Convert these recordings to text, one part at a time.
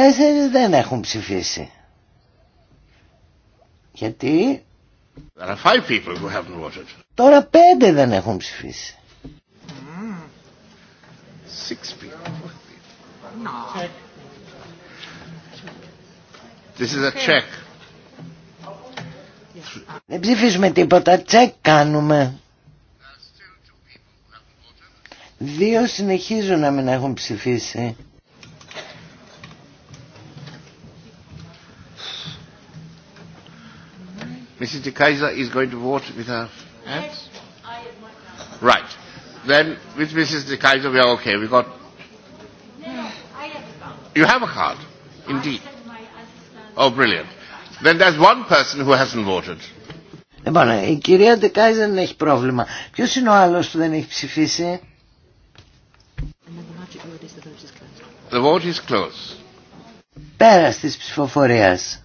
Τέσσερις δεν έχουν ψηφίσει. Γιατί... five people who haven't voted. Τώρα πέντε δεν έχουν ψηφίσει. Six people. This is a check. Δεν ψηφίζουμε τίποτα, τσεκ κάνουμε. Δύο συνεχίζουν να μην έχουν ψηφίσει. Mrs. De Kaiser is going to vote with her hands? Right. Then with Mrs. De Kaiser we are okay. We got. You have a card, indeed. Oh, brilliant. Then there's one person who hasn't voted. Λοιπόν, η κυρία Ντεκάιζερ δεν έχει πρόβλημα. Ποιο είναι ο άλλο που δεν έχει ψηφίσει? The vote is closed. Πέρας ψηφοφορίας.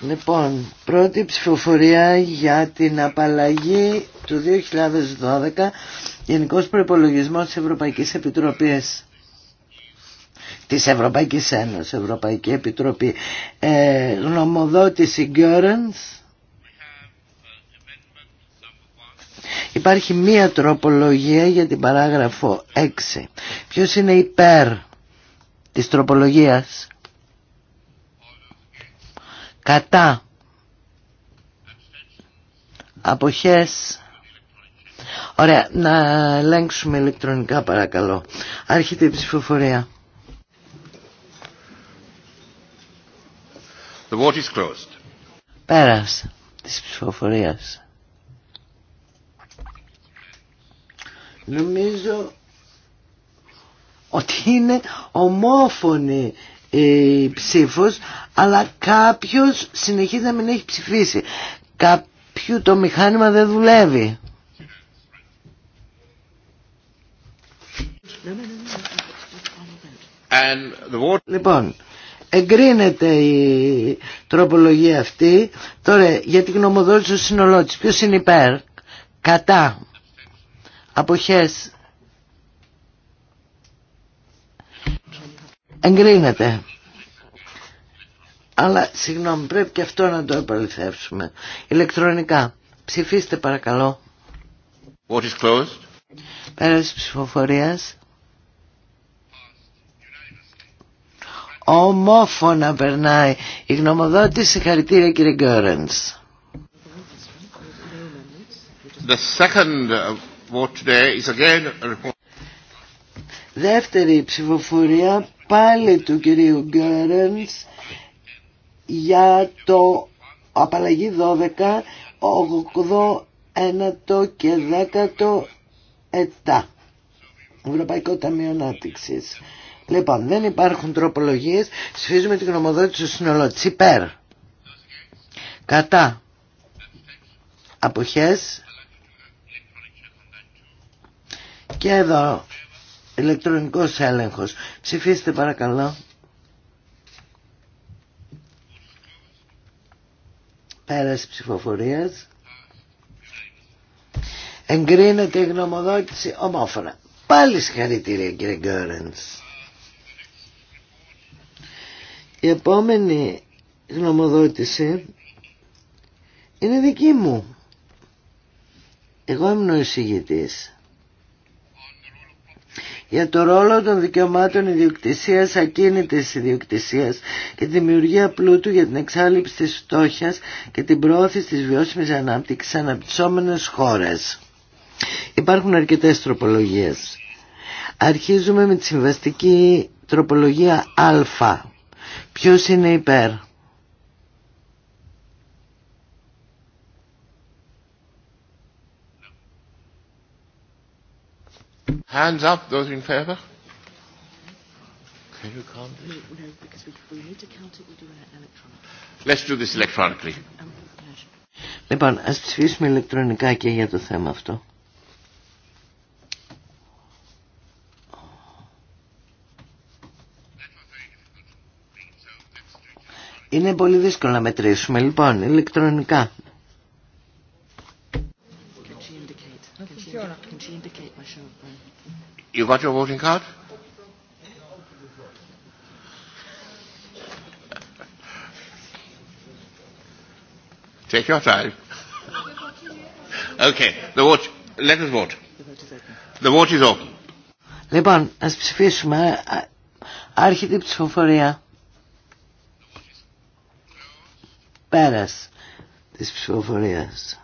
Λοιπόν, πρώτη ψηφοφορία για την απαλλαγή του 2012 Γενικός Προϋπολογισμός της Ευρωπαϊκής Επιτροπής της Ευρωπαϊκής Ένωσης, Ευρωπαϊκή Επιτροπή ε, γνωμοδότηση Γκέρενς Υπάρχει μία τροπολογία για την παράγραφο 6. Ποιος είναι υπέρ της τροπολογίας. Κατά. Αποχές. Ωραία, να ελέγξουμε ηλεκτρονικά παρακαλώ. Άρχεται η ψηφοφορία. The is Πέρας της ψηφοφορίας. Νομίζω ότι είναι ομόφωνη ε, η ψήφος, αλλά κάποιος συνεχίζει να μην έχει ψηφίσει. Κάποιου το μηχάνημα δεν δουλεύει. Λοιπόν, εγκρίνεται η τροπολογία αυτή. Τώρα, για την γνωμοδότηση του συνολότητα, Ποιο είναι υπέρ, κατά, αποχές εγκρίνεται αλλά συγγνώμη πρέπει και αυτό να το επαληθεύσουμε ηλεκτρονικά ψηφίστε παρακαλώ What is closed? Πέρας ψηφοφορίας Ομόφωνα περνάει η γνωμοδότηση συγχαρητήρια κύριε Γκέρενς. The second uh, Δεύτερη ψηφοφορία πάλι του κυρίου Γκέρενς για το απαλλαγή 12, 8 και 10 ετά. Ευρωπαϊκό Ταμείο Ανάπτυξη. Λοιπόν, δεν υπάρχουν τροπολογίε. Ψηφίζουμε την γνωμοδότηση του συνολό. Υπέρ. Κατά. Αποχές. Και εδώ ηλεκτρονικός έλεγχος. Ψηφίστε παρακαλώ. Πέραση ψηφοφορίας. Εγκρίνεται η γνωμοδότηση ομόφωνα. Πάλι συγχαρητήρια κύριε Γκόρενς. Η επόμενη γνωμοδότηση είναι δική μου. Εγώ ήμουν ο εισηγητής για το ρόλο των δικαιωμάτων ιδιοκτησίας, ακίνητης ιδιοκτησίας και τη δημιουργία πλούτου για την εξάλληψη της φτώχειας και την προώθηση της βιώσιμης ανάπτυξης σε αναπτυσσόμενες χώρες. Υπάρχουν αρκετές τροπολογίες. Αρχίζουμε με τη συμβαστική τροπολογία Α. Ποιος είναι υπέρ. Hands up, those in favor. Can you count it? No, no, because we, we need to count it, we do it electronically. Let's do this electronically. Λοιπόν, ας ψηφίσουμε ηλεκτρονικά και για το θέμα αυτό. Είναι πολύ δύσκολο να μετρήσουμε, λοιπόν, ηλεκτρονικά. Can she indicate? Can she indicate my show? You got your voting card? Take your time. Okay, the vote. Let us vote. The vote is open. Λοιπόν, ας ψηφίσουμε. Άρχεται η ψηφοφορία. Πέρας της ψηφοφορίας.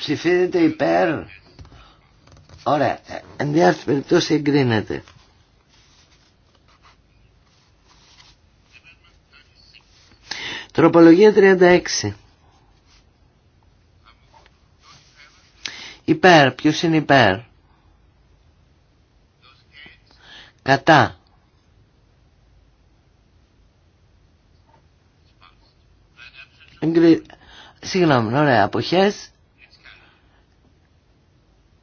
Ψηφίζεται υπέρ. Ωραία. Ε, εν περιπτώσει εγκρίνεται. Τροπολογία 36. Υπέρ. Ποιος είναι υπέρ. Κατά. Συγγνώμη, ωραία, αποχές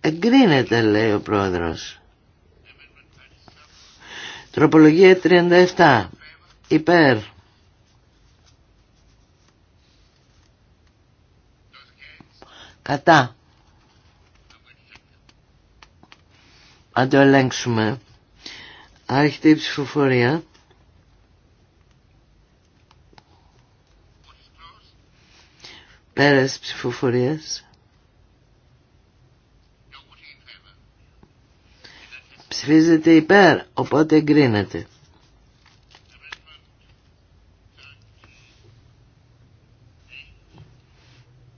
Εγκρίνεται λέει ο πρόεδρος. Τροπολογία 37. Υπέρ. Κατά. Αν το ελέγξουμε. Άρχεται η ψηφοφορία. Πέρας ψηφοφορίας. ψηφίζεται υπέρ, οπότε εγκρίνεται.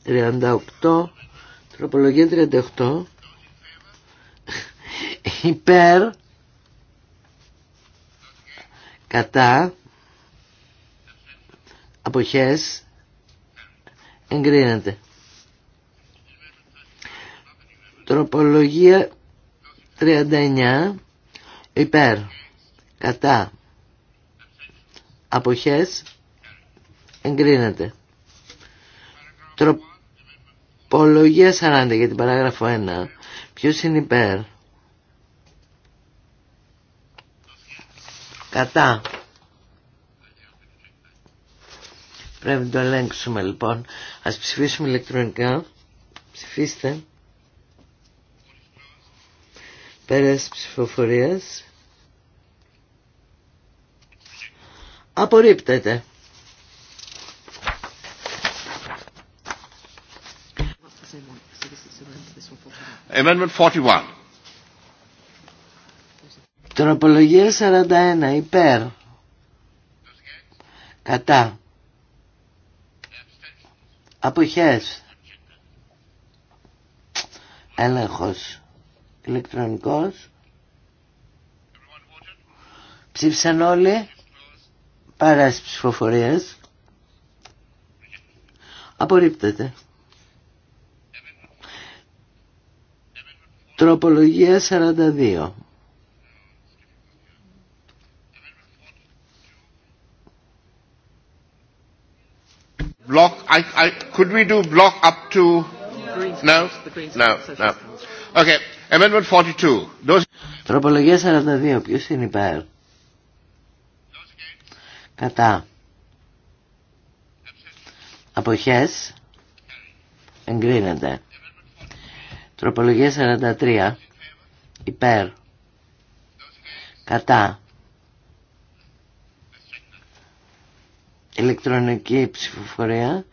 ...38... ...τροπολογία 38... ...υπέρ... ...κατά... ...αποχές... ...εγκρίνεται... ...τροπολογία... 39 υπέρ κατά αποχές εγκρίνεται. Τροπολογία 40 για την παράγραφο 1. Ποιος είναι υπέρ. Κατά. Πρέπει να το ελέγξουμε λοιπόν. Ας ψηφίσουμε ηλεκτρονικά. Ψηφίστε. Πέρας ψηφοφορίας. Απορρίπτεται. Amendment 41. Τροπολογία 41. Υπέρ. Κατά. Αποχές. Έλεγχος ηλεκτρονικός. Ψήφισαν όλοι παρά παράς ψηφοφορίες Απορρίπτεται. Τροπολογία 42. Block, I, I, could we do block up to 42. Τροπολογία 42. Ποιος είναι υπέρ. Κατά. Αποχές. Εγκρίνεται. Τροπολογία 43. Υπέρ. Κατά. Ηλεκτρονική ψηφοφορία.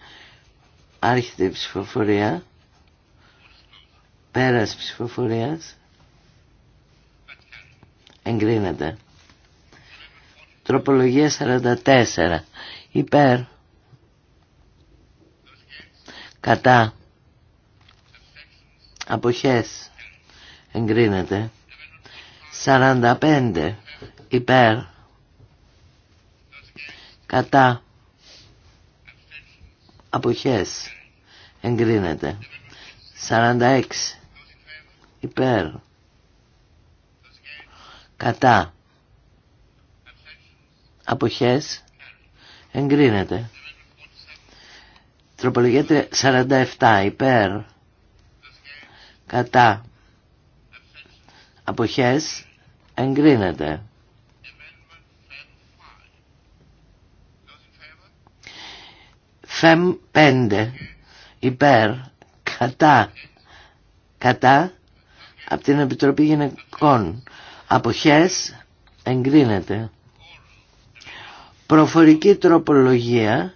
Άρχεται η ψηφοφορία. Πέρας ψηφοφορίας. Εγκρίνεται. Τροπολογία 44. Υπέρ. Κατά. Αποχές. Εγκρίνεται. 45. Υπέρ. Κατά. Αποχές. Εγκρίνεται. 46 υπέρ κατά αποχές εγκρίνεται τροπολογία 47 υπέρ κατά αποχές εγκρίνεται φεμ 5 υπέρ κατά κατά από την Επιτροπή Γυναικών. Αποχές εγκρίνεται. Προφορική τροπολογία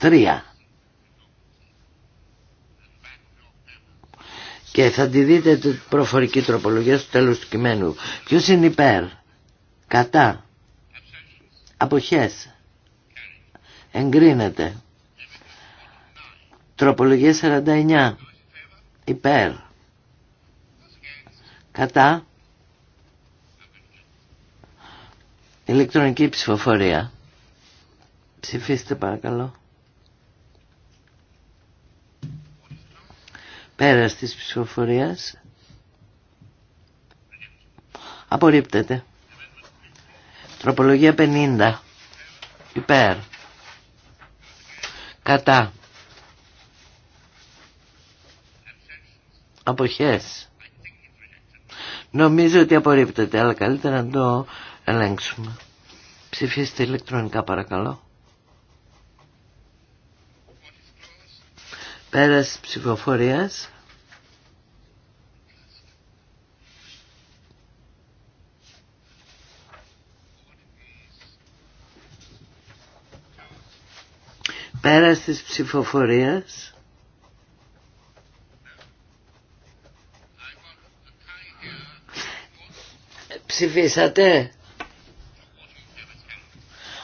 3. Και θα τη δείτε την προφορική τροπολογία στο τέλος του κειμένου. Ποιος είναι υπέρ, κατά, αποχές, εγκρίνεται. Τροπολογία 49, υπέρ, Κατά. Ηλεκτρονική ψηφοφορία. Ψηφίστε παρακαλώ. Πέρας της ψηφοφορίας. Απορρίπτεται. Τροπολογία 50. Υπέρ. Κατά. Αποχές. Νομίζω ότι απορρίπτεται, αλλά καλύτερα να το ελέγξουμε. Ψηφίστε ηλεκτρονικά παρακαλώ. Πέρας ψηφοφορίας. Πέρας της ψηφοφορίας. Ψηφίσατε.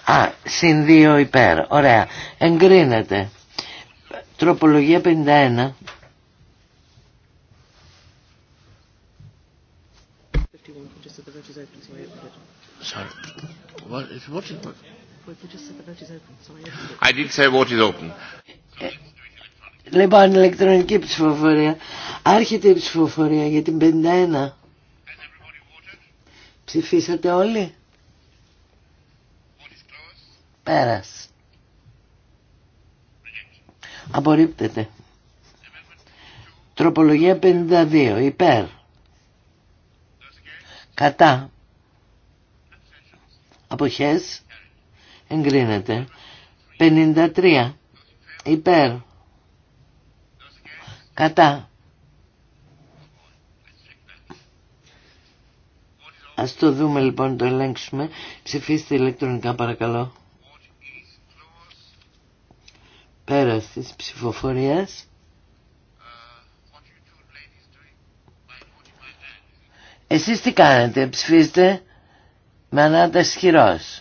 Α, συν δύο υπέρ. Ωραία. Εγκρίνεται. Τροπολογία 51. I did say what is open. Ε, λοιπόν, ηλεκτρονική ψηφοφορία. Άρχεται η ψηφοφορία για την 51. Ψηφίσατε όλοι. Πέρας. Απορρίπτεται. Τροπολογία 52. Υπέρ. Κατά. Αποχές. Εγκρίνεται. 53. Υπέρ. Κατά. Ας το δούμε λοιπόν, το ελέγξουμε. Ψηφίστε ηλεκτρονικά παρακαλώ. Πέρας της ψηφοφορίας. Εσείς τι κάνετε, ψηφίστε με ανάταση χειρός.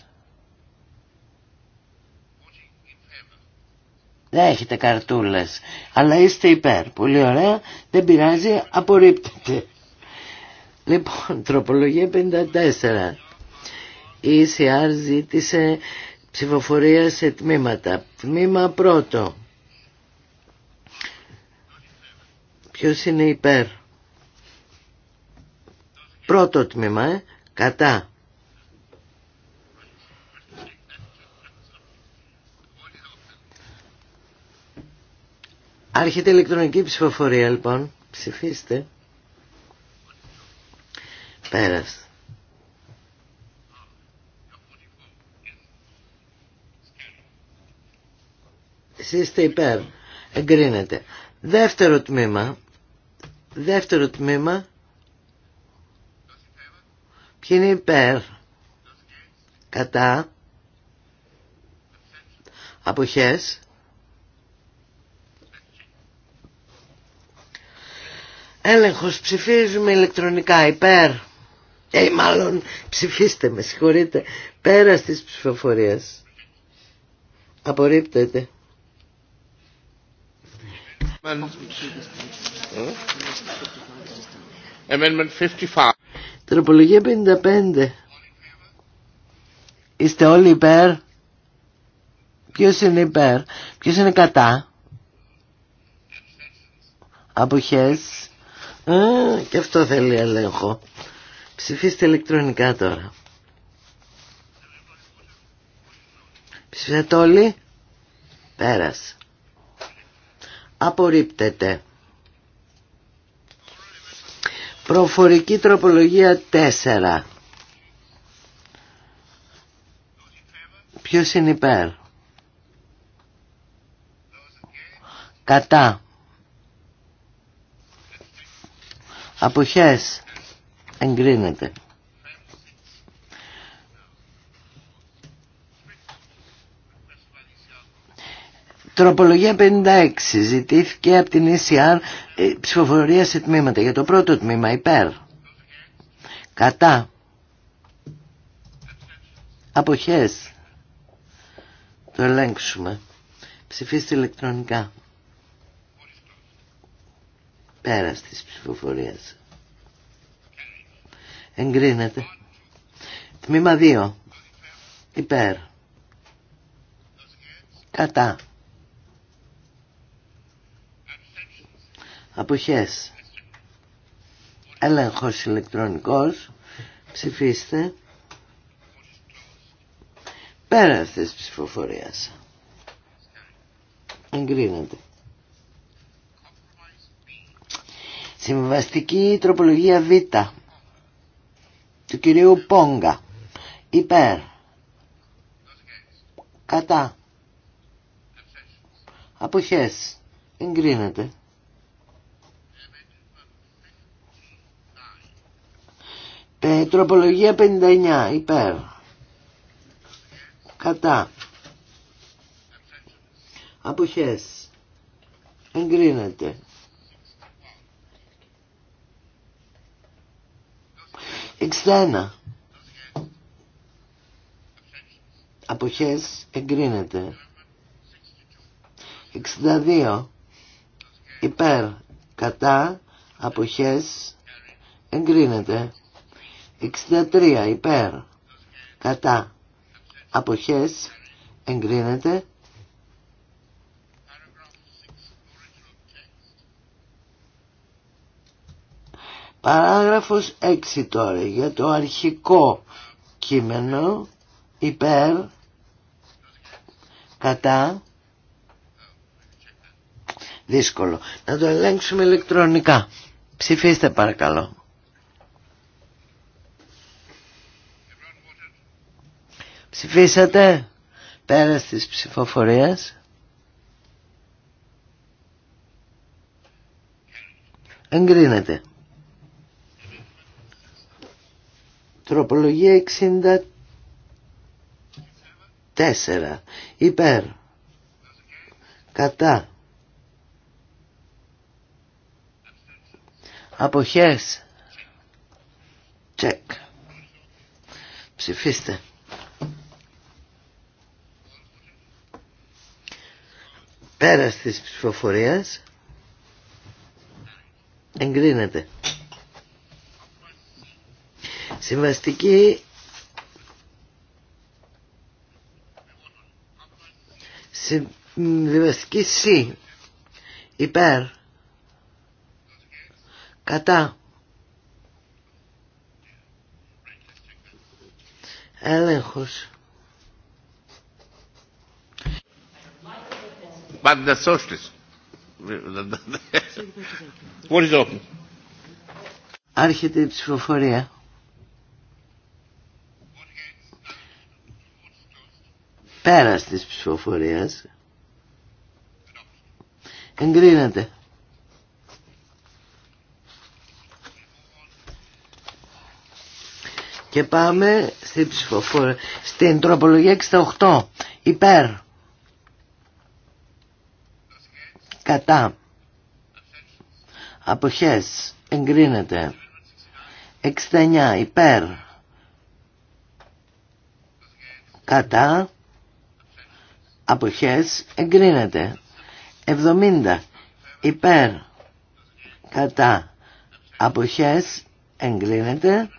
Δεν έχετε καρτούλες, αλλά είστε υπέρ. Πολύ ωραία, δεν πειράζει, απορρίπτεται. Λοιπόν, τροπολογία 54. Η ΣΥΑΡ ζήτησε ψηφοφορία σε τμήματα. Τμήμα πρώτο. Ποιος είναι υπέρ. Πρώτο τμήμα, ε. Κατά. Άρχεται ηλεκτρονική ψηφοφορία λοιπόν. Ψηφίστε. Πέρας. Εσείς είστε υπέρ. Εγκρίνεται. Δεύτερο τμήμα. Δεύτερο τμήμα. Ποιοι είναι υπέρ. Κατά. Αποχές. Έλεγχος ψηφίζουμε ηλεκτρονικά υπέρ ε, μάλλον ψηφίστε με συγχωρείτε πέρα της ψηφοφορίας απορρίπτεται Amendment 55. Τροπολογία 55. Είστε όλοι υπέρ. Ποιος είναι υπέρ. Ποιος είναι κατά. Αποχές. και αυτό θέλει ελέγχο. Ψηφίστε ηλεκτρονικά τώρα. Ψηφίσατε όλοι. Πέρασε. Απορρίπτεται. Προφορική τροπολογία 4. Ποιος είναι υπέρ. Κατά. Αποχές εγκρίνεται. Τροπολογία 56 ζητήθηκε από την ECR ε, ψηφοφορία σε τμήματα. Για το πρώτο τμήμα υπέρ. Κατά. Αποχές. Το ελέγξουμε. Ψηφίστε ηλεκτρονικά. Πέρας της ψηφοφορίας εγκρίνεται. Τμήμα 2 υπέρ κατά αποχές έλεγχος ηλεκτρονικός ψηφίστε πέρα αυτής της ψηφοφορίας εγκρίνεται συμβαστική τροπολογία β του κυρίου Πόγκα. Υπέρ. Κατά. Αποχές. Εγκρίνεται. Ε, τροπολογία 59. Υπέρ. Κατά. Αποχές. Εγκρίνεται. 61. Αποχές εγκρίνεται. 62. Υπέρ. Κατά. Αποχές εγκρίνεται. 63. Υπέρ. Κατά. Αποχές εγκρίνεται. Παράγραφος 6 τώρα για το αρχικό κείμενο υπέρ κατά δύσκολο. Να το ελέγξουμε ηλεκτρονικά. Ψηφίστε παρακαλώ. Ψηφίσατε πέρα της ψηφοφορίας. Εγκρίνεται. Τροπολογία 64. Υπέρ. Κατά. Αποχές. Τσεκ. Ψηφίστε. Πέρας της ψηφοφορίας εγκρίνεται. Συμβαστική Συμβαστική... σί, Υπέρ Κατά Έλεγχος Πάντα Άρχεται η ψηφοφορία Πέρας της ψηφοφορίας εγκρίνεται. Και πάμε στην ψηφοφορία, στην τροπολογία 68, υπέρ, κατά, αποχές, εγκρίνεται, 69, υπέρ, κατά, αποχές εγκρίνεται 70 υπέρ κατά αποχές εγκρίνεται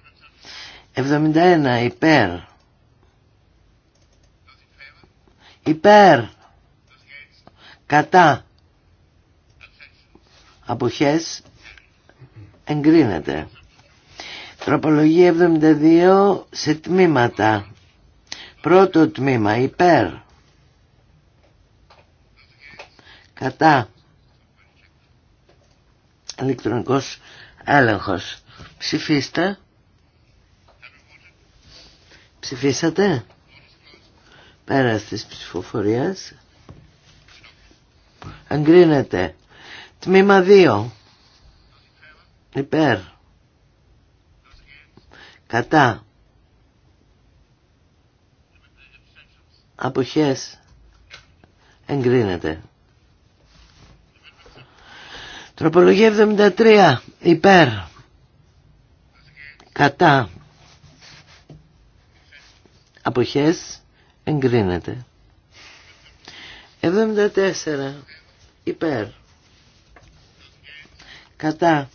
71 υπέρ υπέρ κατά αποχές εγκρίνεται τροπολογία 72 σε τμήματα πρώτο τμήμα υπέρ κατά ηλεκτρονικός έλεγχος. Ψηφίστε. Ψηφίσατε. Πέρας της ψηφοφορίας. Αγκρίνεται. Τμήμα 2. Υπέρ. Κατά. Αποχές. Εγκρίνεται. Τροπολογία 73. Υπέρ. Κατά. Αποχές. Εγκρίνεται. 74. Υπέρ. Κατά.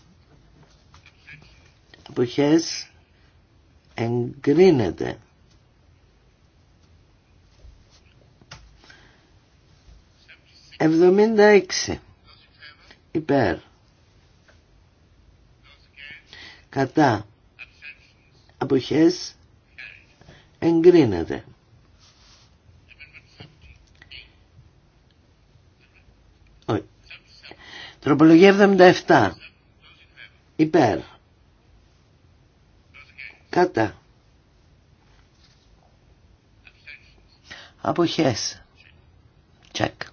Αποχές. Εγκρίνεται. Εβδομήντα έξι υπέρ κατά αποχές εγκρίνεται. Τροπολογία 77 υπέρ κατά αποχές check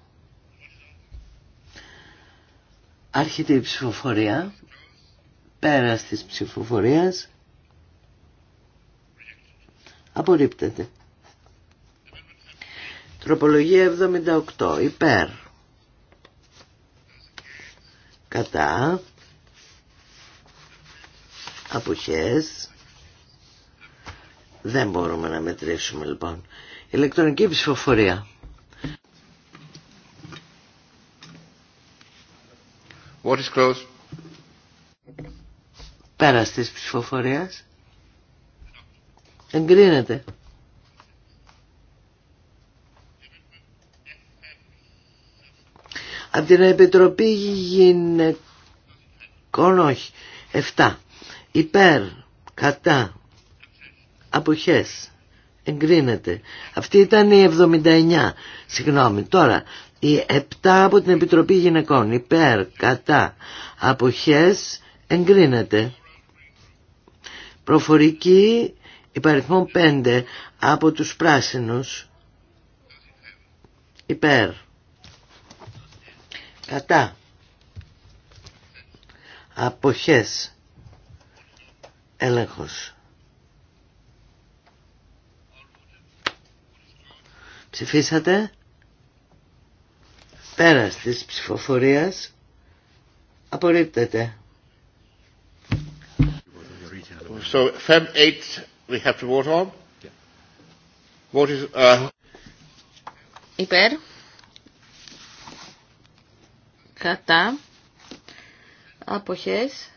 Άρχεται η ψηφοφορία. Πέρας της ψηφοφορίας. Απορρίπτεται. Τροπολογία 78. Υπέρ. Κατά. Αποχές. Δεν μπορούμε να μετρήσουμε λοιπόν. Ηλεκτρονική ψηφοφορία. What is closed. Πέρας της ψηφοφορίας. Εγκρίνεται. Από την Επιτροπή Γυναικών, όχι, 7. Υπέρ, κατά, αποχές εγκρίνεται. Αυτή ήταν η 79, συγγνώμη. Τώρα, η 7 από την Επιτροπή Γυναικών, υπέρ, κατά, αποχές, εγκρίνεται. Προφορική υπαριθμό 5 από τους πράσινους, υπέρ, κατά, αποχές, έλεγχος. Ψηφίσατε. Πέρας της ψηφοφορίας. Απορρίπτεται. So, Feb 8 we have to vote on. Yeah. What is, uh... Υπέρ. Κατά. Αποχές.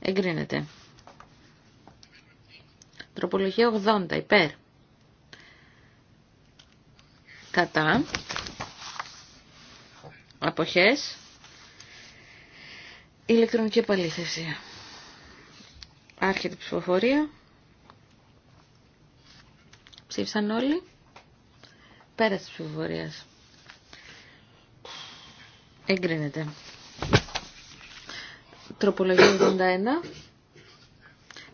Εγκρίνεται. Τροπολογία 80. Υπέρ κατά, αποχές, ηλεκτρονική επαλήθευση. Άρχεται η ψηφοφορία. Ψήφισαν όλοι. Πέρας της ψηφοφορίας. Εγκρίνεται. Τροπολογία 81.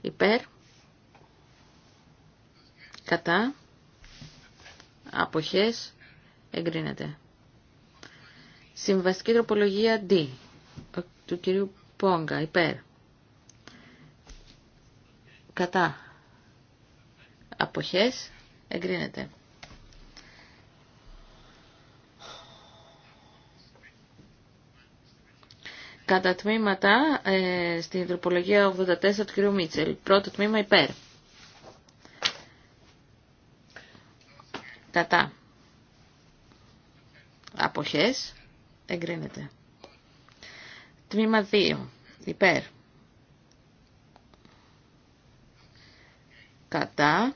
Υπέρ. Κατά αποχές εγκρίνεται. Συμβαστική τροπολογία D του κυρίου Πόγκα υπέρ. Κατά αποχές εγκρίνεται. Κατά τμήματα ε, στην τροπολογία 84 του κυρίου Μίτσελ. Πρώτο τμήμα υπέρ. Κατά. Αποχές. Εγκρίνεται. Τμήμα 2. Υπέρ. Κατά.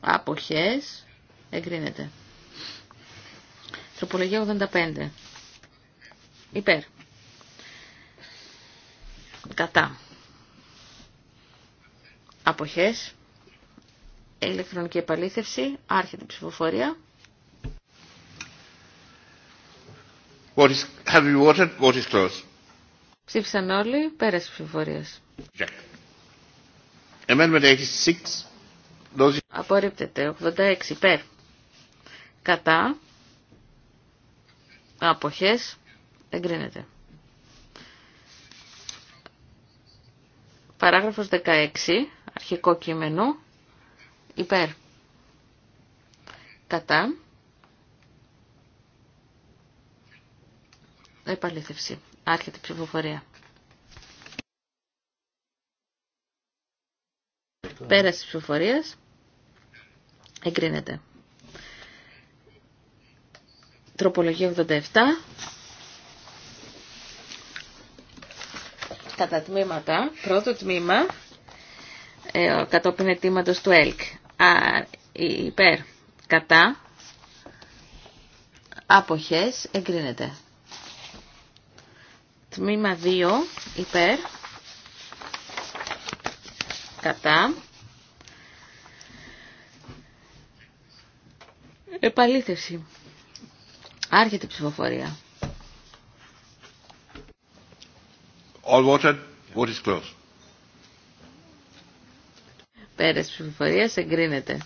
Αποχές. Εγκρίνεται. Τροπολογία 85. Υπέρ. Κατά. Αποχές ηλεκτρονική επαλήθευση, άρχεται η ψηφοφορία. What is, Ψήφισαν όλοι, πέρασε ψηφοφορία. Yeah. 86. Απορρίπτεται, 86 υπέρ. Κατά. Αποχές. Εγκρίνεται. Παράγραφος 16, αρχικό κείμενο υπέρ κατά επαλήθευση. Άρχεται η ψηφοφορία. Πέραση της ψηφοφορίας εγκρίνεται. Τροπολογία 87. Κατά τμήματα, πρώτο τμήμα, ε, κατόπιν αιτήματος του ΕΛΚ. Α, υπέρ, κατά, αποχές, εγκρίνεται. Τμήμα 2, υπέρ, κατά, επαλήθευση. Άρχεται η ψηφοφορία. All voted. Vote is closed. Πέρας ψηφοφορίας εγκρίνεται.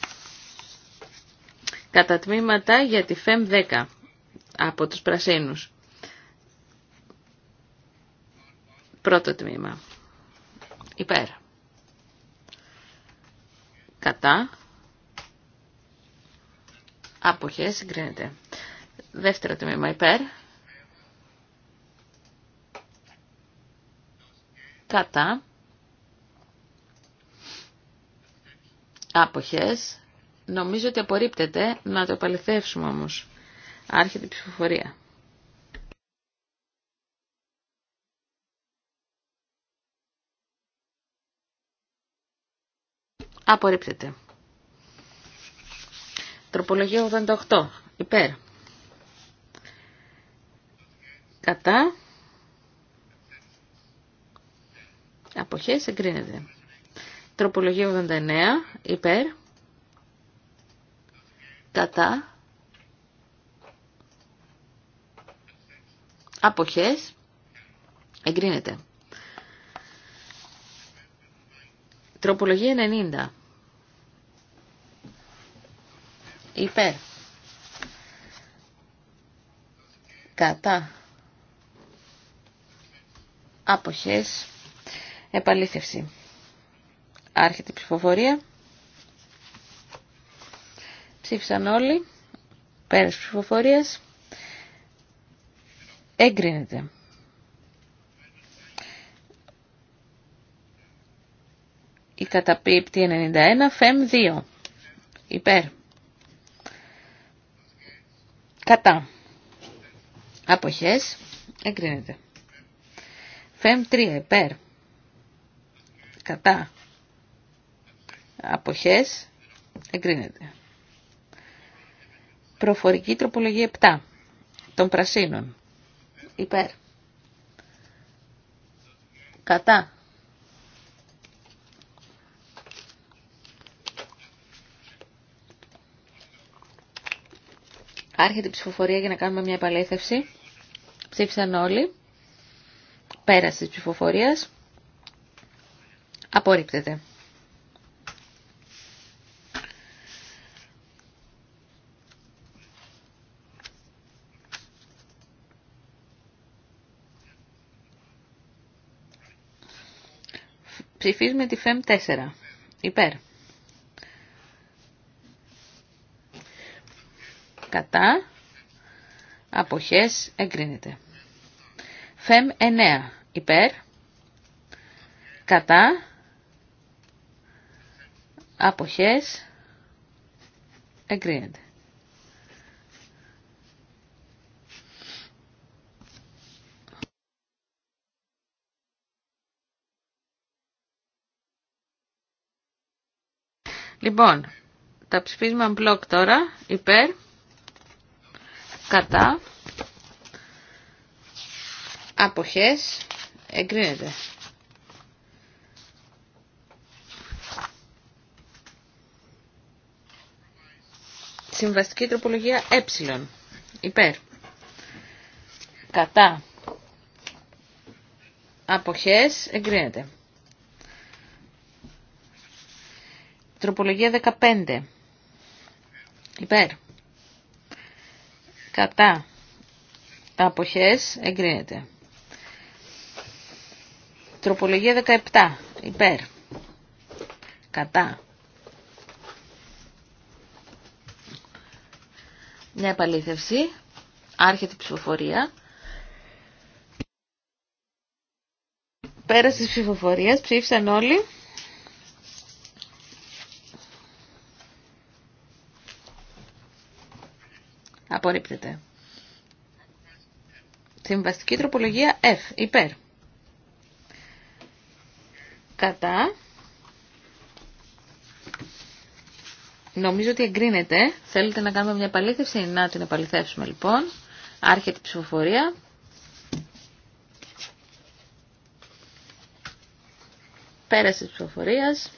Κατά τμήματα για τη ΦΕΜ 10 από τους πρασίνους. Πρώτο τμήμα. Υπέρ. Κατά. Άποχες, συγκρίνεται. Δεύτερο τμήμα υπέρ. Κατά. Άποχες. Νομίζω ότι απορρίπτεται. Να το επαληθεύσουμε όμως. Άρχεται η ψηφοφορία. Απορρίπτεται. Τροπολογία 88. Υπέρ. Κατά. Αποχές εγκρίνεται. Τροπολογία 89 υπέρ. Κατά. Αποχές. Εγκρίνεται. Τροπολογία 90. Υπέρ. Κατά. Αποχές. Επαλήθευση. Άρχεται η ψηφοφορία. Ψήφισαν όλοι. Πέρας ψηφοφορίας. Εγκρίνεται. Η καταπίπτη 91, φεμ 2. Υπέρ. Κατά. Αποχές. Εγκρίνεται. Φεμ 3, υπέρ. Κατά αποχές εγκρίνεται. Προφορική τροπολογία 7 των πρασίνων υπέρ. Κατά. Άρχεται η ψηφοφορία για να κάνουμε μια επαλήθευση. Ψήφισαν όλοι. Πέραση της ψηφοφορίας. Απορρίπτεται. Ψηφίζουμε τη ΦΕΜ e 4. Υπέρ. Κατά. Αποχές εγκρίνεται. ΦΕΜ e 9. Υπέρ. Κατά. Αποχές εγκρίνεται. Λοιπόν, τα ψηφίσμα μπλοκ τώρα, υπέρ, κατά, αποχές, εγκρίνεται. Συμβαστική τροπολογία ε, υπέρ, κατά, αποχές, εγκρίνεται. Τροπολογία 15. Υπέρ. Κατά. τα Αποχές εγκρίνεται. Τροπολογία 17. Υπέρ. Κατά. Μια επαλήθευση. Άρχεται η ψηφοφορία. Πέραση της ψηφοφορία. ψήφισαν όλοι. Απορρίπτεται. Συμβαστική τροπολογία F. Υπέρ. Κατά. Νομίζω ότι εγκρίνεται. Θέλετε να κάνουμε μια επαλήθευση. Να την επαληθεύσουμε λοιπόν. Άρχεται η ψηφοφορία. Πέραση τη ψηφοφορίας.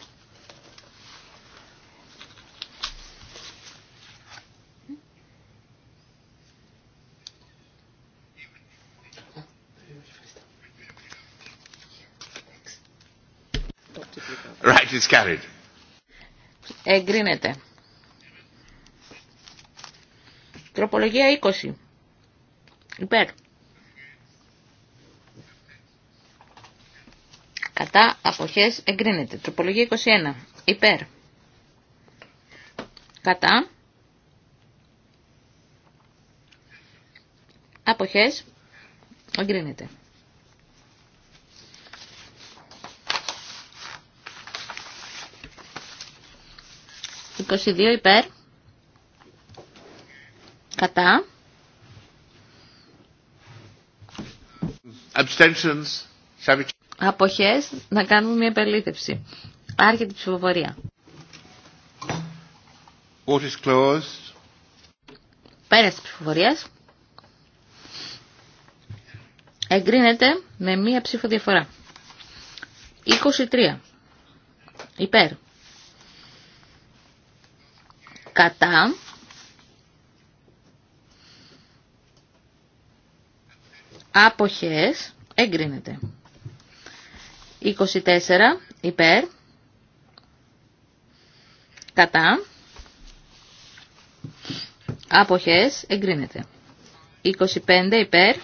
It's carried. Εγκρίνεται. Τροπολογία 20. Υπέρ. Κατά αποχές εγκρίνεται. Τροπολογία 21. Υπέρ. Κατά. Αποχές εγκρίνεται. 22 υπέρ. Κατά. Abstentions. Αποχές. Να κάνουμε μια επελήθευση. Άρχεται η ψηφοφορία. What closed. ψηφοφορίας. Εγκρίνεται με μία ψήφο διαφορά. 23. Υπέρ κατά άποχες εγκρίνεται 24 υπέρ κατά άποχες εγκρίνεται 25 υπέρ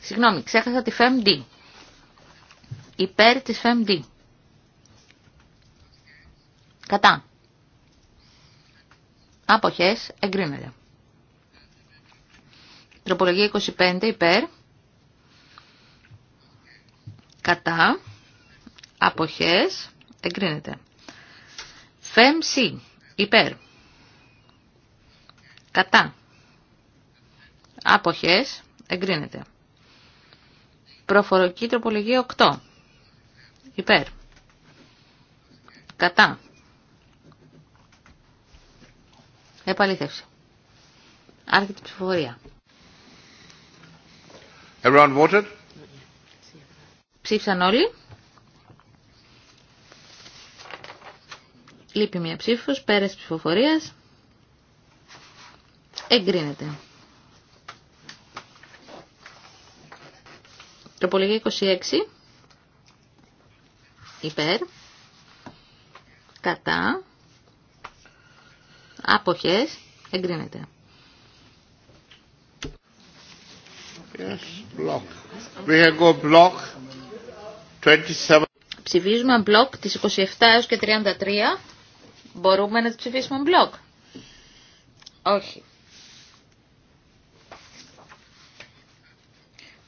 Συγγνώμη, ξέχασα τη D. Υπέρ της D. Κατά. Αποχές εγκρίνεται. Τροπολογία 25 υπέρ. Κατά. Αποχές εγκρίνεται. Φεμ υπέρ. Κατά. Αποχές εγκρίνεται. Προφοροκή τροπολογία 8. Υπέρ. Κατά. Επαλήθευση. Άρχεται η ψηφοφορία. Everyone voted. Ψήφισαν όλοι. Λείπει μια ψήφος, πέρας ψηφοφορίας. Εγκρίνεται. Τροπολογία 26. Υπέρ. Κατά. Αποχές. Εγκρίνεται. block. Ψηφίζουμε μπλοκ τις 27 έως και 33. Μπορούμε να ψηφίσουμε μπλοκ. Όχι.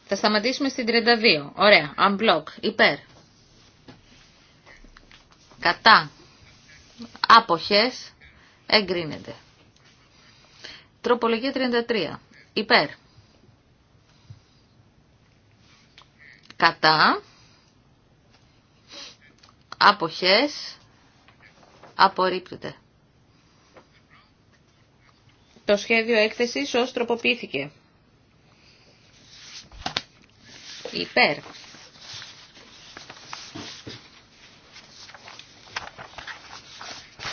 Θα σταματήσουμε στην 32. Ωραία. Unblock. Υπέρ. Κατά. Άποχες. Εγκρίνεται. Τροπολογία 33. Υπέρ. Κατά. Αποχές. Απορρίπτεται. Το σχέδιο έκθεσης ως τροποποιήθηκε. Υπέρ.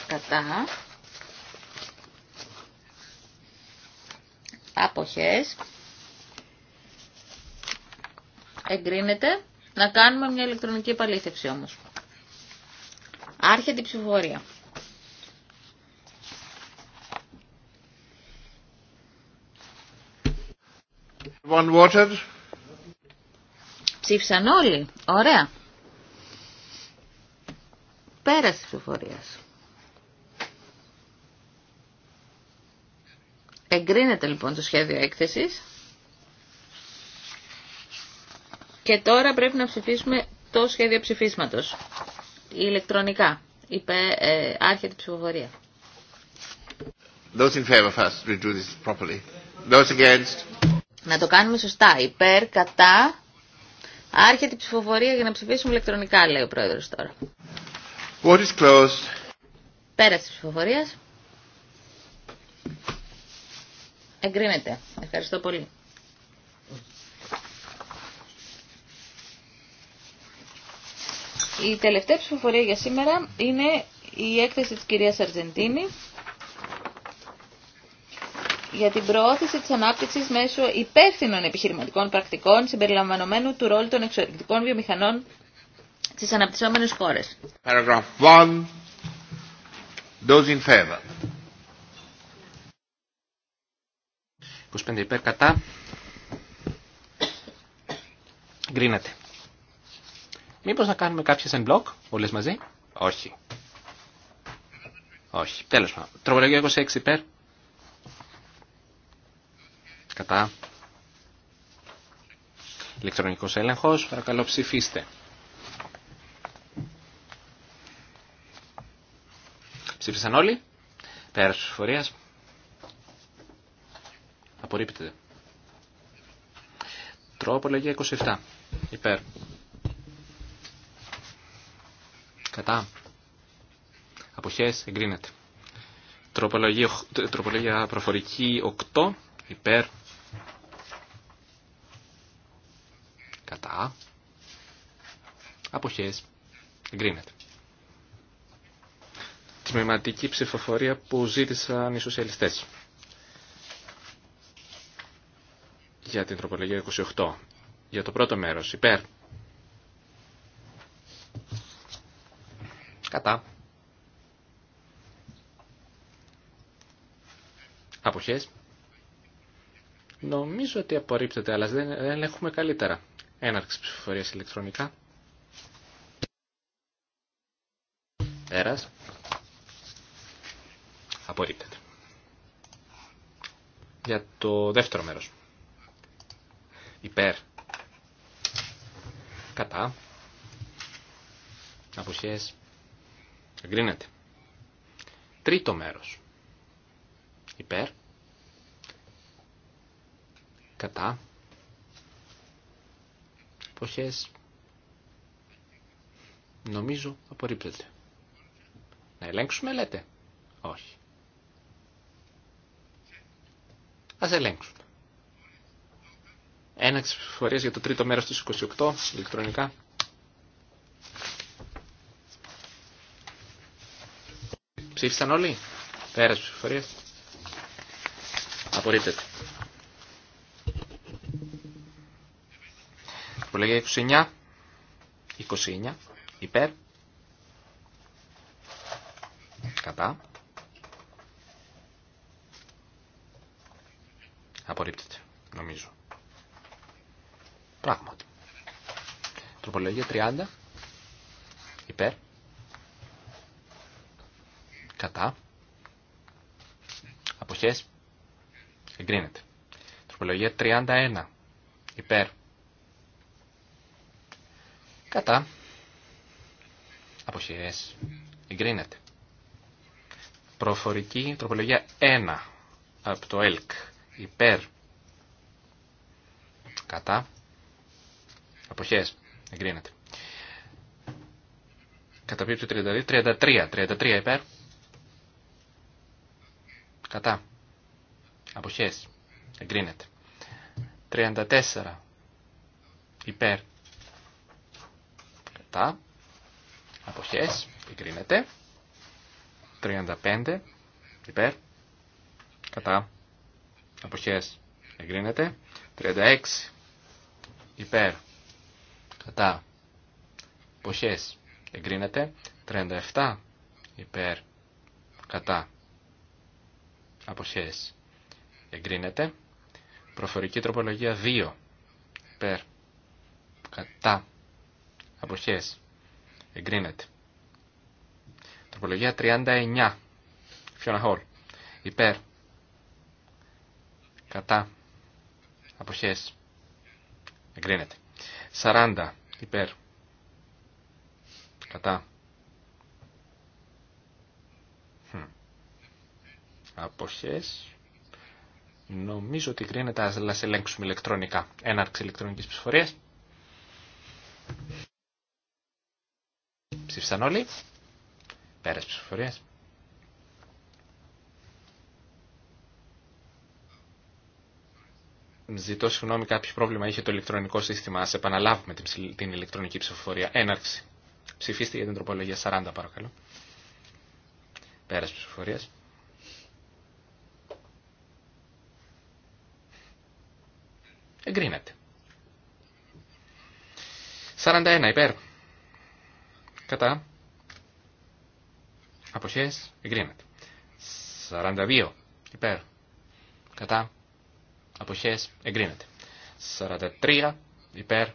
Κατά. αποχές εγκρίνεται. Να κάνουμε μια ηλεκτρονική επαλήθευση όμως. Άρχεται η ψηφοφορία. Ψήφισαν όλοι. Ωραία. Πέρασε η ψηφοφορία. Εγκρίνεται λοιπόν το σχέδιο έκθεσης. Και τώρα πρέπει να ψηφίσουμε το σχέδιο ψηφίσματος. Ηλεκτρονικά. είπε ε, άρχεται ψηφοφορία. Those in favor first, do this properly. Those against. Να το κάνουμε σωστά. Υπέρ, κατά. Άρχεται η ψηφοφορία για να ψηφίσουμε ηλεκτρονικά, λέει ο πρόεδρος τώρα. What is closed. ψηφοφορίας. Εγκρίνεται. Ευχαριστώ πολύ. Η τελευταία ψηφοφορία για σήμερα είναι η έκθεση της κυρίας Αργεντίνη για την προώθηση της ανάπτυξης μέσω υπεύθυνων επιχειρηματικών πρακτικών συμπεριλαμβανομένου του ρόλου των εξωτερικών βιομηχανών στις αναπτυσσόμενες χώρες. Paragraph 1. Those in favor. 25 υπέρ κατά. Γκρίνεται. Μήπως να κάνουμε κάποιες εν μπλοκ, όλες μαζί. Όχι. Όχι. Τέλος πάντων. Τροπολογία 26 υπέρ. Κατά. Ηλεκτρονικός έλεγχος. Παρακαλώ ψηφίστε. Ψήφισαν όλοι. Πέρας της φορείας. Απορρίπτεται. Τρόπολογία 27. Υπέρ. Κατά. Αποχές. Εγκρίνεται. Τροπολογία, τροπολογία προφορική 8. Υπέρ. Κατά. Αποχές. Εγκρίνεται. Τμηματική ψηφοφορία που ζήτησαν οι σοσιαλιστές. για την τροπολογία 28. Για το πρώτο μέρος, υπέρ. Κατά. Αποχές. Νομίζω ότι απορρίπτεται, αλλά δεν έχουμε καλύτερα. Έναρξη ψηφοφορίας ηλεκτρονικά. Πέρας. Απορρίπτεται. Για το δεύτερο μέρος υπέρ κατά αποχές εγκρίνεται. Τρίτο μέρος υπέρ κατά αποχές νομίζω απορρίπτεται. Να ελέγξουμε λέτε. Όχι. Ας ελέγξουμε. Έναξη ψηφοφορίας για το τρίτο μέρος της 28, ηλεκτρονικά. Ψήφισαν όλοι. Πέρας ψηφοφορίας. Απορρίπτεται. λέγει 29. 29. Υπέρ. Κατά. Απορρίπτεται. Νομίζω. Τροπολογία 30. Υπέρ. Κατά. Αποχές. Εγκρίνεται. Τροπολογία 31. Υπέρ. Κατά. Αποχές. Εγκρίνεται. Προφορική τροπολογία 1 από το ΕΛΚ. Υπέρ. Κατά. Αποχές. Εγκρίνεται. Καταπίπτει 32. 33. 33 υπέρ. Κατά. Αποχές. Εγκρίνεται. 34. Υπέρ. Κατά. Αποχές. Εγκρίνεται. 35. Υπέρ. Κατά. Αποχές. Εγκρίνεται. 36. Υπέρ κατά εποχές εγκρίνεται 37 υπέρ κατά αποχές εγκρίνεται προφορική τροπολογία 2 υπέρ κατά αποχές εγκρίνεται τροπολογία 39 φιόνα Χολ υπέρ κατά αποχές εγκρίνεται 40 υπέρ. Κατά. Αποχές. Νομίζω ότι κρίνεται, αλλά σε ελέγξουμε ηλεκτρονικά. Έναρξη ηλεκτρονικής ψηφορίας. Ψήφισαν όλοι. Πέρας ψηφοφορίας. Ζητώ συγγνώμη, κάποιο πρόβλημα είχε το ηλεκτρονικό σύστημα. Ας επαναλάβουμε την ηλεκτρονική ψηφοφορία. Έναρξη. Ψηφίστε για την τροπολογία 40 παρακαλώ. Πέρας ψηφοφορία. Εγκρίνεται. 41 υπέρ. Κατά. Αποχές. Εγκρίνεται. 42 υπέρ. Κατά αποχές εγκρίνεται. 43 υπέρ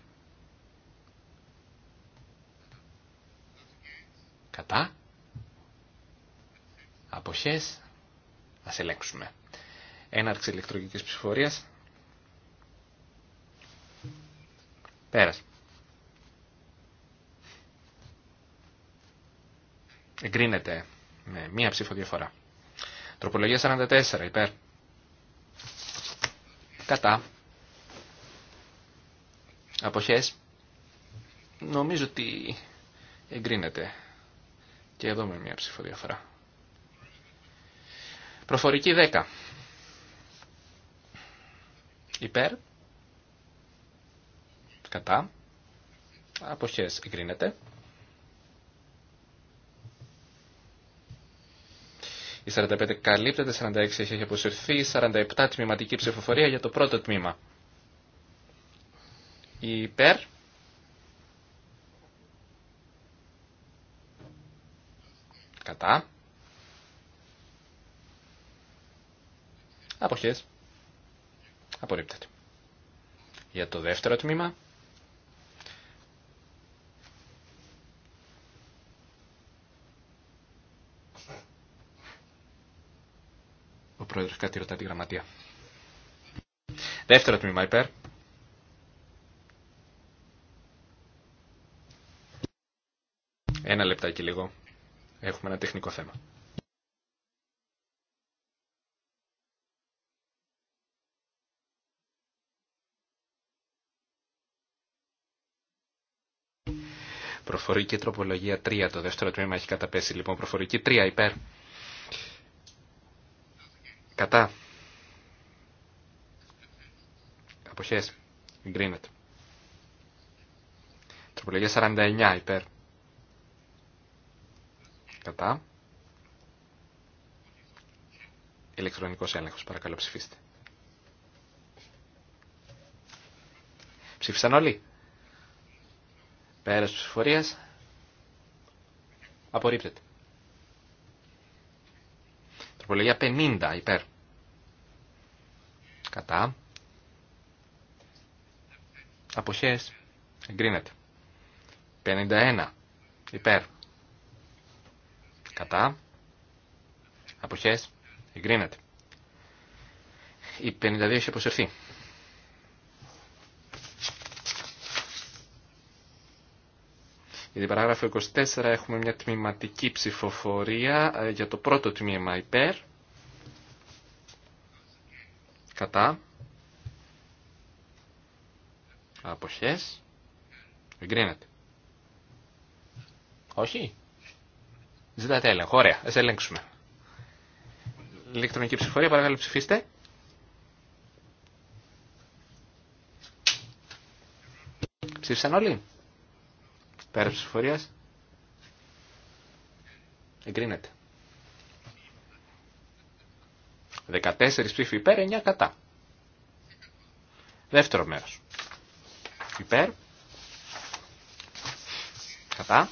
κατά αποχές ας ελέγξουμε. Έναρξη ηλεκτρογικής ψηφορίας. Πέρας. Εγκρίνεται με μία ψήφο διαφορά. Τροπολογία 44 υπέρ. Κατά. Αποχές. Νομίζω ότι εγκρίνεται. Και εδώ με μια ψηφοδιαφορά. Προφορική 10. Υπέρ. Κατά. Αποχές εγκρίνεται. Η 45 καλύπτεται, 46 έχει αποσυρθεί, 47 τμήματική ψηφοφορία για το πρώτο τμήμα. Η υπέρ. Κατά. Αποχές. Απορρίπτεται. Για το δεύτερο τμήμα. Πρόεδρος, κάτι ρωτά τη γραμματεία. Δεύτερο τμήμα υπέρ. Ένα λεπτάκι λίγο. Έχουμε ένα τεχνικό θέμα. Προφορική τροπολογία 3. Το δεύτερο τμήμα έχει καταπέσει. Λοιπόν, προφορική 3 υπέρ. Κατά. Αποχές. γκρίνεται. Τροπολογία 49 υπέρ. Κατά. Ηλεκτρονικός έλεγχος. Παρακαλώ ψηφίστε. Ψήφισαν όλοι. Πέρας ψηφορίας. Απορρίπτεται. Τροπολογία 50 υπέρ. Κατά. Αποχές. Εγκρίνεται. 51 υπέρ. Κατά. Αποχές. Εγκρίνεται. Η 52 έχει αποσυρθεί. Για την παράγραφο 24 έχουμε μια τμηματική ψηφοφορία ε, για το πρώτο τμήμα υπέρ, κατά, αποχές, εγκρίνεται. Όχι. Ζητάτε έλεγχο. Ωραία. Ας ελέγξουμε. Ηλεκτρονική ψηφοφορία. Παρακαλώ ψηφίστε. Ψήφισαν όλοι. Πέρα ψηφοφορία. Εγκρίνεται. 14 ψήφοι υπέρ, 9 κατά. Δεύτερο μέρος. Υπέρ. Κατά.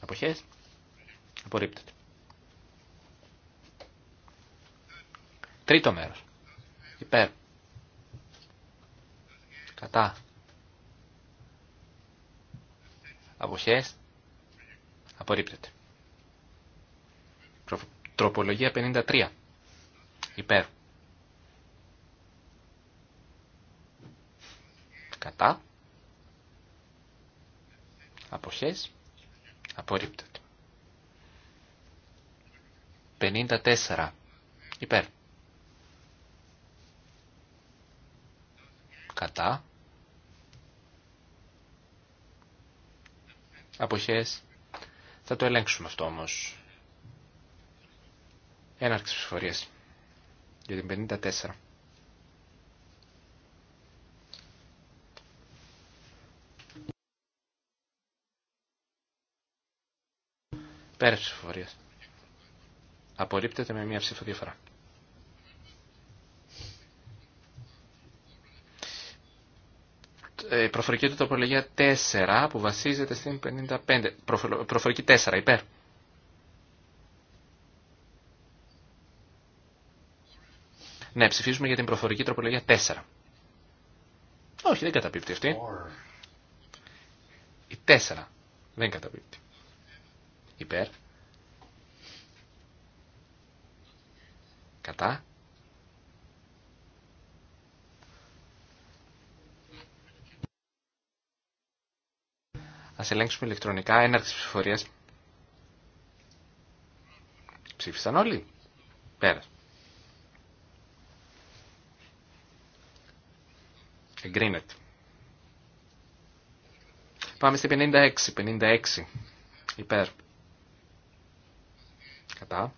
Αποχές. Απορρίπτεται. Τρίτο μέρος. Υπέρ. Κατά. Αποχές. Απορρίπτεται. Τροπολογία 53. Υπέρ. Κατά. Αποχές. Απορρίπτεται. 54. Υπέρ. Κατά. αποχές. Θα το ελέγξουμε αυτό όμως. Έναρξη ψηφορίας για την 54. Πέρα ψηφοφορίας. Απορρίπτεται με μία ψηφοδιαφορά. η ε, προφορική του τροπολογία 4 που βασίζεται στην 55. Προφορική 4 υπέρ. Ναι, ψηφίζουμε για την προφορική τροπολογία 4. Όχι, δεν καταπίπτει αυτή. Η 4 δεν καταπίπτει. Υπέρ. Κατά. Ας ελέγξουμε ηλεκτρονικά έναρξη ψηφοφορία. Ψήφισαν όλοι. Πέρα. Εγκρίνεται. Πάμε στη 56. 56. Υπέρ. Κατά.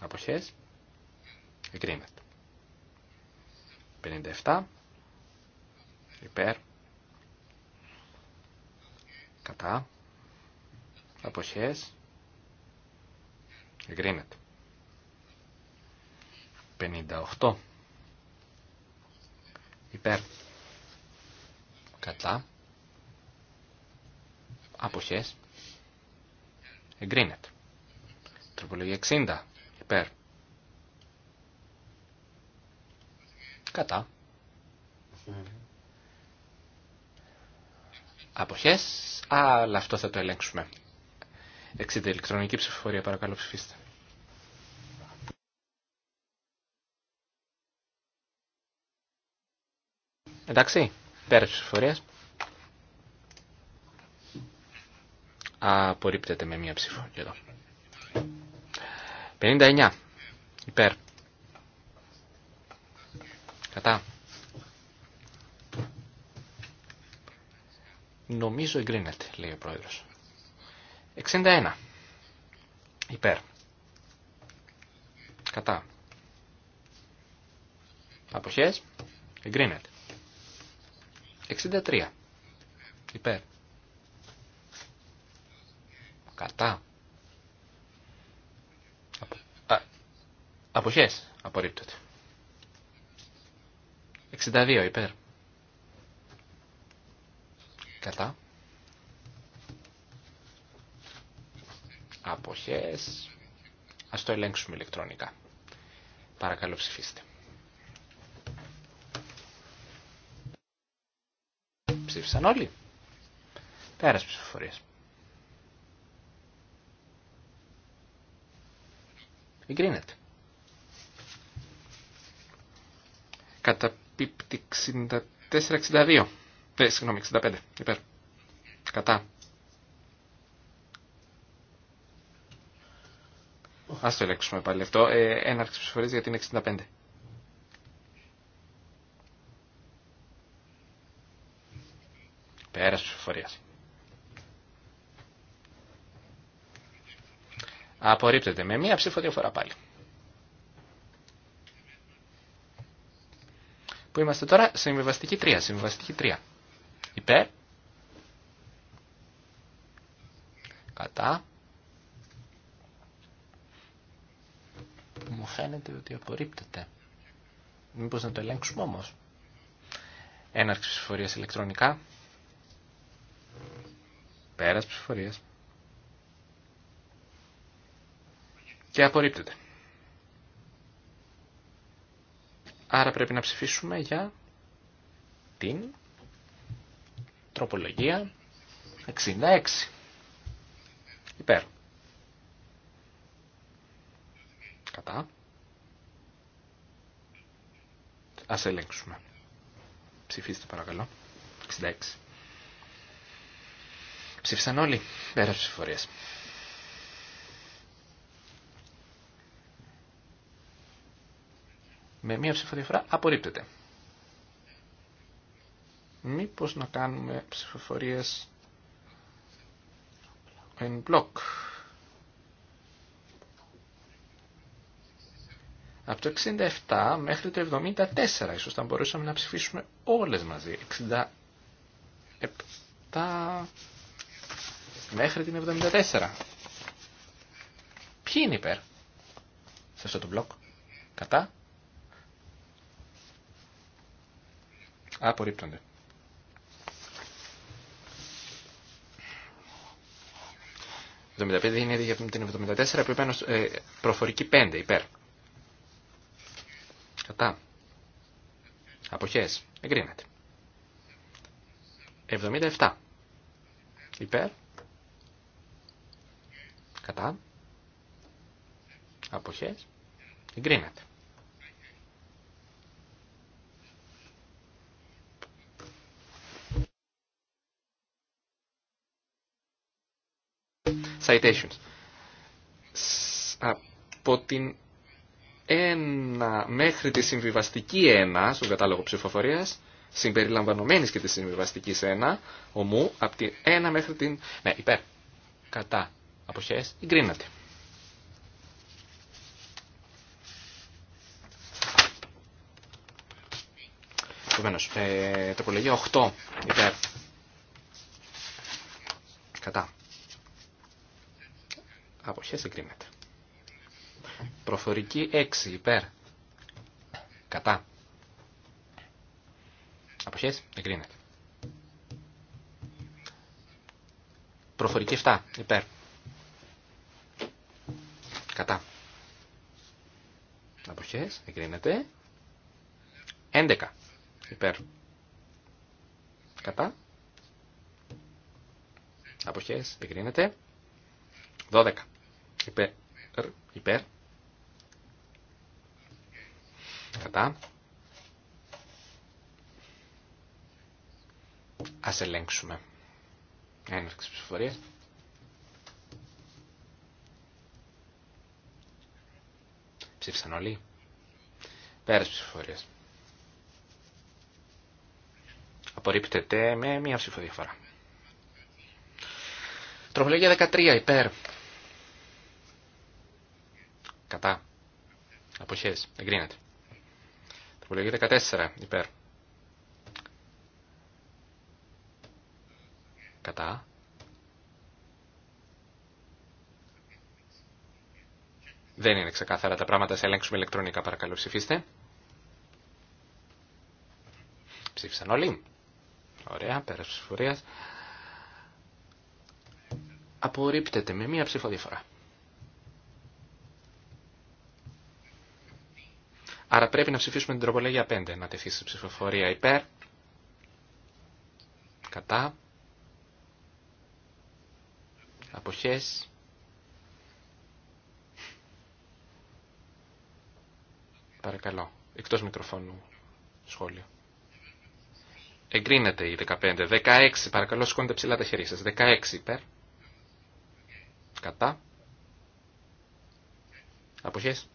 Αποχές. Εγκρίνεται. 57. Υπέρ. Κατά. Αποχές. Εγκρίνεται. 58. Υπέρ. Κατά. Αποχές. Εγκρίνεται. Τροπολογία 60. Υπέρ. Κατά. Αποχές. Αλλά αυτό θα το ελέγξουμε. Εξήντε Ηλεκτρονική ψηφοφορία. Παρακαλώ ψηφίστε. Εντάξει. Πέρα ψηφοφορία. Απορρίπτεται με μία ψήφο. Και εδώ. 59. Υπέρ. Κατά. Νομίζω εγκρίνεται, λέει ο πρόεδρος. 61. Υπέρ. Κατά. Αποχές. Εγκρίνεται. 63. Υπέρ. Κατά. Αποχέ Αποχές. Απορρίπτεται. 62. Υπέρ. Κατά. Αποχές. Ας το ελέγξουμε ηλεκτρονικά. Παρακαλώ ψηφίστε. Ψήφισαν όλοι. Πέρας ψηφοφορίας. Κατά Καταπίπτει 64-62. Ε, συγγνώμη, 65. Υπέρ. Κατά. Ας το ελέγξουμε πάλι αυτό. Ε, έναρξη ψηφορίας για την 65. Πέρας ψηφοφορία. Απορρίπτεται με μία ψήφο δύο φορά πάλι. Που είμαστε τώρα συμβιβαστική 3. Συμβιβαστική 3. Υπέρ. Κατά. Μου φαίνεται ότι απορρίπτεται. Μήπως να το ελέγξουμε όμως. Έναρξη ψηφορίας ηλεκτρονικά. Πέρας ψηφορίας. Και απορρίπτεται. Άρα πρέπει να ψηφίσουμε για την Τροπολογία 66. Υπέρ. Κατά. Ας ελέγξουμε. Ψηφίστε παρακαλώ. 66. Ψήφισαν όλοι. Πέρα ψηφορίας. Με μία ψηφοδιαφορά απορρίπτεται μήπως να κάνουμε ψηφοφορίες εν μπλοκ. Από το 67 μέχρι το 74 ίσως θα μπορούσαμε να ψηφίσουμε όλες μαζί. 67 μέχρι την 74. Ποιοι είναι υπέρ σε αυτό το μπλοκ. Κατά. Απορρίπτονται. 75 είναι με την 74, πρέπει ε, προφορική 5 υπέρ. Κατά. Αποχές. Εγκρίνεται. 77. Υπέρ. Κατά. Αποχές. Εγκρίνεται. citations. Από την 1 μέχρι τη συμβιβαστική 1 στον κατάλογο ψηφοφορία, συμπεριλαμβανομένη και τη συμβιβαστική 1, ομού, από την 1 μέχρι την. Ναι, υπέρ. Κατά. Αποχέ. εγκρίνατε. Επομένω, ε, τροπολογία 8 υπέρ. Κατά. Αποχές εγκρίνεται. Προφορική 6 υπέρ. Κατά. Αποχές εγκρίνεται. Προφορική 7 υπέρ. Κατά. Αποχές εγκρίνεται. 11 υπέρ. Κατά. Αποχές εγκρίνεται. 12 υπέρ, υπέρ. κατά ας ελέγξουμε έναρξη ψηφοφορίας ψήφισαν όλοι πέρας ψηφοφορίας απορρίπτεται με μία ψηφοδιαφορά. Τροπολογία 13 υπέρ Κατά. Αποχέ. Εγκρίνεται. Τροπολογία 14. Υπέρ. Κατά. Δεν είναι ξεκάθαρα τα πράγματα. Σε ελέγξουμε ηλεκτρονικά παρακαλώ ψηφίστε. Ψήφισαν όλοι. Ωραία, πέρα ψηφορία. Απορρίπτεται με μία ψηφοδιαφορά. Άρα πρέπει να ψηφίσουμε την τροπολογία 5, να τεθεί σε ψηφοφορία υπέρ, κατά, αποχές, παρακαλώ, εκτός μικροφώνου σχόλιο. Εγκρίνεται η 15. 16, παρακαλώ σηκώνετε ψηλά τα χέρια σας. 16 υπέρ. Κατά. Αποχές.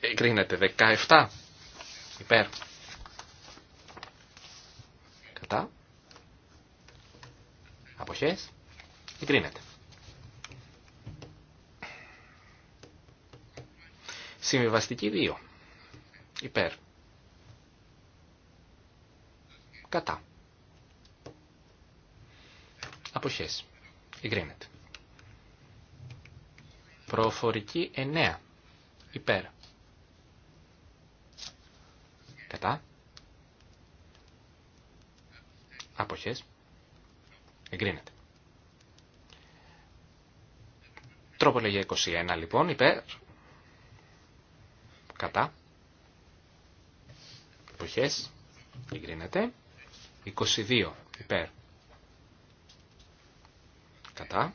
εγκρίνεται 17 υπέρ κατά αποχές εγκρίνεται συμβιβαστική 2 υπέρ κατά αποχές εγκρίνεται προφορική 9 υπέρ Κατά. Αποχές. Εγκρίνεται. Τρόπο λέγει 21 λοιπόν, υπέρ. Κατά. Αποχές. Εγκρίνεται. 22 υπέρ. Κατά.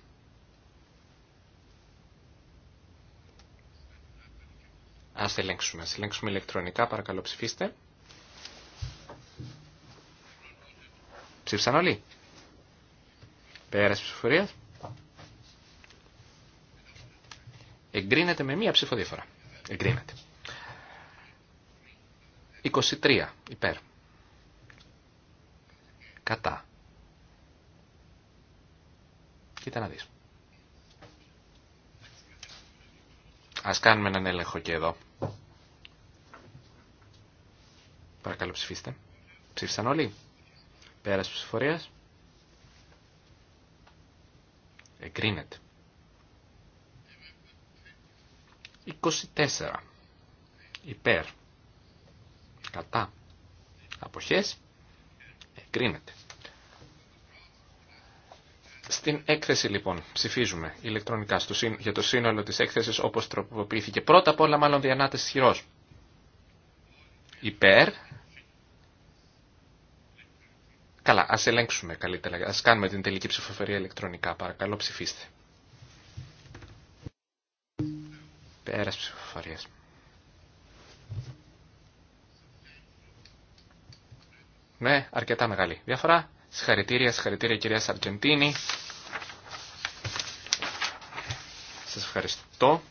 Ας ελέγξουμε. Ας ελέγξουμε ηλεκτρονικά. Παρακαλώ ψηφίστε. Ψήφισαν όλοι. Πέρας ψηφοφορία. Εγκρίνεται με μία ψηφοδίαφορα. Εγκρίνεται. 23 υπέρ. Κατά. Κοίτα να δεις. Ας κάνουμε έναν έλεγχο και εδώ. Παρακαλώ ψηφίστε. Ψήφισαν όλοι. Πέρας ψηφορίας. Εγκρίνεται. 24. Υπέρ. Κατά. Αποχές. Εγκρίνεται. Στην έκθεση λοιπόν ψηφίζουμε ηλεκτρονικά για το σύνολο της έκθεσης όπως τροποποιήθηκε. Πρώτα απ' όλα μάλλον διανάτες χειρός υπέρ. Καλά, ας ελέγξουμε καλύτερα. Ας κάνουμε την τελική ψηφοφορία ηλεκτρονικά. Παρακαλώ ψηφίστε. Πέρας ψηφοφορίας. Ναι, αρκετά μεγάλη διαφορά. Συγχαρητήρια, συγχαρητήρια κυρία Σαρτζεντίνη. Σας ευχαριστώ.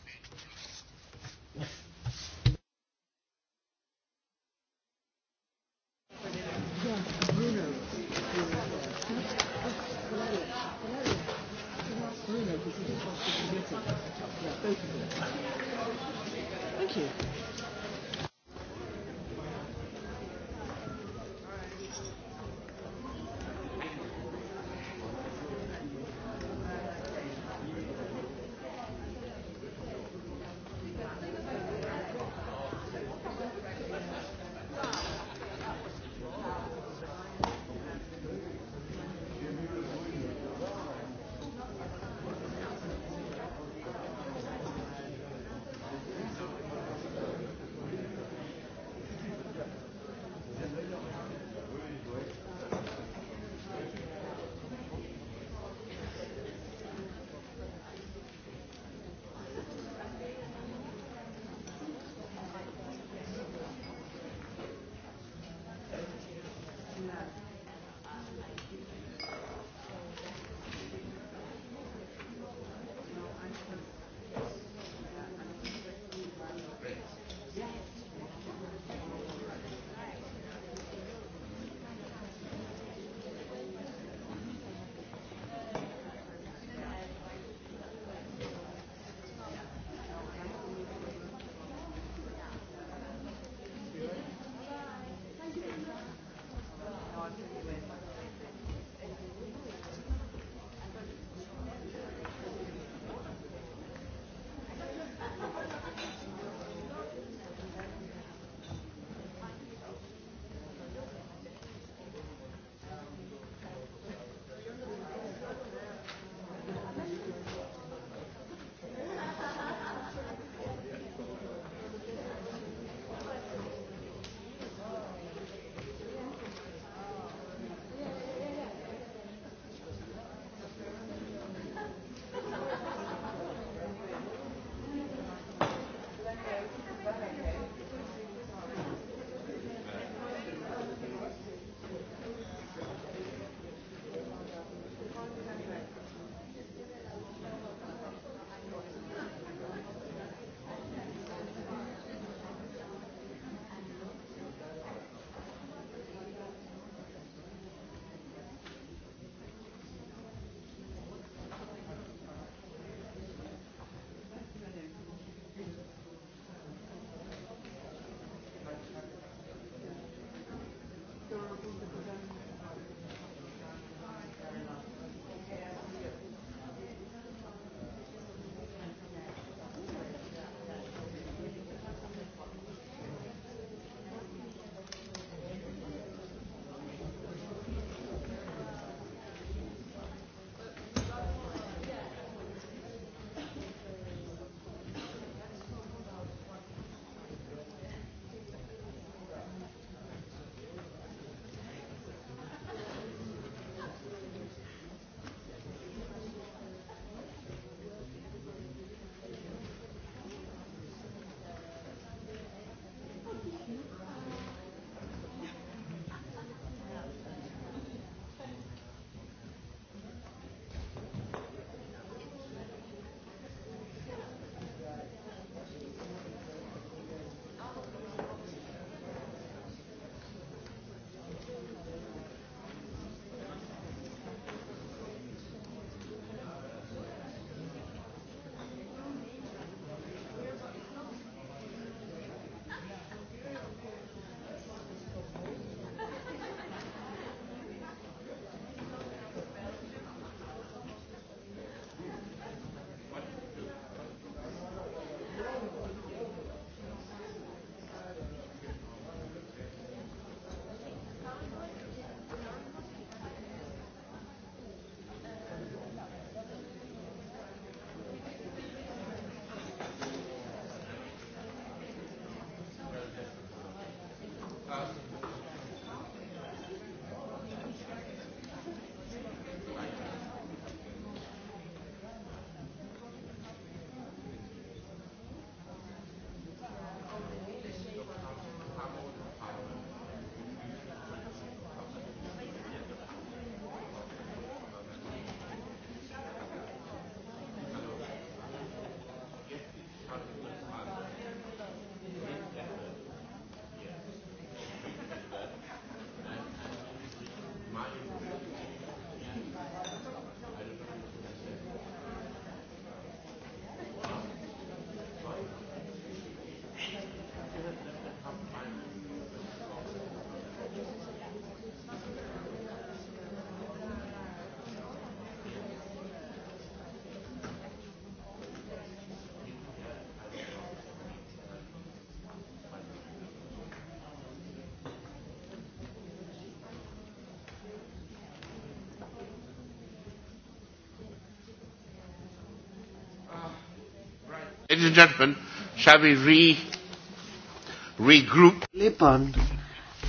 Λοιπόν,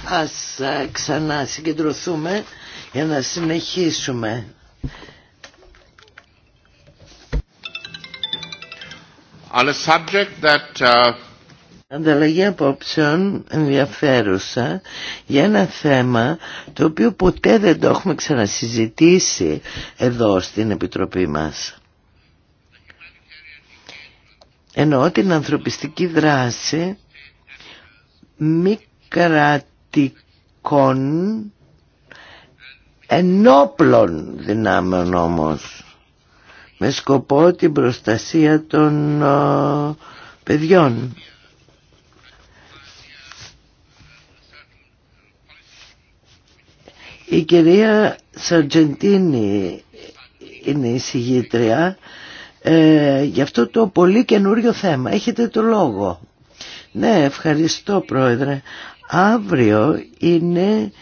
ας ε, ξανά συγκεντρωθούμε για να συνεχίσουμε. On a subject that, uh, Ανταλλαγή απόψεων ενδιαφέρουσα για ένα θέμα το οποίο ποτέ δεν το έχουμε ξανασυζητήσει εδώ στην Επιτροπή μας. Εννοώ την ανθρωπιστική δράση μη κρατικών ενόπλων δυνάμεων όμως με σκοπό την προστασία των ε, παιδιών. Η κυρία Σαρτζεντίνη είναι η συγγήτρια ε, για αυτό το πολύ καινούριο θέμα. Έχετε το λόγο. Ναι, ευχαριστώ πρόεδρε. Αύριο είναι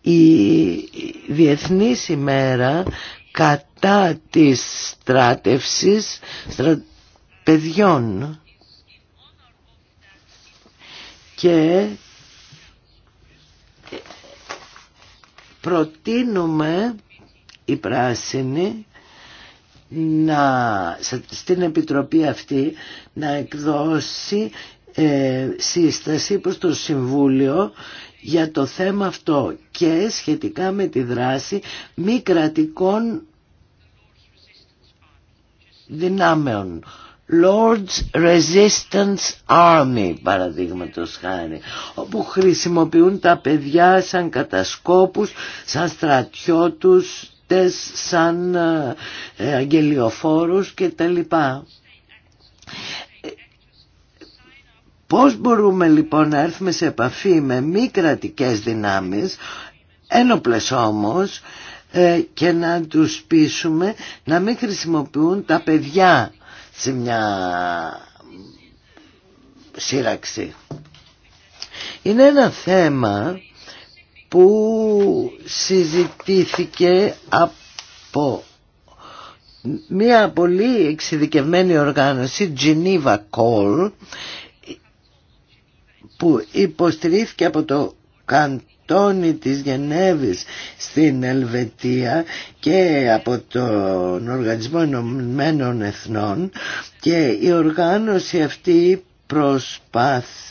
η διεθνή ημέρα κατά της στράτευσης στρα... παιδιών και προτείνουμε οι πράσινοι να, στην Επιτροπή αυτή να εκδώσει ε, σύσταση προς το Συμβούλιο για το θέμα αυτό και σχετικά με τη δράση μη κρατικών δυνάμεων. Lord's Resistance Army παραδείγματος χάρη όπου χρησιμοποιούν τα παιδιά σαν κατασκόπους, σαν στρατιώτους σαν ε, αγγελιοφόρους και τα λοιπά. Πώς μπορούμε λοιπόν να έρθουμε σε επαφή με μη κρατικέ δυνάμεις, ένοπλες όμως, ε, και να τους πείσουμε να μην χρησιμοποιούν τα παιδιά σε μια σύραξη. Είναι ένα θέμα που συζητήθηκε από μια πολύ εξειδικευμένη οργάνωση, Geneva Call, που υποστηρίχθηκε από το καντόνι της Γενέβης στην Ελβετία και από τον Οργανισμό Ενωμένων Εθνών και η οργάνωση αυτή προσπάθησε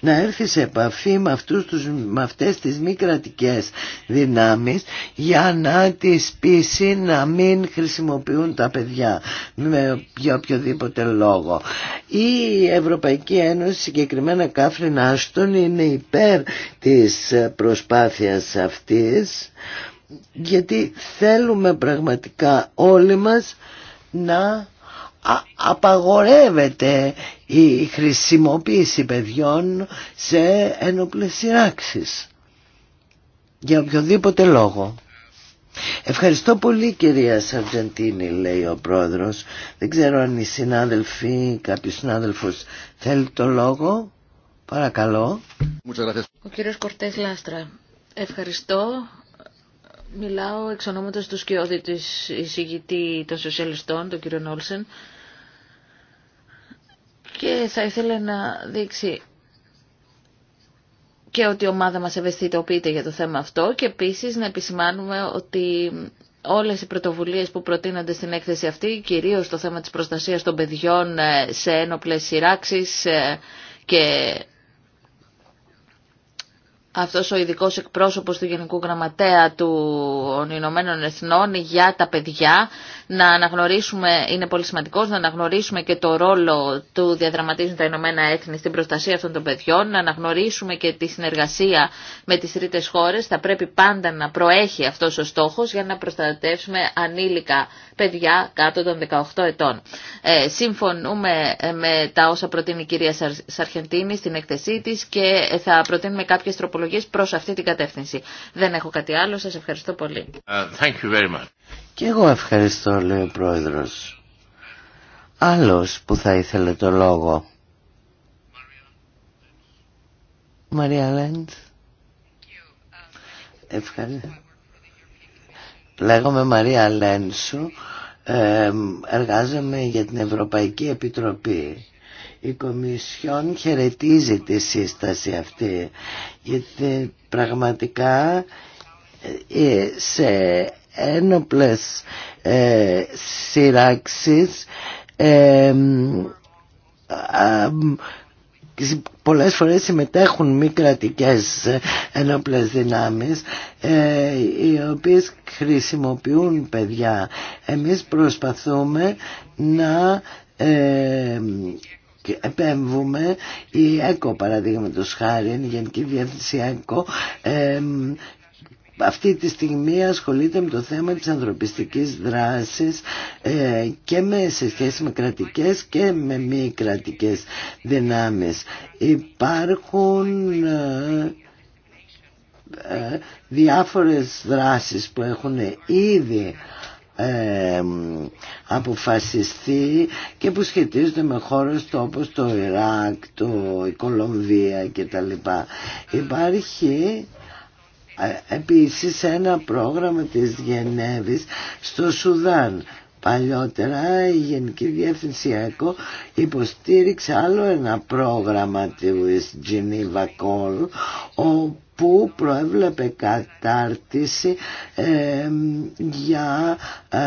να έρθει σε επαφή με, αυτούς τους, με αυτές τις μη κρατικέ δυνάμεις για να τις πείσει να μην χρησιμοποιούν τα παιδιά με, οποιοδήποτε λόγο. Η Ευρωπαϊκή Ένωση, συγκεκριμένα Κάφριν Άστον, είναι υπέρ της προσπάθειας αυτής γιατί θέλουμε πραγματικά όλοι μας να απαγορεύεται η χρησιμοποίηση παιδιών σε ένοπλες σειράξεις για οποιοδήποτε λόγο. Ευχαριστώ πολύ κυρία Σαρτζεντίνη, λέει ο πρόεδρος. Δεν ξέρω αν οι συνάδελφοι, κάποιος συνάδελφος θέλει το λόγο. Παρακαλώ. Ο κύριος Κορτές Λάστρα. Ευχαριστώ. Μιλάω εξ ονόματος του σκιώδη της εισηγητή των σοσιαλιστών, τον κύριο Νόλσεν και θα ήθελε να δείξει και ότι η ομάδα μας ευαισθητοποιείται για το θέμα αυτό και επίσης να επισημάνουμε ότι όλες οι πρωτοβουλίες που προτείνονται στην έκθεση αυτή, κυρίως το θέμα της προστασίας των παιδιών ε, σε ένοπλες σειράξεις ε, και αυτός ο ειδικό εκπρόσωπος του Γενικού Γραμματέα των Ηνωμένων Εθνών για τα παιδιά να αναγνωρίσουμε, είναι πολύ σημαντικό να αναγνωρίσουμε και το ρόλο του διαδραματίζουν τα Ηνωμένα Έθνη στην προστασία αυτών των παιδιών, να αναγνωρίσουμε και τη συνεργασία με τις τρίτες χώρες. Θα πρέπει πάντα να προέχει αυτός ο στόχος για να προστατεύσουμε ανήλικα παιδιά κάτω των 18 ετών. Ε, συμφωνούμε με τα όσα προτείνει η κυρία Σαρχεντίνη στην εκθεσή τη και θα προτείνουμε κάποιες τροπολογίες τροπολογίες προς αυτή την κατεύθυνση. Δεν έχω κάτι άλλο, σας ευχαριστώ πολύ. Uh, thank you very much. Και εγώ ευχαριστώ, λέει ο Πρόεδρος. Άλλος που θα ήθελε το λόγο. Μαρία Λέντ. Ευχαριστώ. Λέγομαι Μαρία Λένσου, ε, εργάζομαι για την Ευρωπαϊκή Επιτροπή η Κομισιόν χαιρετίζει τη σύσταση αυτή γιατί πραγματικά ε, σε ένοπλες ε, σειράξεις ε, πολλές φορές συμμετέχουν μη κρατικές ενόπλες δυνάμεις ε, οι οποίες χρησιμοποιούν παιδιά. Εμείς προσπαθούμε να ε, επέμβουμε η ΕΚΟ παραδείγματος χάρη, η Γενική Διεύθυνση ΕΚΟ αυτή τη στιγμή ασχολείται με το θέμα της ανθρωπιστικής δράσης ε, και με, σε σχέση με κρατικές και με μη κρατικές δυνάμεις. Υπάρχουν ε, ε διάφορες δράσεις που έχουν ήδη ε, αποφασιστεί και που σχετίζονται με χώρες όπως το Ιράκ, το, η Κολομβία κτλ. Υπάρχει ε, επίσης ένα πρόγραμμα της Γενέβης στο Σουδάν Παλιότερα η Γενική Διεύθυνση ΕΚΟ υποστήριξε άλλο ένα πρόγραμμα της Geneva Call όπου προέβλεπε κατάρτιση ε, για ε,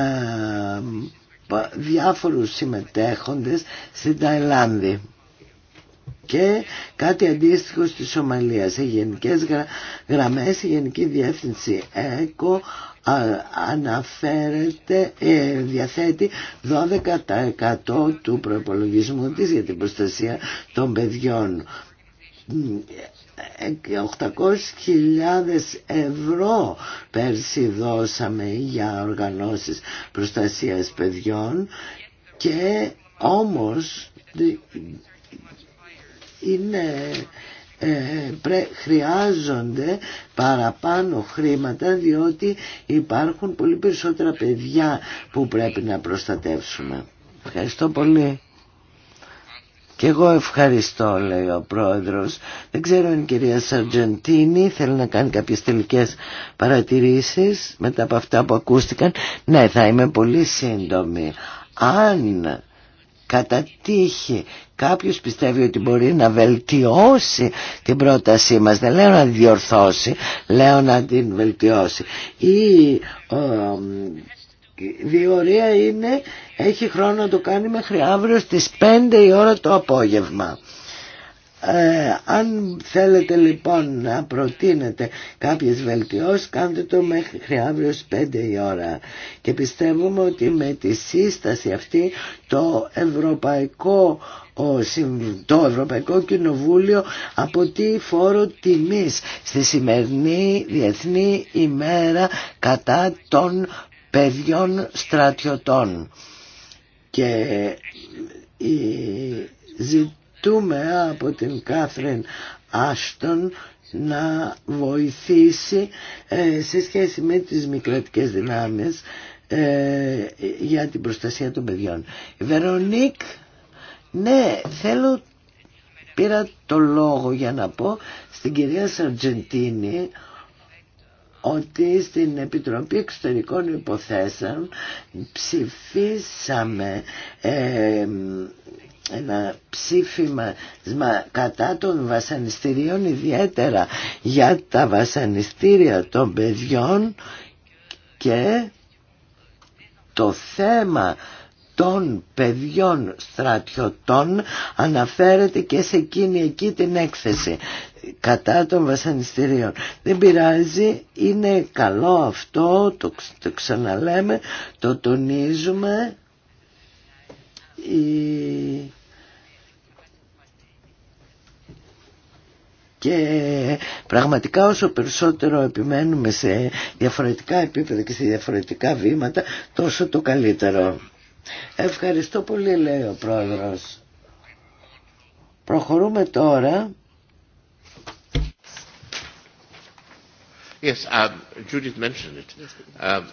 διάφορους συμμετέχοντες στην Ταϊλάνδη και κάτι αντίστοιχο στη Σομαλία. Σε γενικές γραμμές η Γενική Διεύθυνση ΕΚΟ αναφέρεται, ε, διαθέτει 12% του προπολογισμού της για την προστασία των παιδιών. 800.000 ε, ευρώ πέρσι δώσαμε για οργανώσεις προστασίας παιδιών και όμως ε, είναι ε, χρειάζονται παραπάνω χρήματα διότι υπάρχουν πολύ περισσότερα παιδιά που πρέπει να προστατεύσουμε. Ευχαριστώ πολύ. Και εγώ ευχαριστώ λέει ο πρόεδρος. Δεν ξέρω αν η κυρία Σαρτζεντίνη θέλει να κάνει κάποιες τελικές παρατηρήσεις μετά από αυτά που ακούστηκαν. Ναι θα είμαι πολύ σύντομη. Αν κατά τύχη κάποιος πιστεύει ότι μπορεί να βελτιώσει την πρότασή μας δεν λέω να την διορθώσει λέω να την βελτιώσει η, διορία είναι έχει χρόνο να το κάνει μέχρι αύριο στις 5 η ώρα το απόγευμα ε, αν θέλετε λοιπόν να προτείνετε κάποιες βελτιώσεις κάντε το μέχρι αύριο στις 5 η ώρα και πιστεύουμε ότι με τη σύσταση αυτή το Ευρωπαϊκό το Ευρωπαϊκό Κοινοβούλιο αποτεί φόρο τιμής στη σημερινή Διεθνή ημέρα κατά των παιδιών στρατιωτών και η ζητούμε από την Κάθριν Άστον να βοηθήσει ε, σε σχέση με τις μικρατικές δυνάμεις ε, για την προστασία των παιδιών. Βερονίκ, ναι, θέλω, πήρα το λόγο για να πω στην κυρία Σαρτζεντίνη ότι στην Επιτροπή Εξωτερικών Υποθέσεων ψηφίσαμε ε, ένα ψήφιμα κατά των βασανιστήριων ιδιαίτερα για τα βασανιστήρια των παιδιών και το θέμα των παιδιών στρατιωτών αναφέρεται και σε εκείνη εκεί την έκθεση κατά των βασανιστήριων. Δεν πειράζει, είναι καλό αυτό, το, το ξαναλέμε, το τονίζουμε και πραγματικά όσο περισσότερο επιμένουμε σε διαφορετικά επίπεδα και σε διαφορετικά βήματα τόσο το καλύτερο. Ευχαριστώ πολύ λέει ο πρόεδρος. Προχωρούμε τώρα. Yes, um, Judith mentioned it. Um,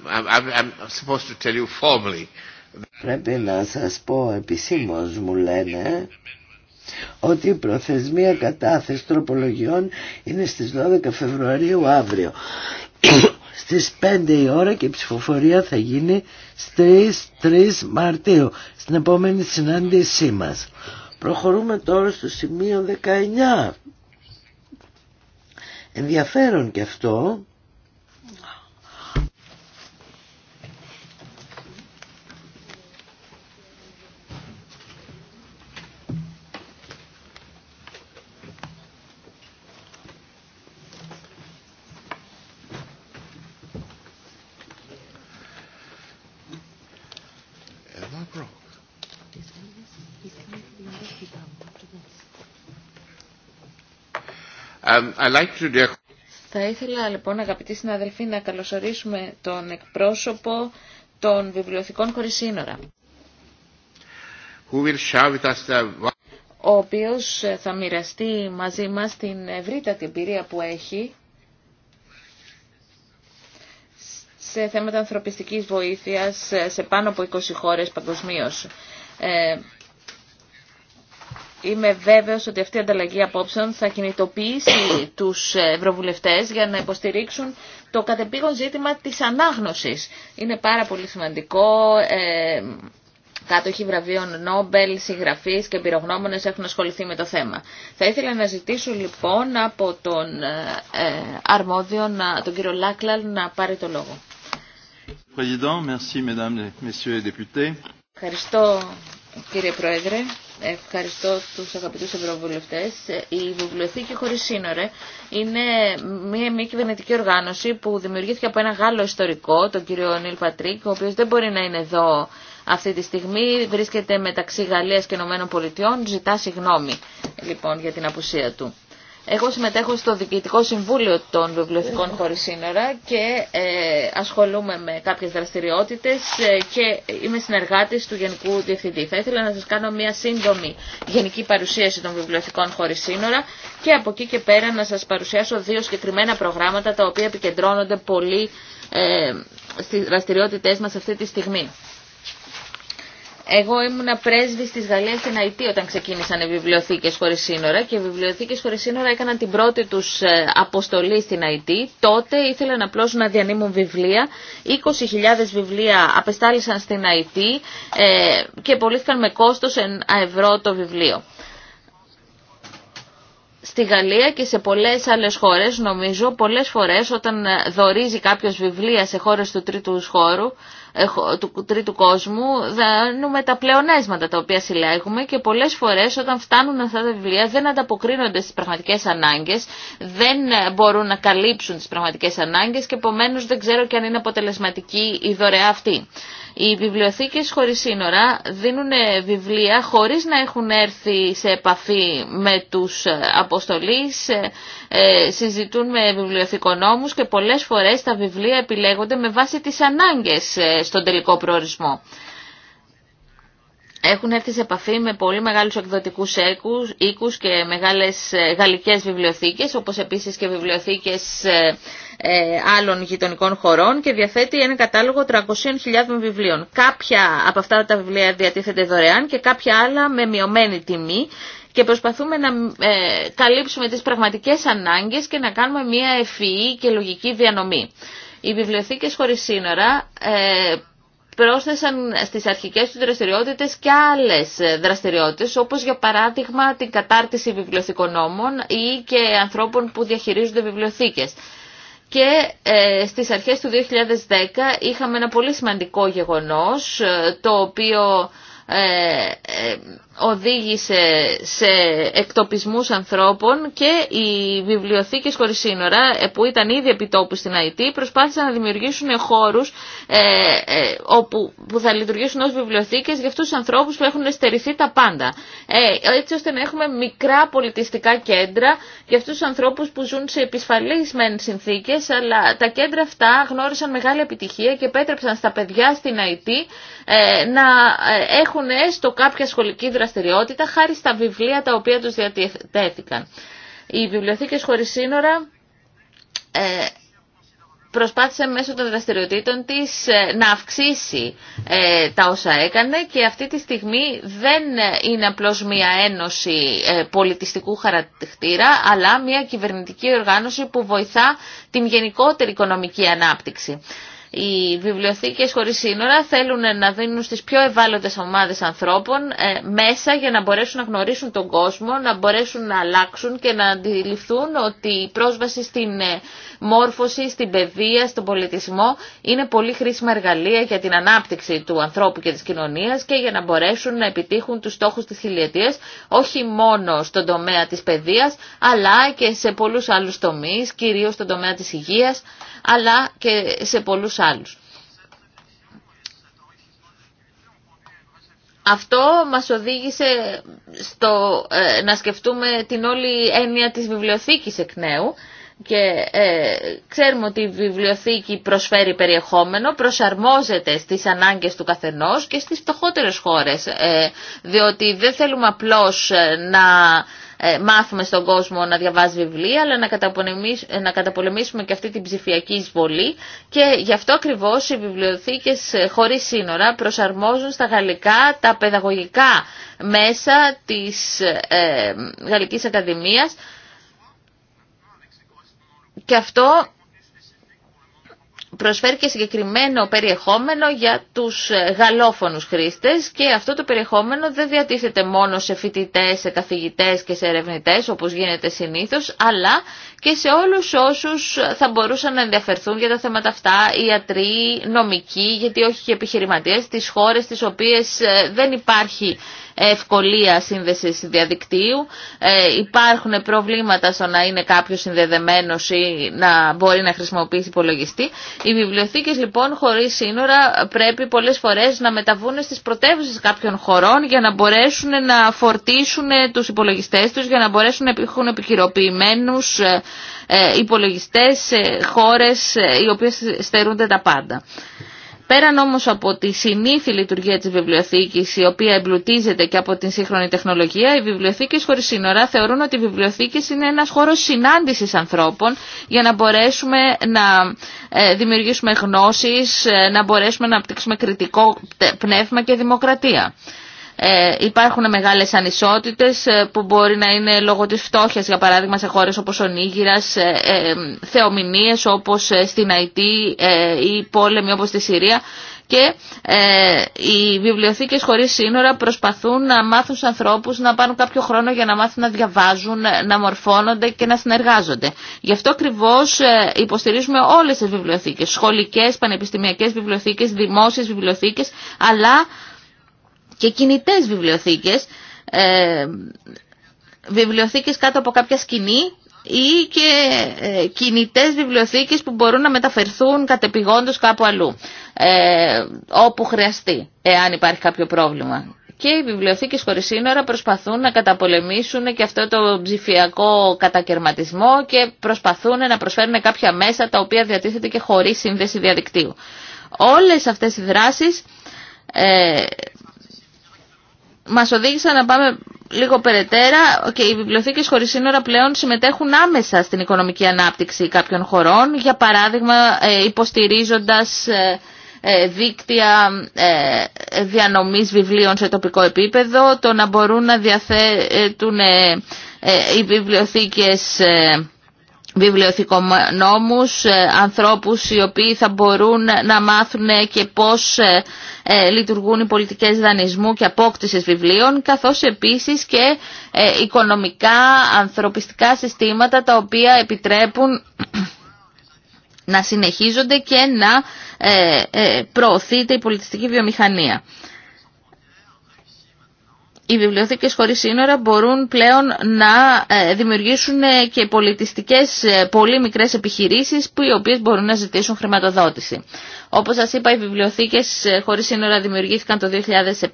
I'm supposed to tell you formally Πρέπει να σας πω επισήμως μου λένε ότι η προθεσμία κατάθεση τροπολογιών είναι στις 12 Φεβρουαρίου αύριο. στις 5 η ώρα και η ψηφοφορία θα γίνει στις 3 Μαρτίου, στην επόμενη συνάντησή μας. Προχωρούμε τώρα στο σημείο 19. Ενδιαφέρον και αυτό, Um, θα ήθελα λοιπόν αγαπητοί συναδελφοί να καλωσορίσουμε τον εκπρόσωπο των βιβλιοθηκών χωρίς σύνορα ο οποίος θα μοιραστεί μαζί μας την ευρύτατη εμπειρία που έχει σε θέματα ανθρωπιστικής βοήθειας σε πάνω από 20 χώρες παγκοσμίως. Ε, Είμαι βέβαιος ότι αυτή η ανταλλαγή απόψεων θα κινητοποιήσει τους ευρωβουλευτές για να υποστηρίξουν το κατεπήγον ζήτημα της ανάγνωσης. Είναι πάρα πολύ σημαντικό. Ε, κάτοχοι βραβείων Νόμπελ, συγγραφείς και εμπειρογνώμονες έχουν ασχοληθεί με το θέμα. Θα ήθελα να ζητήσω λοιπόν από τον ε, αρμόδιο, να, τον κύριο Λάκλαλ, να πάρει το λόγο. Ευχαριστώ κύριε Πρόεδρε. Ευχαριστώ τους αγαπητούς ευρωβουλευτές. Η Βιβλιοθήκη Χωρίς Σύνορε είναι μια μη κυβερνητική οργάνωση που δημιουργήθηκε από ένα Γάλλο ιστορικό, τον κύριο Νίλ Πατρίκ, ο οποίος δεν μπορεί να είναι εδώ αυτή τη στιγμή, βρίσκεται μεταξύ Γαλλίας και Ηνωμένων Πολιτειών, ζητά συγγνώμη λοιπόν για την απουσία του. Εγώ συμμετέχω στο Διοικητικό Συμβούλιο των Βιβλιοθηκών Χωρίς Σύνορα και ε, ασχολούμαι με κάποιες δραστηριότητες ε, και είμαι συνεργάτης του Γενικού Διευθυντή. Θα ήθελα να σας κάνω μια σύντομη γενική παρουσίαση των Βιβλιοθηκών Χωρίς Σύνορα και από εκεί και πέρα να σας παρουσιάσω δύο συγκεκριμένα προγράμματα τα οποία επικεντρώνονται πολύ ε, στις δραστηριότητές μας αυτή τη στιγμή. Εγώ ήμουν πρέσβη τη Γαλλία στην Αιτή όταν ξεκίνησαν οι βιβλιοθήκε χωρί σύνορα και οι βιβλιοθήκε χωρί σύνορα έκαναν την πρώτη του ε, αποστολή στην Αιτή. Τότε ήθελαν απλώ να διανύμουν βιβλία. 20.000 βιβλία απεστάλησαν στην Αιτή ε, και πωλήθηκαν με κόστο ευρώ το βιβλίο. Στη Γαλλία και σε πολλές άλλες χώρες, νομίζω, πολλές φορές όταν ε, δορίζει κάποιος βιβλία σε χώρες του τρίτου χώρου, του τρίτου κόσμου δάνουμε τα πλεονέσματα τα οποία συλλέγουμε και πολλές φορές όταν φτάνουν αυτά τα βιβλία δεν ανταποκρίνονται στις πραγματικές ανάγκες, δεν μπορούν να καλύψουν τις πραγματικές ανάγκες και επομένω δεν ξέρω και αν είναι αποτελεσματική η δωρεά αυτή. Οι βιβλιοθήκες χωρίς σύνορα δίνουν βιβλία χωρίς να έχουν έρθει σε επαφή με τους ε, αποστολείς, ε, ε, συζητούν με βιβλιοθηκονόμους και πολλές φορές τα βιβλία επιλέγονται με βάση τις ανάγκες στον τελικό προορισμό. Έχουν έρθει σε επαφή με πολύ μεγάλους εκδοτικούς οίκους και μεγάλες γαλλικές βιβλιοθήκες, όπως επίσης και βιβλιοθήκες ε, άλλων γειτονικών χωρών και διαθέτει ένα κατάλογο 300.000 βιβλίων. Κάποια από αυτά τα βιβλία διατίθεται δωρεάν και κάποια άλλα με μειωμένη τιμή και προσπαθούμε να ε, καλύψουμε τις πραγματικές ανάγκες και να κάνουμε μια ευφυή και λογική διανομή. Οι βιβλιοθήκες χωρίς σύνορα ε, πρόσθεσαν στις αρχικές του δραστηριότητες και άλλες δραστηριότητες, όπως για παράδειγμα την κατάρτιση βιβλιοθηκονόμων ή και ανθρώπων που διαχειρίζονται βιβλιοθήκες και ε, στις αρχές του 2010 είχαμε ένα πολύ σημαντικό γεγονός ε, το οποίο ε, ε, οδήγησε σε εκτοπισμούς ανθρώπων και οι βιβλιοθήκες χωρίς σύνορα ε, που ήταν ήδη επιτόπου στην ΑΕΤ προσπάθησαν να δημιουργήσουν χώρους όπου, που θα λειτουργήσουν ως βιβλιοθήκες για αυτούς τους ανθρώπους που έχουν στερηθεί τα πάντα. έτσι ώστε να έχουμε μικρά πολιτιστικά κέντρα για αυτούς τους ανθρώπους που ζουν σε επισφαλείς συνθήκες αλλά τα κέντρα αυτά γνώρισαν μεγάλη επιτυχία και επέτρεψαν στα παιδιά στην ΑΕΤ να έχουν έχουν έστω κάποια σχολική δραστηριότητα χάρη στα βιβλία τα οποία τους διατέθηκαν. Οι βιβλιοθήκες χωρίς σύνορα ε, προσπάθησε μέσω των δραστηριοτήτων της ε, να αυξήσει ε, τα όσα έκανε και αυτή τη στιγμή δεν είναι απλώς μια ένωση ε, πολιτιστικού χαρακτήρα αλλά μια κυβερνητική οργάνωση που βοηθά την γενικότερη οικονομική ανάπτυξη. Οι βιβλιοθήκες χωρίς σύνορα θέλουν να δίνουν στις πιο ευάλωτες ομάδες ανθρώπων ε, μέσα για να μπορέσουν να γνωρίσουν τον κόσμο, να μπορέσουν να αλλάξουν και να αντιληφθούν ότι η πρόσβαση στην ε, μόρφωση, στην παιδεία, στον πολιτισμό είναι πολύ χρήσιμα εργαλεία για την ανάπτυξη του ανθρώπου και της κοινωνίας και για να μπορέσουν να επιτύχουν τους στόχους της χιλιετίας όχι μόνο στον τομέα της παιδείας αλλά και σε πολλούς άλλους τομείς, κυρίως στον τομέα της υγείας αλλά και σε πολλούς άλλους. Αυτό μας οδήγησε στο ε, να σκεφτούμε την όλη έννοια της βιβλιοθήκης εκ νέου και ε, ξέρουμε ότι η βιβλιοθήκη προσφέρει περιεχόμενο, προσαρμόζεται στις ανάγκες του καθενός και στις φτωχότερες χώρες, ε, διότι δεν θέλουμε απλώς ε, να ε, μάθουμε στον κόσμο να διαβάζει βιβλία, αλλά να καταπολεμήσουμε, να και αυτή την ψηφιακή εισβολή και γι' αυτό ακριβώς οι βιβλιοθήκες χωρίς σύνορα προσαρμόζουν στα γαλλικά τα παιδαγωγικά μέσα της ε, Γαλλικής Ακαδημίας και αυτό προσφέρει και συγκεκριμένο περιεχόμενο για τους ε, γαλλόφωνους χρήστες και αυτό το περιεχόμενο δεν διατίθεται μόνο σε φοιτητές, σε καθηγητές και σε ερευνητές όπως γίνεται συνήθως, αλλά και σε όλους όσους θα μπορούσαν να ενδιαφερθούν για τα θέματα αυτά, ιατροί, νομικοί, γιατί όχι και επιχειρηματίες, τις χώρες τις οποίες ε, δεν υπάρχει ευκολία σύνδεσης διαδικτύου. Ε, υπάρχουν προβλήματα στο να είναι κάποιος συνδεδεμένος ή να μπορεί να χρησιμοποιήσει υπολογιστή. Οι βιβλιοθήκες λοιπόν χωρίς σύνορα πρέπει πολλές φορές να μεταβούν στις πρωτεύουσες κάποιων χωρών για να μπορέσουν να φορτίσουν τους υπολογιστές τους, για να μπορέσουν να έχουν επικυροποιημένους ε, ε, υπολογιστές χώρες οι οποίες στερούνται τα πάντα. Πέραν όμως από τη συνήθη λειτουργία της βιβλιοθήκης, η οποία εμπλουτίζεται και από την σύγχρονη τεχνολογία, οι βιβλιοθήκες χωρίς σύνορα θεωρούν ότι οι βιβλιοθήκες είναι ένας χώρος συνάντησης ανθρώπων για να μπορέσουμε να ε, δημιουργήσουμε γνώσεις, ε, να μπορέσουμε να απτύξουμε κριτικό πνεύμα και δημοκρατία. Ε, υπάρχουν μεγάλες ανισότητες ε, που μπορεί να είναι λόγω της φτώχειας για παράδειγμα σε χώρες όπως ο Νίγηρας, ε, ε, θεομηνίες όπως ε, στην Αϊτή ε, ή πόλεμοι όπως στη Συρία και οι βιβλιοθήκες χωρίς σύνορα προσπαθούν να μάθουν στους ανθρώπους να πάρουν κάποιο χρόνο για να μάθουν να διαβάζουν, να μορφώνονται και να συνεργάζονται. Γι' αυτό ακριβώ υποστηρίζουμε όλες τις βιβλιοθήκες, σχολικές, πανεπιστημιακές βιβλιοθήκες, δημόσιες βιβλιοθήκες, αλλά και κινητές βιβλιοθήκες, ε, βιβλιοθήκες κάτω από κάποια σκηνή ή και ε, κινητές βιβλιοθήκες που μπορούν να μεταφερθούν κατεπηγόντως κάπου αλλού, ε, όπου χρειαστεί, εάν υπάρχει κάποιο πρόβλημα. Και οι βιβλιοθήκες χωρίς σύνορα προσπαθούν να καταπολεμήσουν και αυτό το ψηφιακό κατακαιρματισμό και προσπαθούν να προσφέρουν κάποια μέσα τα οποία διατίθεται και χωρίς σύνδεση διαδικτύου. Όλες αυτές οι δράσεις ε, μας οδήγησαν να πάμε λίγο περαιτέρα και οι βιβλιοθήκες χωρίς σύνορα πλέον συμμετέχουν άμεσα στην οικονομική ανάπτυξη κάποιων χωρών, για παράδειγμα ε, υποστηρίζοντας ε, ε, δίκτυα διανομής βιβλίων σε τοπικό επίπεδο, το να μπορούν να διαθέτουν οι βιβλιοθήκες βιβλιοθηκονόμους, ε, ανθρώπους οι οποίοι θα μπορούν να μάθουν και πώς ε, ε, λειτουργούν οι πολιτικές δανεισμού και απόκτησης βιβλίων, καθώς επίσης και οικονομικά, ανθρωπιστικά συστήματα τα οποία επιτρέπουν να συνεχίζονται και να προωθείται η πολιτιστική βιομηχανία οι βιβλιοθήκες χωρίς σύνορα μπορούν πλέον να ε, δημιουργήσουν ε, και πολιτιστικές ε, πολύ μικρές επιχειρήσεις που οι οποίες μπορούν να ζητήσουν χρηματοδότηση. Όπως σας είπα οι βιβλιοθήκες χωρίς σύνορα δημιουργήθηκαν το 2007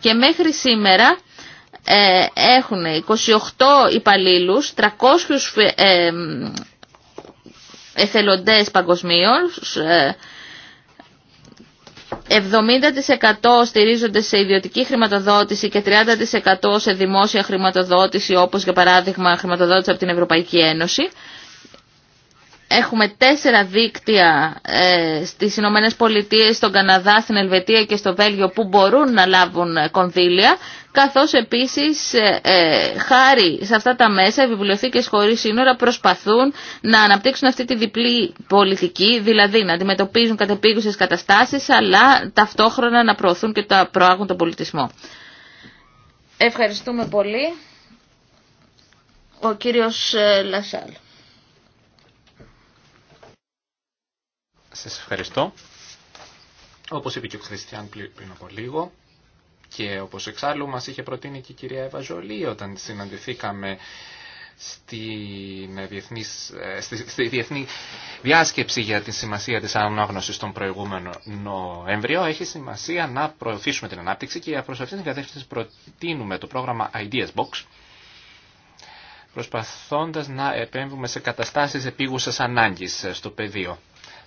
και μέχρι σήμερα έχουν 28 υπαλλήλους, 300 εθελοντές παγκοσμίως, 70% στηρίζονται σε ιδιωτική χρηματοδότηση και 30% σε δημόσια χρηματοδότηση, όπως για παράδειγμα χρηματοδότηση από την Ευρωπαϊκή Ένωση. Έχουμε τέσσερα δίκτυα ε, στις Ηνωμένες Πολιτείες, στον Καναδά, στην Ελβετία και στο Βέλγιο που μπορούν να λάβουν κονδύλια, καθώς επίσης ε, ε, χάρη σε αυτά τα μέσα οι βιβλιοθήκες χωρίς σύνορα προσπαθούν να αναπτύξουν αυτή τη διπλή πολιτική, δηλαδή να αντιμετωπίζουν κατεπίγουσες καταστάσεις, αλλά ταυτόχρονα να προωθούν και να προάγουν τον πολιτισμό. Ευχαριστούμε πολύ. Ο κύριος ε, Λασάλ. Σας ευχαριστώ. Όπως είπε και ο Χριστιαν πριν από λίγο και όπως εξάλλου μας είχε προτείνει και η κυρία Ευαζολή όταν συναντηθήκαμε στην ε, στη, διεθνή διάσκεψη για τη σημασία της ανάγνωσης τον προηγούμενο Νοέμβριο έχει σημασία να προωθήσουμε την ανάπτυξη και προς αυτήν την κατεύθυνση προτείνουμε το πρόγραμμα Ideas Box προσπαθώντας να επέμβουμε σε καταστάσεις επίγουσας ανάγκης στο πεδίο.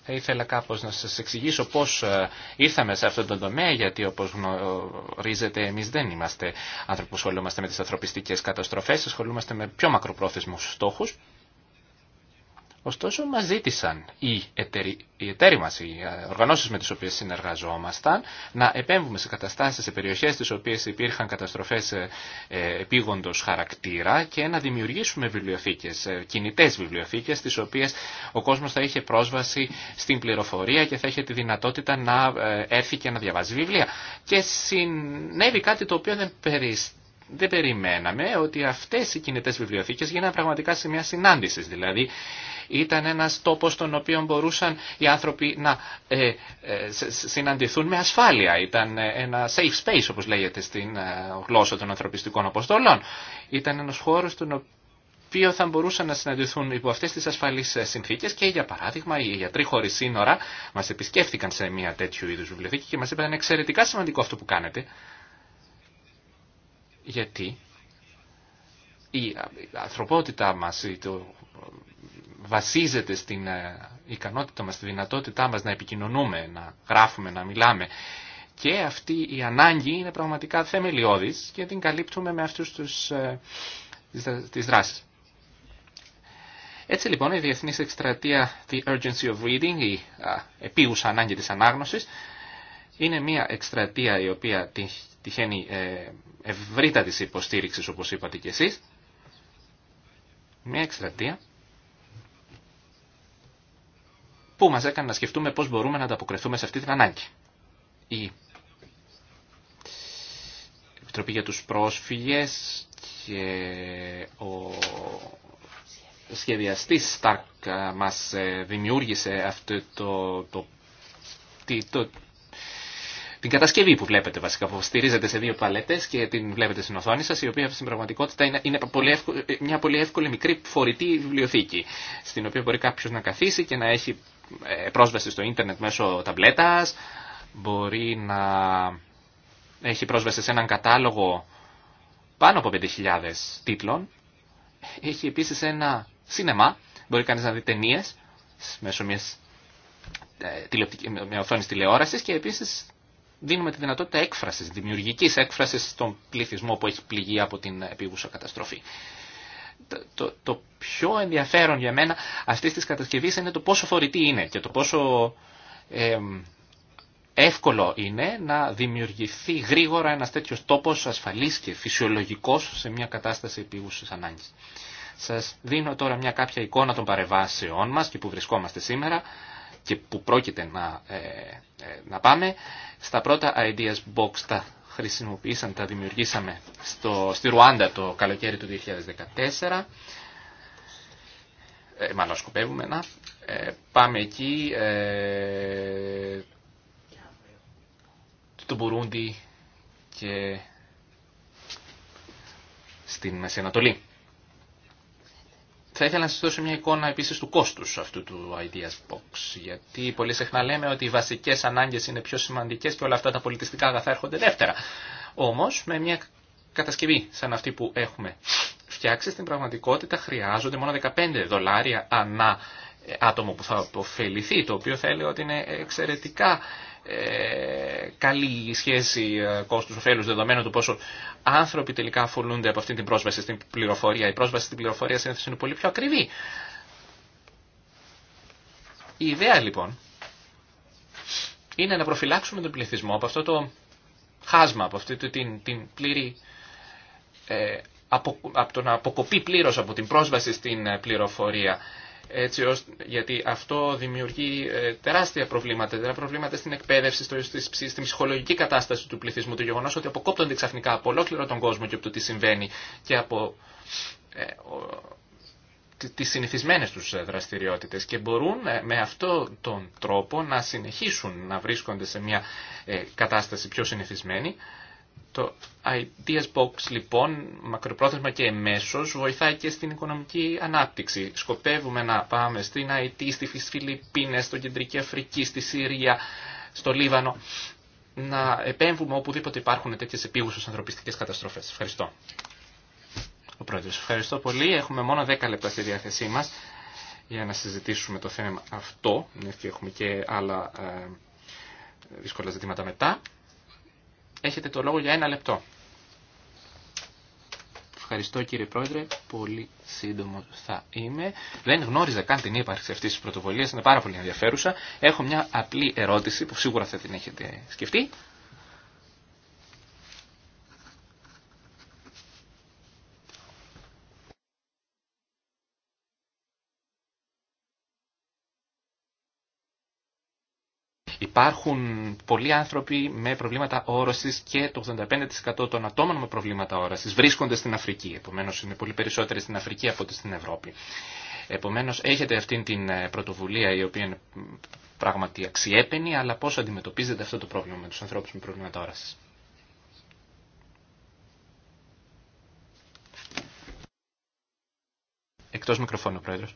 Θα ήθελα κάπως να σας εξηγήσω πώς ε, ήρθαμε σε αυτόν τον τομέα, γιατί όπως γνωρίζετε εμείς δεν είμαστε άνθρωποι που ασχολούμαστε με τις ανθρωπιστικές καταστροφές, ασχολούμαστε με πιο μακροπρόθεσμους στόχους. Ωστόσο μας ζήτησαν οι εταίροι, οι εταίροι μας, οι ε, οργανώσεις με τις οποίες συνεργαζόμασταν να επέμβουμε σε καταστάσεις, σε περιοχές τις οποίες υπήρχαν καταστροφές ε, ε, επίγοντος χαρακτήρα και να δημιουργήσουμε βιβλιοθήκες, κινητές βιβλιοθήκες τις οποίες ο κόσμος θα είχε πρόσβαση στην πληροφορία και θα είχε τη δυνατότητα να έρθει και να διαβάζει βιβλία. Και συνέβη κάτι το οποίο δεν περιστρέφει δεν περιμέναμε ότι αυτές οι κινητές βιβλιοθήκες γίνανε πραγματικά σημεία μια συνάντηση. Δηλαδή ήταν ένας τόπος στον οποίο μπορούσαν οι άνθρωποι να ε, ε, συναντηθούν με ασφάλεια. Ήταν ε, ένα safe space όπως λέγεται στην γλώσσα των ανθρωπιστικών αποστολών. Ήταν ένας χώρος στον οποίο θα μπορούσαν να συναντηθούν υπό αυτές τις ασφαλείς συνθήκες και για παράδειγμα οι γιατροί χωρί σύνορα μας επισκέφθηκαν σε μια τέτοιου είδους βιβλιοθήκη και μας είπαν εξαιρετικά σημαντικό αυτό που κάνετε γιατί η ανθρωπότητά μας το βασίζεται στην ε, ικανότητα μας, τη δυνατότητά μας να επικοινωνούμε, να γράφουμε, να μιλάμε. Και αυτή η ανάγκη είναι πραγματικά θεμελιώδης και την καλύπτουμε με αυτούς τους, ε, τις δράσεις. Έτσι λοιπόν η Διεθνής Εκστρατεία The Urgency of Reading, η επίγουσα ανάγκη της ανάγνωσης, είναι μια εκστρατεία η οποία τυχαίνει ε, ευρύτατης υποστήριξης όπως είπατε και εσείς. Μια εκστρατεία που μας έκανε να σκεφτούμε πώς μπορούμε να ανταποκριθούμε σε αυτή την ανάγκη. Η Επιτροπή για τους Πρόσφυγες και ο σχεδιαστής Σταρκ ε, μας ε, δημιούργησε αυτό το, το, το, την κατασκευή που βλέπετε βασικά, που στηρίζεται σε δύο παλέτε και την βλέπετε στην οθόνη σα, η οποία στην πραγματικότητα είναι, είναι πολύ μια πολύ εύκολη μικρή φορητή βιβλιοθήκη, στην οποία μπορεί κάποιο να καθίσει και να έχει ε, πρόσβαση στο ίντερνετ μέσω ταμπλέτα, μπορεί να έχει πρόσβαση σε έναν κατάλογο πάνω από 5.000 τίτλων, έχει επίση ένα σινεμά, μπορεί κανεί να δει ταινίε μέσω μια ε, με οθόνη τηλεόραση και επίση δίνουμε τη δυνατότητα έκφρασης, δημιουργικής έκφρασης στον πληθυσμό που έχει πληγεί από την επίγουσα καταστροφή. Το, το, πιο ενδιαφέρον για μένα αυτή τη κατασκευή είναι το πόσο φορητή είναι και το πόσο εύκολο είναι να δημιουργηθεί γρήγορα ένας τέτοιος τόπος ασφαλής και φυσιολογικός σε μια κατάσταση επίγουσης ανάγκης. Σας δίνω τώρα μια κάποια εικόνα των παρεμβάσεών μας και που βρισκόμαστε σήμερα και που πρόκειται να, ε, ε, να πάμε. Στα πρώτα Ideas Box τα χρησιμοποίησαμε, τα δημιουργήσαμε στο, στη Ρουάντα το καλοκαίρι του 2014. Ε, μάλλον σκοπεύουμε να. Ε, πάμε εκεί. Ε, το Μπουρούντι και στην Μέση θα ήθελα να σα δώσω μια εικόνα επίση του κόστους αυτού του Ideas Box, γιατί πολύ συχνά λέμε ότι οι βασικές ανάγκες είναι πιο σημαντικές και όλα αυτά τα πολιτιστικά αγαθά έρχονται δεύτερα. Όμως, με μια κατασκευή σαν αυτή που έχουμε φτιάξει, στην πραγματικότητα χρειάζονται μόνο 15 δολάρια ανά άτομο που θα αποφεληθεί, το οποίο θα ότι είναι εξαιρετικά ε, καλή κόστου ε, κόστους-οφέλους δεδομένου του πόσο άνθρωποι τελικά αφορούνται από αυτή την πρόσβαση στην πληροφορία. Η πρόσβαση στην πληροφορία είναι πολύ πιο ακριβή. Η ιδέα λοιπόν είναι να προφυλάξουμε τον πληθυσμό από αυτό το χάσμα, από αυτή την, την πλήρη, από, ε, από το να αποκοπεί πλήρως από την πρόσβαση στην πληροφορία έτσι ώστε, γιατί αυτό δημιουργεί ε, τεράστια προβλήματα, τεράστια προβλήματα στην εκπαίδευση, στο, στη, στην ψυχολογική κατάσταση του πληθυσμού, το γεγονός ότι αποκόπτονται ξαφνικά από ολόκληρο τον κόσμο και από το τι συμβαίνει και από ε, ο, τις συνηθισμένες τους ε, δραστηριότητες και μπορούν ε, με αυτό τον τρόπο να συνεχίσουν να βρίσκονται σε μια κατάσταση πιο συνηθισμένη το Ideas Box λοιπόν, μακροπρόθεσμα και εμέσως, βοηθάει και στην οικονομική ανάπτυξη. Σκοπεύουμε να πάμε στην IT, στη Φιλιππίνες, στο Κεντρική Αφρική, στη Συρία, στο Λίβανο, να επέμβουμε οπουδήποτε υπάρχουν τέτοιες επίγουσες ανθρωπιστικές καταστροφές. Ευχαριστώ. Ο Πρόεδρος, ευχαριστώ πολύ. Έχουμε μόνο 10 λεπτά στη διάθεσή μας για να συζητήσουμε το θέμα αυτό, γιατί έχουμε και άλλα ε, δύσκολα ζητήματα μετά. Έχετε το λόγο για ένα λεπτό. Ευχαριστώ κύριε Πρόεδρε, πολύ σύντομο θα είμαι. Δεν γνώριζα καν την ύπαρξη αυτή τη πρωτοβουλία, είναι πάρα πολύ ενδιαφέρουσα. Έχω μια απλή ερώτηση που σίγουρα θα την έχετε σκεφτεί. υπάρχουν πολλοί άνθρωποι με προβλήματα όρασης και το 85% των ατόμων με προβλήματα όρασης βρίσκονται στην Αφρική. Επομένως είναι πολύ περισσότεροι στην Αφρική από ότι στην Ευρώπη. Επομένως έχετε αυτή την ε, πρωτοβουλία η οποία είναι πράγματι αξιέπαινη, αλλά πώς αντιμετωπίζετε αυτό το πρόβλημα με τους ανθρώπους με προβλήματα όρασης. Εκτός μικροφώνου, Πρόεδρος.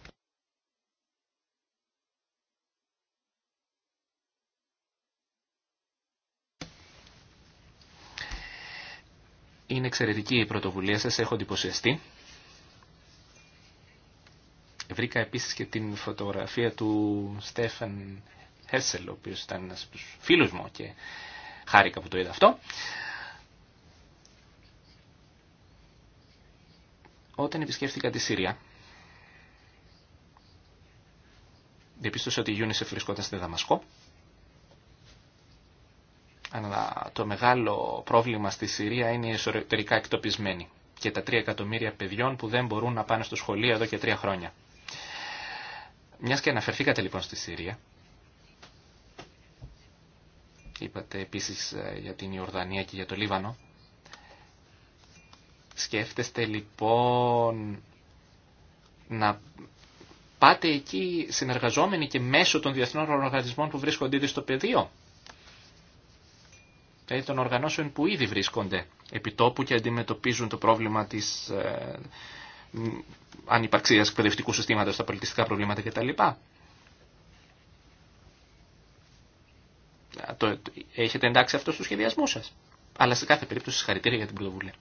Είναι εξαιρετική η πρωτοβουλία σας, έχω εντυπωσιαστεί. Βρήκα επίσης και την φωτογραφία του Στέφαν Χέρσελ, ο οποίος ήταν ένας από φίλους μου και χάρηκα που το είδα αυτό. Όταν επισκέφθηκα τη Συρία, διαπίστωσα ότι η UNICEF βρισκόταν στη Δαμασκό αλλά το μεγάλο πρόβλημα στη Συρία είναι οι εσωτερικά εκτοπισμένοι και τα 3 εκατομμύρια παιδιών που δεν μπορούν να πάνε στο σχολείο εδώ και τρία χρόνια. Μιας και αναφερθήκατε λοιπόν στη Συρία, είπατε επίσης ε, για την Ιορδανία και για το Λίβανο, σκέφτεστε λοιπόν να πάτε εκεί συνεργαζόμενοι και μέσω των διεθνών οργανισμών που βρίσκονται ήδη στο πεδίο δηλαδή των οργανώσεων που ήδη βρίσκονται επί τόπου και αντιμετωπίζουν το πρόβλημα της ε, ανυπαρξίας εκπαιδευτικού συστήματος, τα πολιτιστικά προβλήματα κτλ. Το, έχετε εντάξει αυτό στο σχεδιασμό σας. Αλλά σε κάθε περίπτωση συγχαρητήρια για την πρωτοβουλία.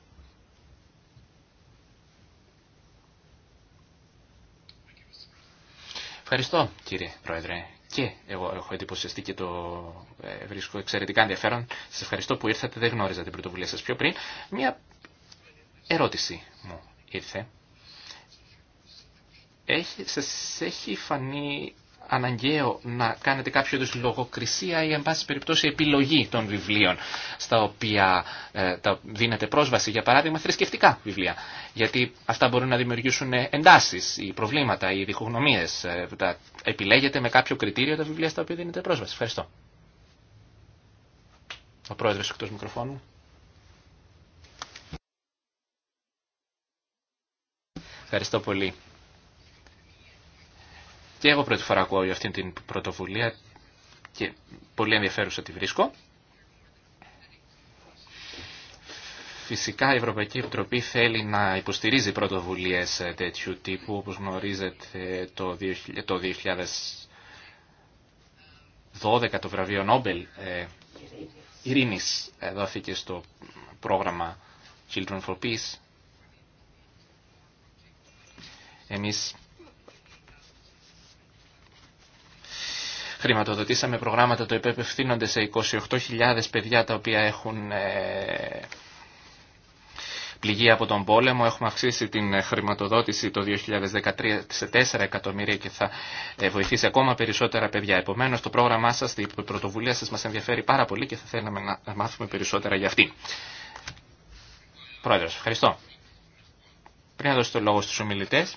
Ευχαριστώ κύριε Πρόεδρε και εγώ έχω εντυπωσιαστεί και το ε, βρίσκω εξαιρετικά ενδιαφέρον. Σας ευχαριστώ που ήρθατε, δεν γνώριζα την πρωτοβουλία σας πιο πριν. Μια ερώτηση μου ήρθε. Έχει, σας έχει φανεί αναγκαίο να κάνετε κάποιο είδους λογοκρισία ή εν πάση περιπτώσει επιλογή των βιβλίων στα οποία ε, τα δίνεται πρόσβαση, για παράδειγμα θρησκευτικά βιβλία. Γιατί αυτά μπορούν να δημιουργήσουν εντάσεις ή προβλήματα ή διχογνωμίες. Ε, επιλέγετε με κάποιο κριτήριο τα βιβλία στα οποία δίνετε πρόσβαση. Ευχαριστώ. Ο πρόεδρος εκτός μικροφώνου. Ευχαριστώ πολύ. Και εγώ πρώτη φορά ακούω για αυτή την πρωτοβουλία και πολύ ενδιαφέρουσα τη βρίσκω. Φυσικά η Ευρωπαϊκή Επιτροπή θέλει να υποστηρίζει πρωτοβουλίες ε, τέτοιου τύπου, όπως γνωρίζετε το 2012 το βραβείο Νόμπελ ε, ειρήνης ε, δόθηκε στο πρόγραμμα Children for Peace. Εμείς Χρηματοδοτήσαμε προγράμματα το επευθύνονται σε 28.000 παιδιά τα οποία έχουν ε, πληγεί από τον πόλεμο. Έχουμε αυξήσει την χρηματοδότηση το 2013 σε 4 εκατομμύρια και θα ε, βοηθήσει ακόμα περισσότερα παιδιά. Επομένως το πρόγραμμά σας, η πρωτοβουλία σας μας ενδιαφέρει πάρα πολύ και θα θέλαμε να μάθουμε περισσότερα για αυτή. Πρόεδρος, ευχαριστώ. Πριν να δώσω το λόγο στους ομιλητές,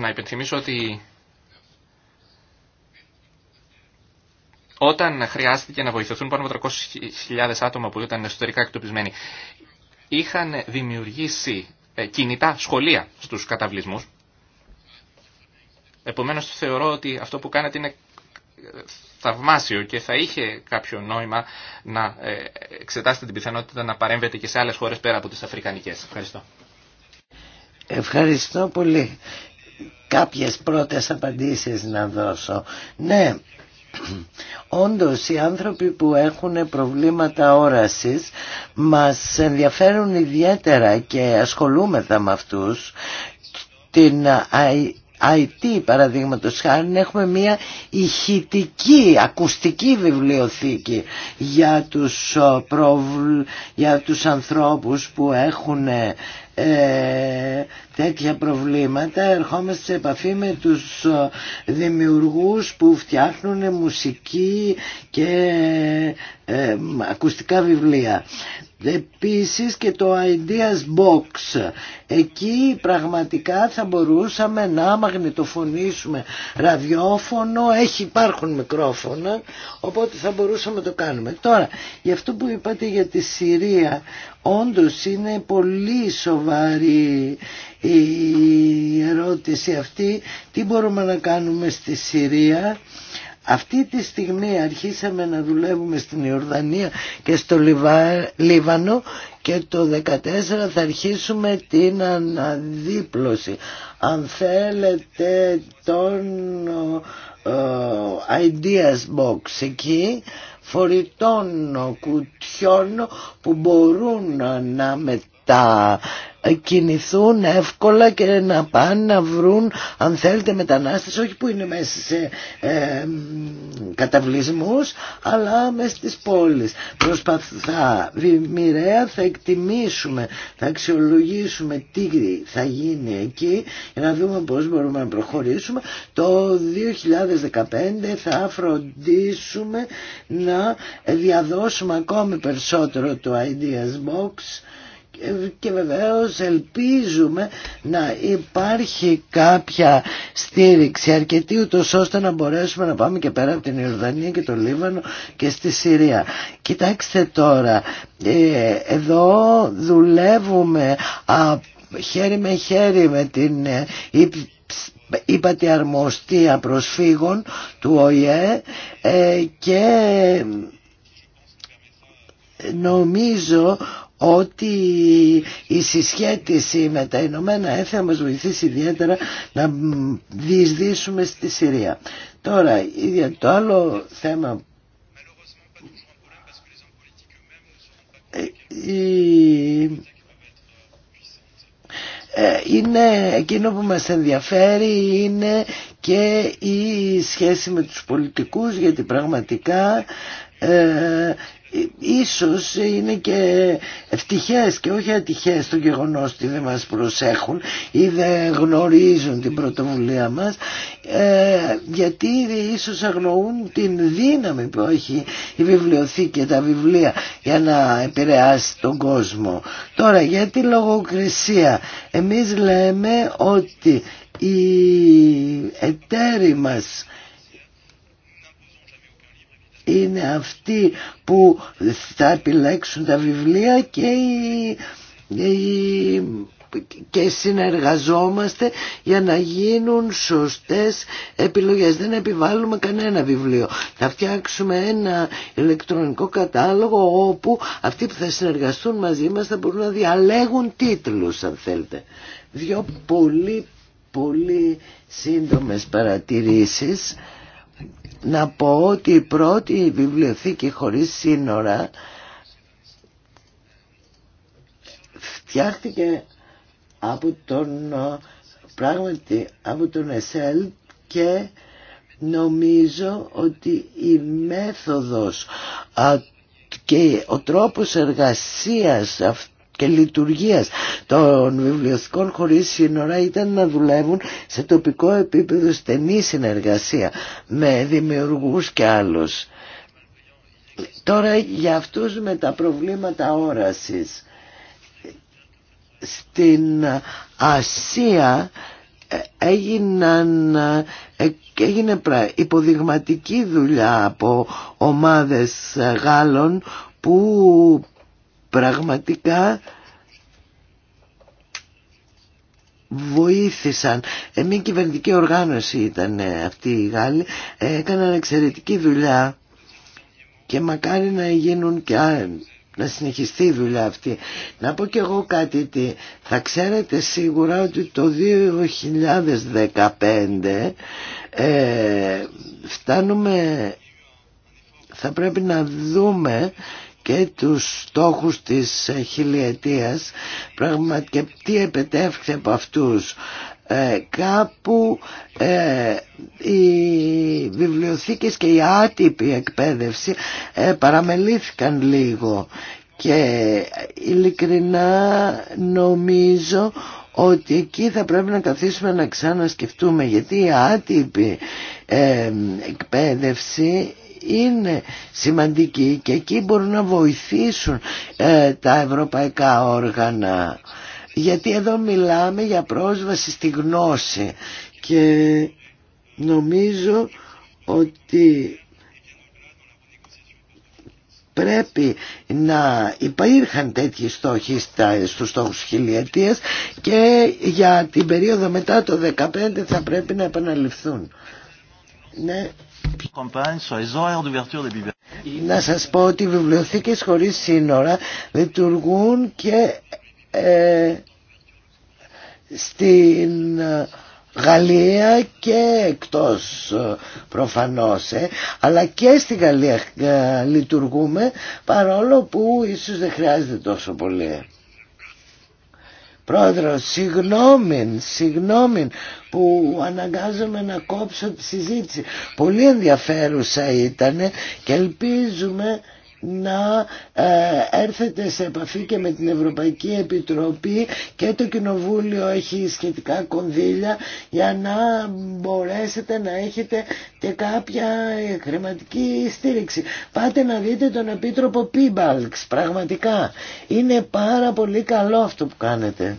να υπενθυμίσω ότι όταν χρειάστηκε να βοηθηθούν πάνω από 300.000 άτομα που ήταν εσωτερικά εκτοπισμένοι, είχαν δημιουργήσει ε, κινητά σχολεία στους καταβλισμούς. Επομένως θεωρώ ότι αυτό που κάνετε είναι θαυμάσιο και θα είχε κάποιο νόημα να ε, εξετάσετε την πιθανότητα να παρέμβετε και σε άλλες χώρες πέρα από τις Αφρικανικές. Ευχαριστώ. Ευχαριστώ πολύ κάποιες πρώτες απαντήσεις να δώσω. Ναι, Όντως οι άνθρωποι που έχουν προβλήματα όρασης μας ενδιαφέρουν ιδιαίτερα και ασχολούμεθα με αυτούς την IT παραδείγματο χάρη έχουμε μια ηχητική, ακουστική βιβλιοθήκη για τους, ε, προβλ, για τους ανθρώπους που έχουν ε, τέτοια προβλήματα ερχόμαστε σε επαφή με τους ε, δημιουργούς που φτιάχνουν μουσική και ε, ακουστικά βιβλία. Επίσης και το Ideas Box. Εκεί πραγματικά θα μπορούσαμε να μαγνητοφωνήσουμε ραδιόφωνο, έχει υπάρχουν μικρόφωνα, οπότε θα μπορούσαμε να το κάνουμε. Τώρα, για αυτό που είπατε για τη Συρία, όντως είναι πολύ σοβαρό σοβαρή η ερώτηση αυτή τι μπορούμε να κάνουμε στη Συρία αυτή τη στιγμή αρχίσαμε να δουλεύουμε στην Ιορδανία και στο Λιβα... Λίβανο και το 2014 θα αρχίσουμε την αναδίπλωση. Αν θέλετε τον uh, Ideas Box εκεί φορητών κουτιών που μπορούν να μεταφέρουν τα κινηθούν εύκολα και να πάνε να βρουν αν θέλετε μετανάστες όχι που είναι μέσα σε ε, καταβλισμούς αλλά μέσα στις πόλεις προσπαθά μοιραία θα εκτιμήσουμε θα αξιολογήσουμε τι θα γίνει εκεί για να δούμε πως μπορούμε να προχωρήσουμε το 2015 θα φροντίσουμε να διαδώσουμε ακόμη περισσότερο το Ideas Box και βεβαίως ελπίζουμε να υπάρχει κάποια στήριξη αρκετή ούτως ώστε να μπορέσουμε να πάμε και πέρα από την Ιορδανία και το Λίβανο και στη Συρία. Κοιτάξτε τώρα, ε, εδώ δουλεύουμε χέρι με χέρι με την ε, υπατιαρμοστία αρμοστία προσφύγων του ΟΗΕ ε, και νομίζω ότι η συσχέτιση με τα Ηνωμένα Έθνη θα μας βοηθήσει ιδιαίτερα να διεισδύσουμε στη Συρία. Τώρα, το άλλο θέμα ε, ε, είναι εκείνο που μας ενδιαφέρει είναι και η σχέση με τους πολιτικούς γιατί πραγματικά ε, ίσως είναι και ευτυχές και όχι ατυχές το γεγονός ότι δεν μας προσέχουν ή δεν γνωρίζουν την πρωτοβουλία μας ε, γιατί ίσως αγνοούν την δύναμη που έχει η βιβλιοθήκη και τα βιβλία για να επηρεάσει τον κόσμο. Τώρα για τη λογοκρισία εμείς λέμε ότι οι εταίροι μας είναι αυτοί που θα επιλέξουν τα βιβλία και οι, και συνεργαζόμαστε για να γίνουν σωστές επιλογές. Δεν επιβάλλουμε κανένα βιβλίο. Θα φτιάξουμε ένα ηλεκτρονικό κατάλογο όπου αυτοί που θα συνεργαστούν μαζί μας θα μπορούν να διαλέγουν τίτλους αν θέλετε. Δύο πολύ πολύ σύντομες παρατηρήσεις να πω ότι η πρώτη βιβλιοθήκη χωρίς σύνορα φτιάχτηκε από τον πράγματι από τον ΕΣΕΛ και νομίζω ότι η μέθοδος και ο τρόπος εργασίας και λειτουργίας των βιβλιοθηκών χωρίς σύνορα ήταν να δουλεύουν σε τοπικό επίπεδο στενή συνεργασία με δημιουργούς και άλλους. Τώρα για αυτούς με τα προβλήματα όρασης. Στην Ασία ε, έγιναν, ε, έγινε υποδειγματική δουλειά από ομάδες ε, Γάλλων που πραγματικά βοήθησαν. Ε, μια κυβερνητική οργάνωση ήταν ε, αυτοί οι Γάλλοι, ε, έκαναν εξαιρετική δουλειά και μακάρι να γίνουν και να συνεχιστεί η δουλειά αυτή. Να πω και εγώ κάτι τι. Θα ξέρετε σίγουρα ότι το 2015 ε, φτάνουμε θα πρέπει να δούμε και τους στόχους της ε, χιλιετίας πραγματικά τι επετέφθη από αυτούς ε, κάπου ε, οι βιβλιοθήκες και η άτυπη εκπαίδευση ε, παραμελήθηκαν λίγο και ειλικρινά νομίζω ότι εκεί θα πρέπει να καθίσουμε να ξανασκεφτούμε γιατί η άτυπη εκπαίδευση είναι σημαντική και εκεί μπορούν να βοηθήσουν ε, τα ευρωπαϊκά όργανα γιατί εδώ μιλάμε για πρόσβαση στη γνώση και νομίζω ότι πρέπει να υπήρχαν τέτοιοι στόχοι στα, στους στόχους χιλιετίας και για την περίοδο μετά το 2015 θα πρέπει να επαναληφθούν. Ναι. Να σας πω ότι οι βιβλιοθήκες χωρίς σύνορα λειτουργούν και ε, στην Γαλλία και εκτός ε, προφανώς ε, αλλά και στη Γαλλία λειτουργούμε παρόλο που ίσως δεν χρειάζεται τόσο πολύ. Πρόεδρο, συγγνώμη, συγγνώμη που αναγκάζομαι να κόψω τη συζήτηση. Πολύ ενδιαφέρουσα ήταν και ελπίζουμε να ε, έρθετε σε επαφή και με την Ευρωπαϊκή Επιτροπή και το Κοινοβούλιο έχει σχετικά κονδύλια για να μπορέσετε να έχετε και κάποια χρηματική στήριξη. Πάτε να δείτε τον Επίτροπο Πίμπαλξ πραγματικά. Είναι πάρα πολύ καλό αυτό που κάνετε.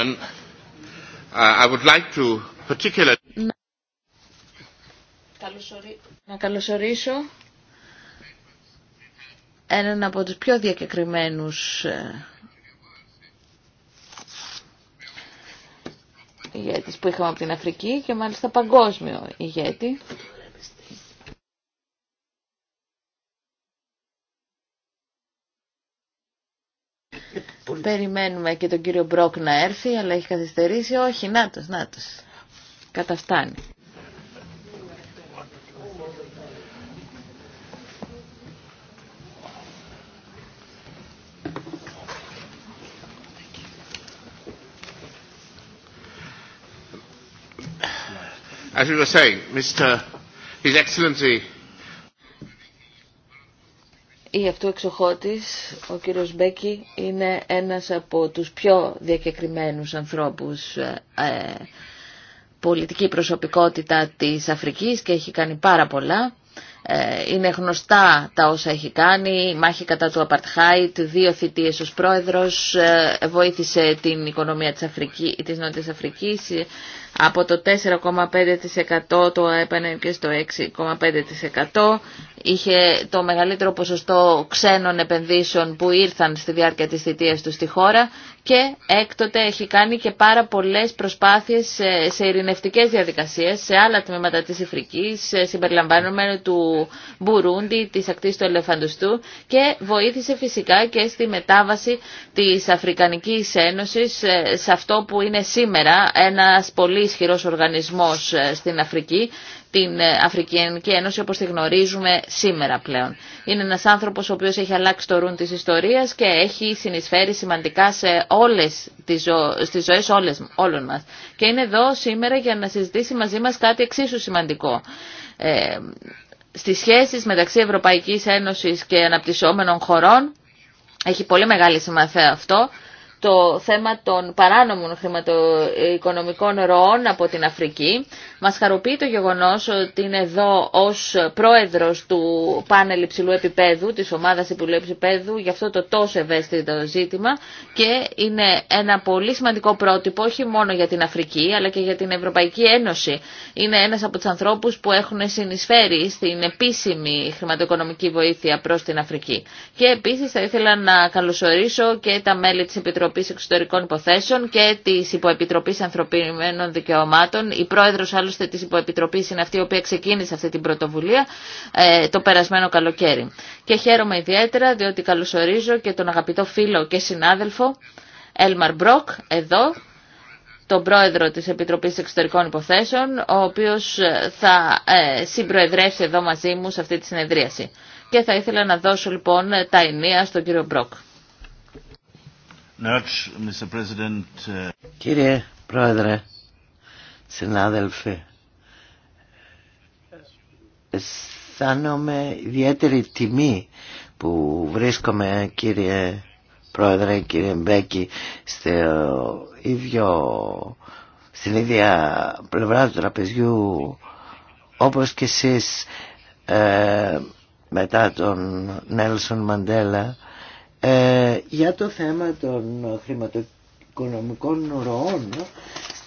Uh, I Να καλωσορίσω έναν από τους πιο διακεκριμένους ε, ηγέτης που είχαμε από την Αφρική και μάλιστα παγκόσμιο ηγέτη. Περιμένουμε και τον κύριο Μπρόκ να έρθει, αλλά έχει καθυστερήσει. Όχι, να νάτος. Καταφτάνει. As we were Mr. His Excellency η αυτού εξοχώτης, ο κύριος Μπέκη, είναι ένας από τους πιο διακεκριμένους ανθρώπους ε, ε, πολιτική προσωπικότητα της Αφρικής και έχει κάνει πάρα πολλά. Ε, είναι γνωστά τα όσα έχει κάνει, μάχη κατά του Απαρτχάιτ, δύο θητείες ως πρόεδρος, βοήθησε την οικονομία της, Αφρική, της Νότιας Αφρικής, από το 4,5% το έπαινε και στο 6,5%. Είχε το μεγαλύτερο ποσοστό ξένων επενδύσεων που ήρθαν στη διάρκεια της θητείας του στη χώρα και έκτοτε έχει κάνει και πάρα πολλές προσπάθειες σε ειρηνευτικές διαδικασίες σε άλλα τμήματα της Ιφρικής, συμπεριλαμβανομένου του Μπουρούντι, της ακτής του Ελεφαντοστού και βοήθησε φυσικά και στη μετάβαση της Αφρικανικής Ένωσης ε, σε αυτό που είναι σήμερα ένας πολύ ισχυρός οργανισμός ε, στην Αφρική, την ε, Αφρικανική Ένωση όπως τη γνωρίζουμε σήμερα πλέον. Είναι ένας άνθρωπος ο οποίος έχει αλλάξει το ρούν της ιστορίας και έχει συνεισφέρει σημαντικά σε όλες τις ζω... στις ζωές όλες, όλων μας. Και είναι εδώ σήμερα για να συζητήσει μαζί μας κάτι εξίσου σημαντικό. Ε, στις σχέσεις μεταξύ Ευρωπαϊκής Ένωσης και αναπτυσσόμενων χωρών έχει πολύ μεγάλη σημασία αυτό το θέμα των παράνομων χρηματοοικονομικών ροών από την Αφρική. Μας χαροποιεί το γεγονός ότι είναι εδώ ως πρόεδρος του πάνελ υψηλού επίπεδου, της ομάδας υψηλού επίπεδου, γι' αυτό το τόσο ευαίσθητο ζήτημα και είναι ένα πολύ σημαντικό πρότυπο όχι μόνο για την Αφρική αλλά και για την Ευρωπαϊκή Ένωση. Είναι ένας από τους ανθρώπους που έχουν συνεισφέρει στην επίσημη χρηματοοικονομική βοήθεια προς την Αφρική. Και επίσης θα ήθελα να καλωσορίσω και τα μέλη της Επιτροπής Επιτροπής Εξωτερικών Υποθέσεων και της Υποεπιτροπής Ανθρωπίνων Δικαιωμάτων. Η πρόεδρος άλλωστε της Υποεπιτροπής είναι αυτή η οποία ξεκίνησε αυτή την πρωτοβουλία ε, το περασμένο καλοκαίρι. Και χαίρομαι ιδιαίτερα διότι καλωσορίζω και τον αγαπητό φίλο και συνάδελφο Έλμαρ Μπροκ εδώ τον πρόεδρο της Επιτροπής Εξωτερικών Υποθέσεων, ο οποίος ε, θα ε, συμπροεδρεύσει εδώ μαζί μου σε αυτή τη συνεδρίαση. Και θα ήθελα να δώσω λοιπόν τα ενία στον κύριο Μπροκ. Uh, κύριε Πρόεδρε, συνάδελφοι, αισθάνομαι ιδιαίτερη τιμή που βρίσκομαι κύριε Πρόεδρε, κύριε Μπέκη, στο ίδιο, στην ίδια πλευρά του τραπεζιού όπως και εσείς ε, μετά τον Νέλσον Μαντέλα ε, για το θέμα των χρηματοοικονομικών ροών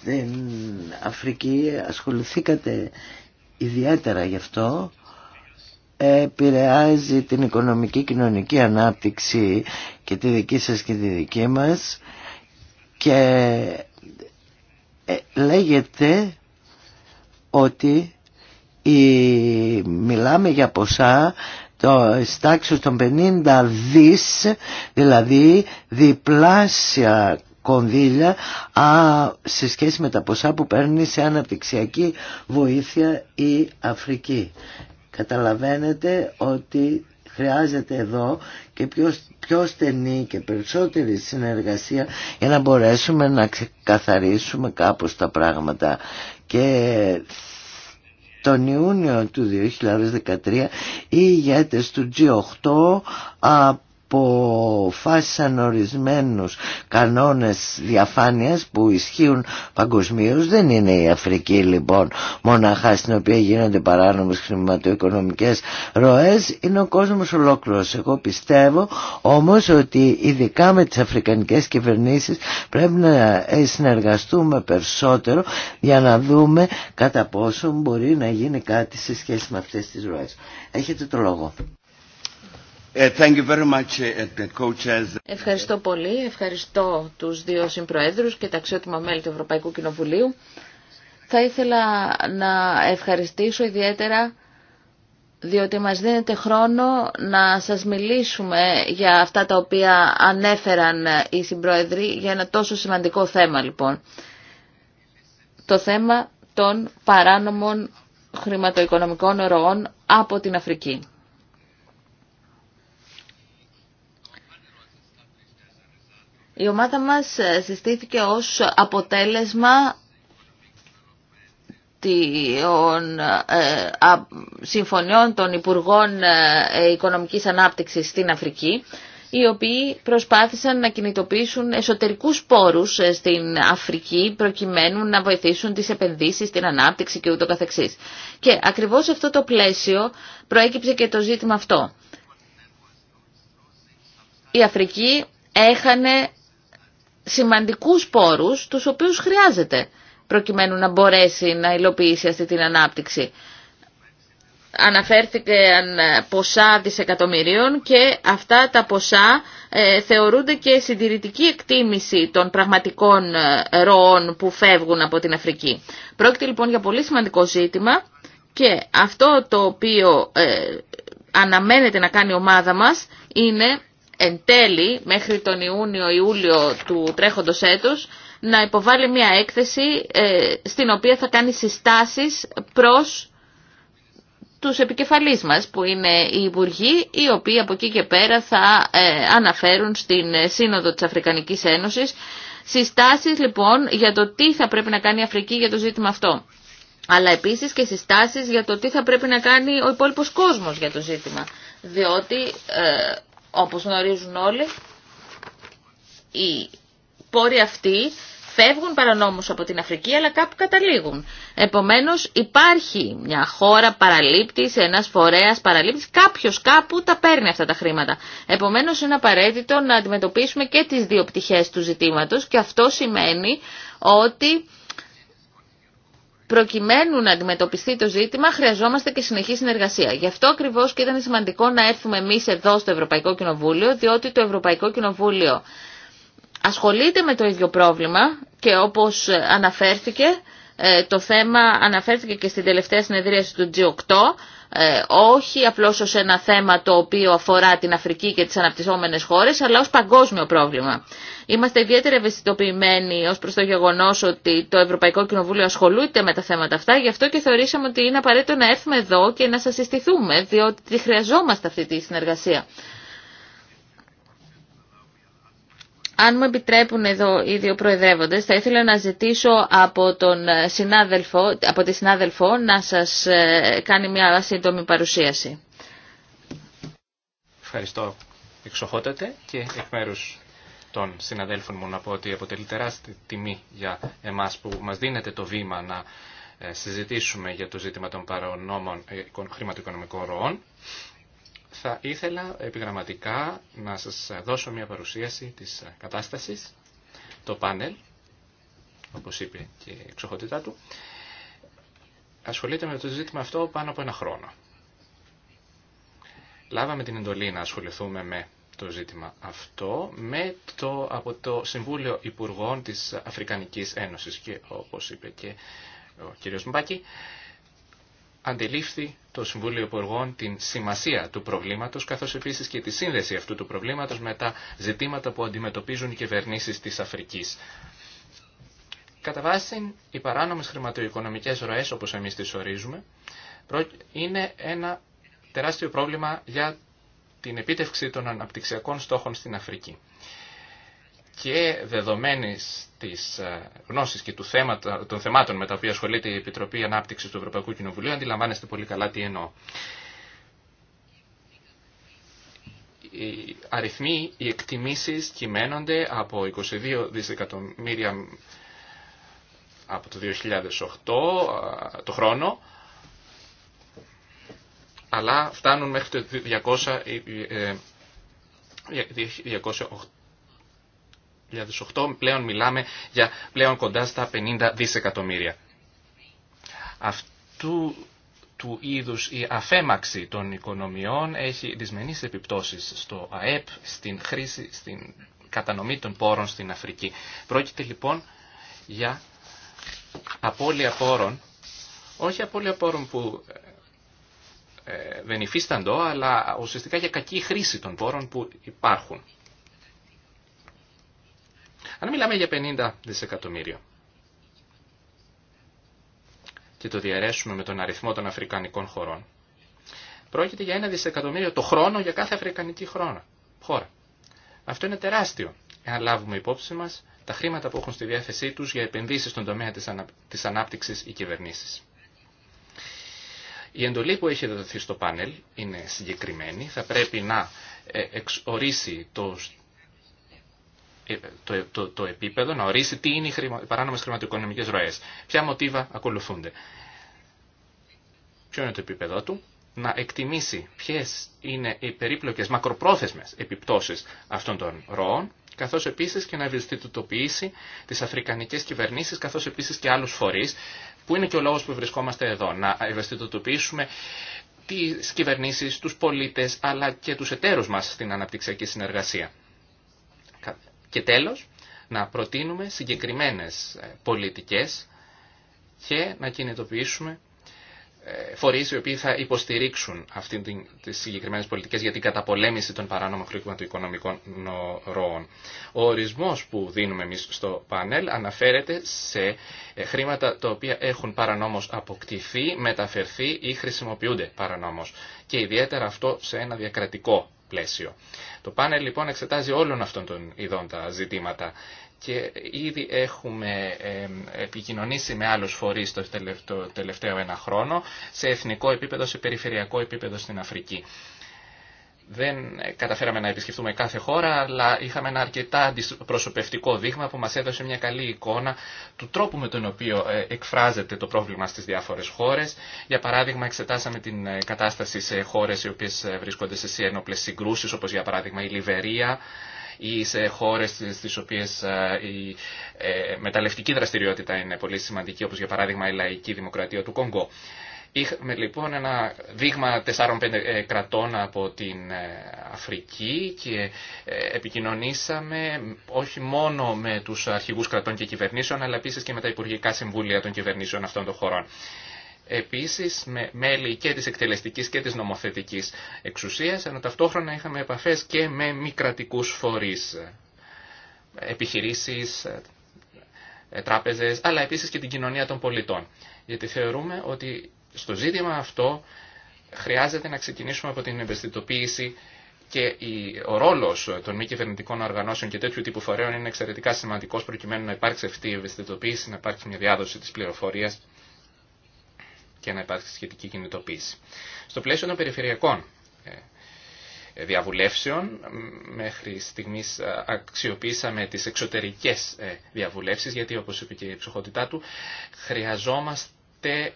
στην Αφρική ασχοληθήκατε ιδιαίτερα γι' αυτό επηρεάζει την οικονομική κοινωνική ανάπτυξη και τη δική σας και τη δική μας και ε, λέγεται ότι η, μιλάμε για ποσά το των 50 δις, δηλαδή διπλάσια κονδύλια α, σε σχέση με τα ποσά που παίρνει σε αναπτυξιακή βοήθεια η Αφρική. Καταλαβαίνετε ότι χρειάζεται εδώ και πιο, πιο στενή και περισσότερη συνεργασία για να μπορέσουμε να ξεκαθαρίσουμε κάπως τα πράγματα και τον Ιούνιο του 2013 οι ηγέτες του G8 αποφάσισαν ορισμένους κανόνες διαφάνειας που ισχύουν παγκοσμίω. Δεν είναι η Αφρική λοιπόν μοναχά στην οποία γίνονται παράνομες χρηματοοικονομικές ροές. Είναι ο κόσμος ολόκληρος. Εγώ πιστεύω όμως ότι ειδικά με τις αφρικανικές κυβερνήσεις πρέπει να ε, συνεργαστούμε περισσότερο για να δούμε κατά πόσο μπορεί να γίνει κάτι σε σχέση με αυτές τις ροές. Έχετε το λόγο. Ε, ε, ε, Ευχαριστώ πολύ. Ευχαριστώ τους δύο συμπροέδρους και τα αξιότιμα μέλη του Ευρωπαϊκού Κοινοβουλίου. Θα ήθελα να ευχαριστήσω ιδιαίτερα διότι μας δίνεται χρόνο να σας μιλήσουμε για αυτά τα οποία ανέφεραν οι συμπρόεδροι για ένα τόσο σημαντικό θέμα λοιπόν. Το θέμα των παράνομων χρηματοοικονομικών ροών από την Αφρική. Η ομάδα μας ε, συστήθηκε ως αποτέλεσμα των ε, συμφωνιών των Υπουργών ε, Οικονομικής Ανάπτυξης στην Αφρική, οι οποίοι προσπάθησαν να κινητοποιήσουν εσωτερικούς πόρους στην Αφρική προκειμένου να βοηθήσουν τις επενδύσεις, την ανάπτυξη και ούτω καθεξής. Και ακριβώς αυτό το πλαίσιο προέκυψε και το ζήτημα αυτό. Η Αφρική έχανε σημαντικούς πόρους τους οποίους χρειάζεται προκειμένου να μπορέσει να υλοποιήσει αυτή την ανάπτυξη. αν ε, ποσά δισεκατομμυρίων και αυτά τα ποσά ε, θεωρούνται και συντηρητική εκτίμηση των πραγματικών ε, ροών που φεύγουν από την Αφρική. Πρόκειται λοιπόν για πολύ σημαντικό ζήτημα και αυτό το οποίο ε, αναμένεται να κάνει η ομάδα μας είναι εν τέλει μέχρι τον Ιούνιο-Ιούλιο του τρέχοντος έτους να υποβάλει μια έκθεση ε, στην οποία θα κάνει συστάσεις προς τους επικεφαλείς μας που είναι οι υπουργοί οι οποίοι από εκεί και πέρα θα ε, αναφέρουν στην Σύνοδο της Αφρικανικής Ένωσης συστάσεις λοιπόν για το τι θα πρέπει να κάνει η Αφρική για το ζήτημα αυτό αλλά επίσης και συστάσεις για το τι θα πρέπει να κάνει ο υπόλοιπος κόσμος για το ζήτημα διότι ε, όπως γνωρίζουν όλοι, οι πόροι αυτοί φεύγουν παρανόμως από την Αφρική αλλά κάπου καταλήγουν. Επομένως υπάρχει μια χώρα παραλήπτης, ένας φορέας παραλήπτης, κάποιος κάπου τα παίρνει αυτά τα χρήματα. Επομένως είναι απαραίτητο να αντιμετωπίσουμε και τις δύο πτυχές του ζητήματος και αυτό σημαίνει ότι προκειμένου να αντιμετωπιστεί το ζήτημα χρειαζόμαστε και συνεχή συνεργασία. Γι' αυτό ακριβώ και ήταν σημαντικό να έρθουμε εμεί εδώ στο Ευρωπαϊκό Κοινοβούλιο, διότι το Ευρωπαϊκό Κοινοβούλιο ασχολείται με το ίδιο πρόβλημα και όπως αναφέρθηκε, ε, το θέμα αναφέρθηκε και στην τελευταία συνεδρίαση του G8, ε, όχι απλώς ως ένα θέμα το οποίο αφορά την Αφρική και τις αναπτυσσόμενες χώρες, αλλά ως παγκόσμιο πρόβλημα. Είμαστε ιδιαίτερα ευαισθητοποιημένοι ως προς το γεγονός ότι το Ευρωπαϊκό Κοινοβούλιο ασχολούνται με τα θέματα αυτά, γι' αυτό και θεωρήσαμε ότι είναι απαραίτητο να έρθουμε εδώ και να σας συστηθούμε, διότι χρειαζόμαστε αυτή τη συνεργασία. Αν μου επιτρέπουν εδώ οι δύο προεδρεύοντες, θα ήθελα να ζητήσω από, τον συνάδελφο, από τη συνάδελφο να σας ε, κάνει μια σύντομη παρουσίαση. Ευχαριστώ εξοχότατε και εκ μέρου των συναδέλφων μου να πω ότι αποτελεί τεράστια τιμή για εμάς που μας δίνετε το βήμα να ε, συζητήσουμε για το ζήτημα των παρανόμων ε, χρηματοοικονομικών ροών. Θα ήθελα επιγραμματικά να σας δώσω μια παρουσίαση της κατάστασης, το πάνελ, όπως είπε και η εξοχότητά του, ασχολείται με το ζήτημα αυτό πάνω από ένα χρόνο. Λάβαμε την εντολή να ασχοληθούμε με το ζήτημα αυτό με το, από το Συμβούλιο Υπουργών της Αφρικανικής Ένωσης και όπως είπε και ο κ. Μπάκη, αντιλήφθη το Συμβούλιο Υπουργών την σημασία του προβλήματος, καθώς επίσης και τη σύνδεση αυτού του προβλήματος με τα ζητήματα που αντιμετωπίζουν οι κυβερνήσεις της Αφρικής. Κατά βάση, οι παράνομες χρηματοοικονομικές ροές, όπως εμείς τις ορίζουμε, είναι ένα τεράστιο πρόβλημα για την επίτευξη των αναπτυξιακών στόχων στην Αφρική και δεδομένης της ε, γνώσης και του θέματα, των θεμάτων με τα οποία ασχολείται η Επιτροπή Ανάπτυξης του Ευρωπαϊκού Κοινοβουλίου αντιλαμβάνεστε πολύ καλά τι εννοώ. Οι αριθμοί, οι εκτιμήσεις κυμαίνονται από 22 δισεκατομμύρια από το 2008 ε, το χρόνο αλλά φτάνουν μέχρι το 200, 2008 πλέον μιλάμε για πλέον κοντά στα 50 δισεκατομμύρια. Αυτού του είδους η αφέμαξη των οικονομιών έχει δυσμενείς επιπτώσεις στο ΑΕΠ, στην χρήση, στην κατανομή των πόρων στην Αφρική. Πρόκειται λοιπόν για απώλεια πόρων, όχι απώλεια πόρων που ε, ε, δεν υφίσταντο, αλλά ουσιαστικά για κακή χρήση των πόρων που υπάρχουν. Αν μιλάμε για 50 δισεκατομμύρια. Και το διαρέσουμε με τον αριθμό των αφρικανικών χωρών. Πρόκειται για ένα δισεκατομμύριο το χρόνο για κάθε αφρικανική χώρα. Αυτό είναι τεράστιο, εάν λάβουμε υπόψη μας τα χρήματα που έχουν στη διάθεσή τους για επενδύσεις στον τομέα της ανάπτυξης Η κυβερνησει Η εντολή που έχει δοθεί στο πάνελ είναι συγκεκριμένη. Θα πρέπει να ε, εξορίσει το, το, το, το επίπεδο, να ορίσει τι είναι οι χρημα, παράνομες χρηματοοικονομικές ροές, ποια μοτίβα ακολουθούνται, ποιο είναι το επίπεδο του, να εκτιμήσει ποιες είναι οι περίπλοκες μακροπρόθεσμες επιπτώσεις αυτών των ροών, καθώς επίσης και να ευαισθητοποιήσει τις αφρικανικές κυβερνήσεις, καθώς επίσης και άλλους φορείς, που είναι και ο λόγος που βρισκόμαστε εδώ, να ευαισθητοποιήσουμε τις κυβερνήσεις, τους πολίτες, αλλά και τους εταίρους μας στην αναπτυξιακή συνεργασία. Και τέλος, να προτείνουμε συγκεκριμένες ε, πολιτικές και να κινητοποιήσουμε ε, φορείς οι οποίοι θα υποστηρίξουν αυτήν την, τις συγκεκριμένες πολιτικές για την καταπολέμηση των παράνομων οικονομικών ροών. Ο ορισμός που δίνουμε εμείς στο πάνελ αναφέρεται σε ε, χρήματα τα οποία έχουν παρανόμως αποκτηθεί, μεταφερθεί ή χρησιμοποιούνται παρανόμως. Και ιδιαίτερα αυτό σε ένα διακρατικό πλαίσιο. Το πάνελ λοιπόν εξετάζει όλων αυτών των ειδών τα ζητήματα και ήδη έχουμε επικοινωνήσει με άλλους φορείς το τελευταίο ένα χρόνο σε εθνικό επίπεδο, σε περιφερειακό επίπεδο στην Αφρική δεν ε, καταφέραμε να επισκεφτούμε κάθε χώρα, αλλά είχαμε ένα αρκετά προσωπευτικό δείγμα που μας έδωσε μια καλή εικόνα του τρόπου με τον οποίο ε, εκφράζεται το πρόβλημα στις διάφορες χώρες. Για παράδειγμα, εξετάσαμε την ε, κατάσταση σε χώρες οι οποίες βρίσκονται σε σύνοπλε συγκρούσεις, όπως για παράδειγμα η Λιβερία, ή σε χώρες στις οποίες η μεταλλευτική δραστηριότητα είναι πολύ σημαντική, όπως για παράδειγμα η λαϊκή δημοκρατία του Κονγκό. Είχαμε λοιπόν ένα δείγμα 4-5 ε, κρατών από την ε, Αφρική και ε, επικοινωνήσαμε όχι μόνο με τους αρχηγούς κρατών και κυβερνήσεων αλλά επίσης και με τα Υπουργικά Συμβούλια των Κυβερνήσεων αυτών των χωρών. Επίσης με μέλη και της εκτελεστικής και της νομοθετικής εξουσίας ενώ ταυτόχρονα είχαμε επαφές και με μη κρατικούς φορείς, επιχειρήσεις, τράπεζες αλλά επίσης και την κοινωνία των πολιτών γιατί θεωρούμε ότι στο ζήτημα αυτό χρειάζεται να ξεκινήσουμε από την ευαισθητοποίηση και ο ρόλο των μη κυβερνητικών οργανώσεων και τέτοιου τύπου φορέων είναι εξαιρετικά σημαντικό προκειμένου να υπάρξει αυτή η ευαισθητοποίηση, να υπάρξει μια διάδοση τη πληροφορία και να υπάρξει σχετική κινητοποίηση. Στο πλαίσιο των περιφερειακών ε, ε, διαβουλεύσεων, μέχρι στιγμή ε, αξιοποίησαμε τι εξωτερικέ διαβουλεύσει, γιατί όπως είπε και η ψυχότητά του, χρειαζόμαστε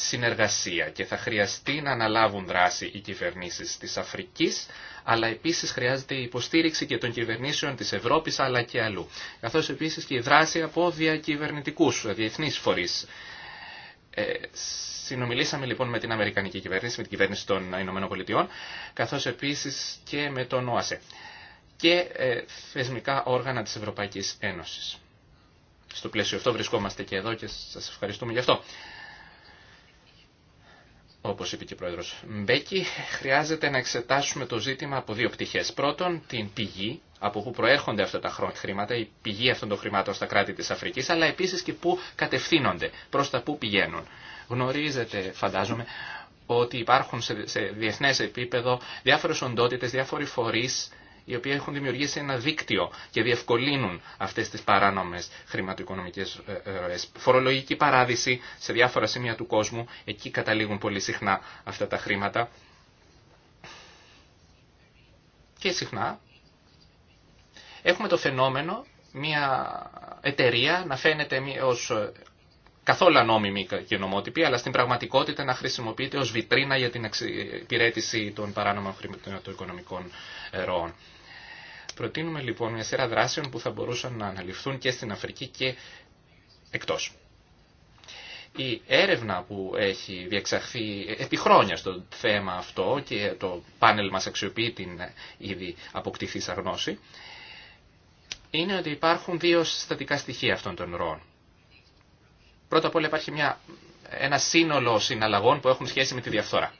συνεργασία και θα χρειαστεί να αναλάβουν δράση οι κυβερνήσεις της Αφρικής, αλλά επίσης χρειάζεται η υποστήριξη και των κυβερνήσεων της Ευρώπης αλλά και αλλού. Καθώς επίσης και η δράση από διακυβερνητικούς, διεθνεί φορείς. Ε, συνομιλήσαμε λοιπόν με την Αμερικανική κυβέρνηση, με την κυβέρνηση των Ηνωμένων Πολιτειών, καθώς επίσης και με τον ΟΑΣΕ και ε, θεσμικά όργανα της Ευρωπαϊκής Ένωσης. Στο πλαίσιο αυτό βρισκόμαστε και εδώ και σας ευχαριστούμε γι' αυτό όπως είπε και ο πρόεδρος Μπέκη, χρειάζεται να εξετάσουμε το ζήτημα από δύο πτυχές. Πρώτον, την πηγή, από πού προέρχονται αυτά τα χρήματα, η πηγή αυτών των χρημάτων στα κράτη της Αφρικής, αλλά επίσης και πού κατευθύνονται, προς τα πού πηγαίνουν. Γνωρίζετε, φαντάζομαι, ότι υπάρχουν σε διεθνές επίπεδο διάφορες οντότητες, διάφοροι φορείς, οι οποίοι έχουν δημιουργήσει ένα δίκτυο και διευκολύνουν αυτές τις παράνομες χρηματοοικονομικές ε, ε, ροέ. Φορολογική παράδειση σε διάφορα σημεία του κόσμου, εκεί καταλήγουν πολύ συχνά αυτά τα χρήματα. Και συχνά έχουμε το φαινόμενο μια εταιρεία να φαίνεται ως ε, καθόλου ανόμιμη και νομότυπη, αλλά στην πραγματικότητα να χρησιμοποιείται ως βιτρίνα για την εξυπηρέτηση των παράνομων χρηματοοικονομικών ροών. Προτείνουμε λοιπόν μια σειρά δράσεων που θα μπορούσαν να αναλυφθούν και στην Αφρική και εκτός. Η έρευνα που έχει διεξαχθεί επί χρόνια στο θέμα αυτό και το πάνελ μας αξιοποιεί την ήδη αποκτηθή γνώση, είναι ότι υπάρχουν δύο συστατικά στοιχεία αυτών των ροών. Πρώτα απ' όλα υπάρχει μια, ένα σύνολο συναλλαγών που έχουν σχέση με τη διαφθορά.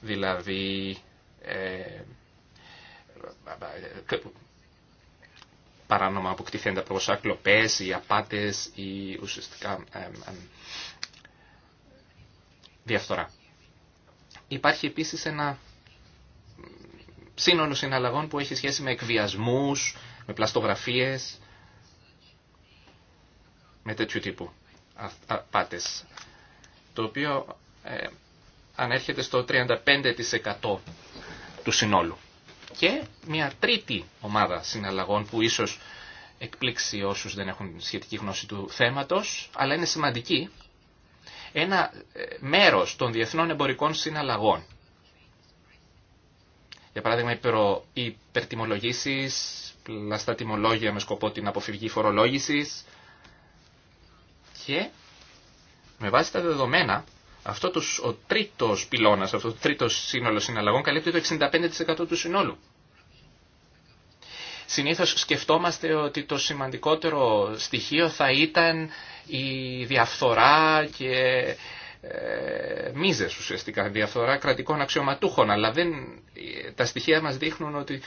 Δηλαδή ε, παράνομα αποκτηθέντα από ακλοπές ή απάτες ή ουσιαστικά ε, ε, ε, διαφθορά. Υπάρχει επίσης ένα σύνολο συναλλαγών που έχει σχέση με εκβιασμούς, με πλαστογραφίες, με τέτοιου τύπου απάτες, το οποίο ανέρχεται στο 35% του συνόλου και μια τρίτη ομάδα συναλλαγών που ίσως εκπλήξει όσους δεν έχουν σχετική γνώση του θέματος, αλλά είναι σημαντική. Ένα ε, μέρος των διεθνών εμπορικών συναλλαγών. Για παράδειγμα, υπερτιμολογήσεις, πλαστά τιμολόγια με σκοπό την αποφυγή φορολόγησης και με βάση τα δεδομένα αυτό το ο τρίτο πυλώνα, αυτό το τρίτο σύνολο συναλλαγών καλύπτει το 65% του συνόλου. Συνήθως σκεφτόμαστε ότι το σημαντικότερο στοιχείο θα ήταν η διαφθορά και ε, μίζες ουσιαστικά, διαφθορά κρατικών αξιωματούχων, αλλά δεν, τα στοιχεία μας δείχνουν ότι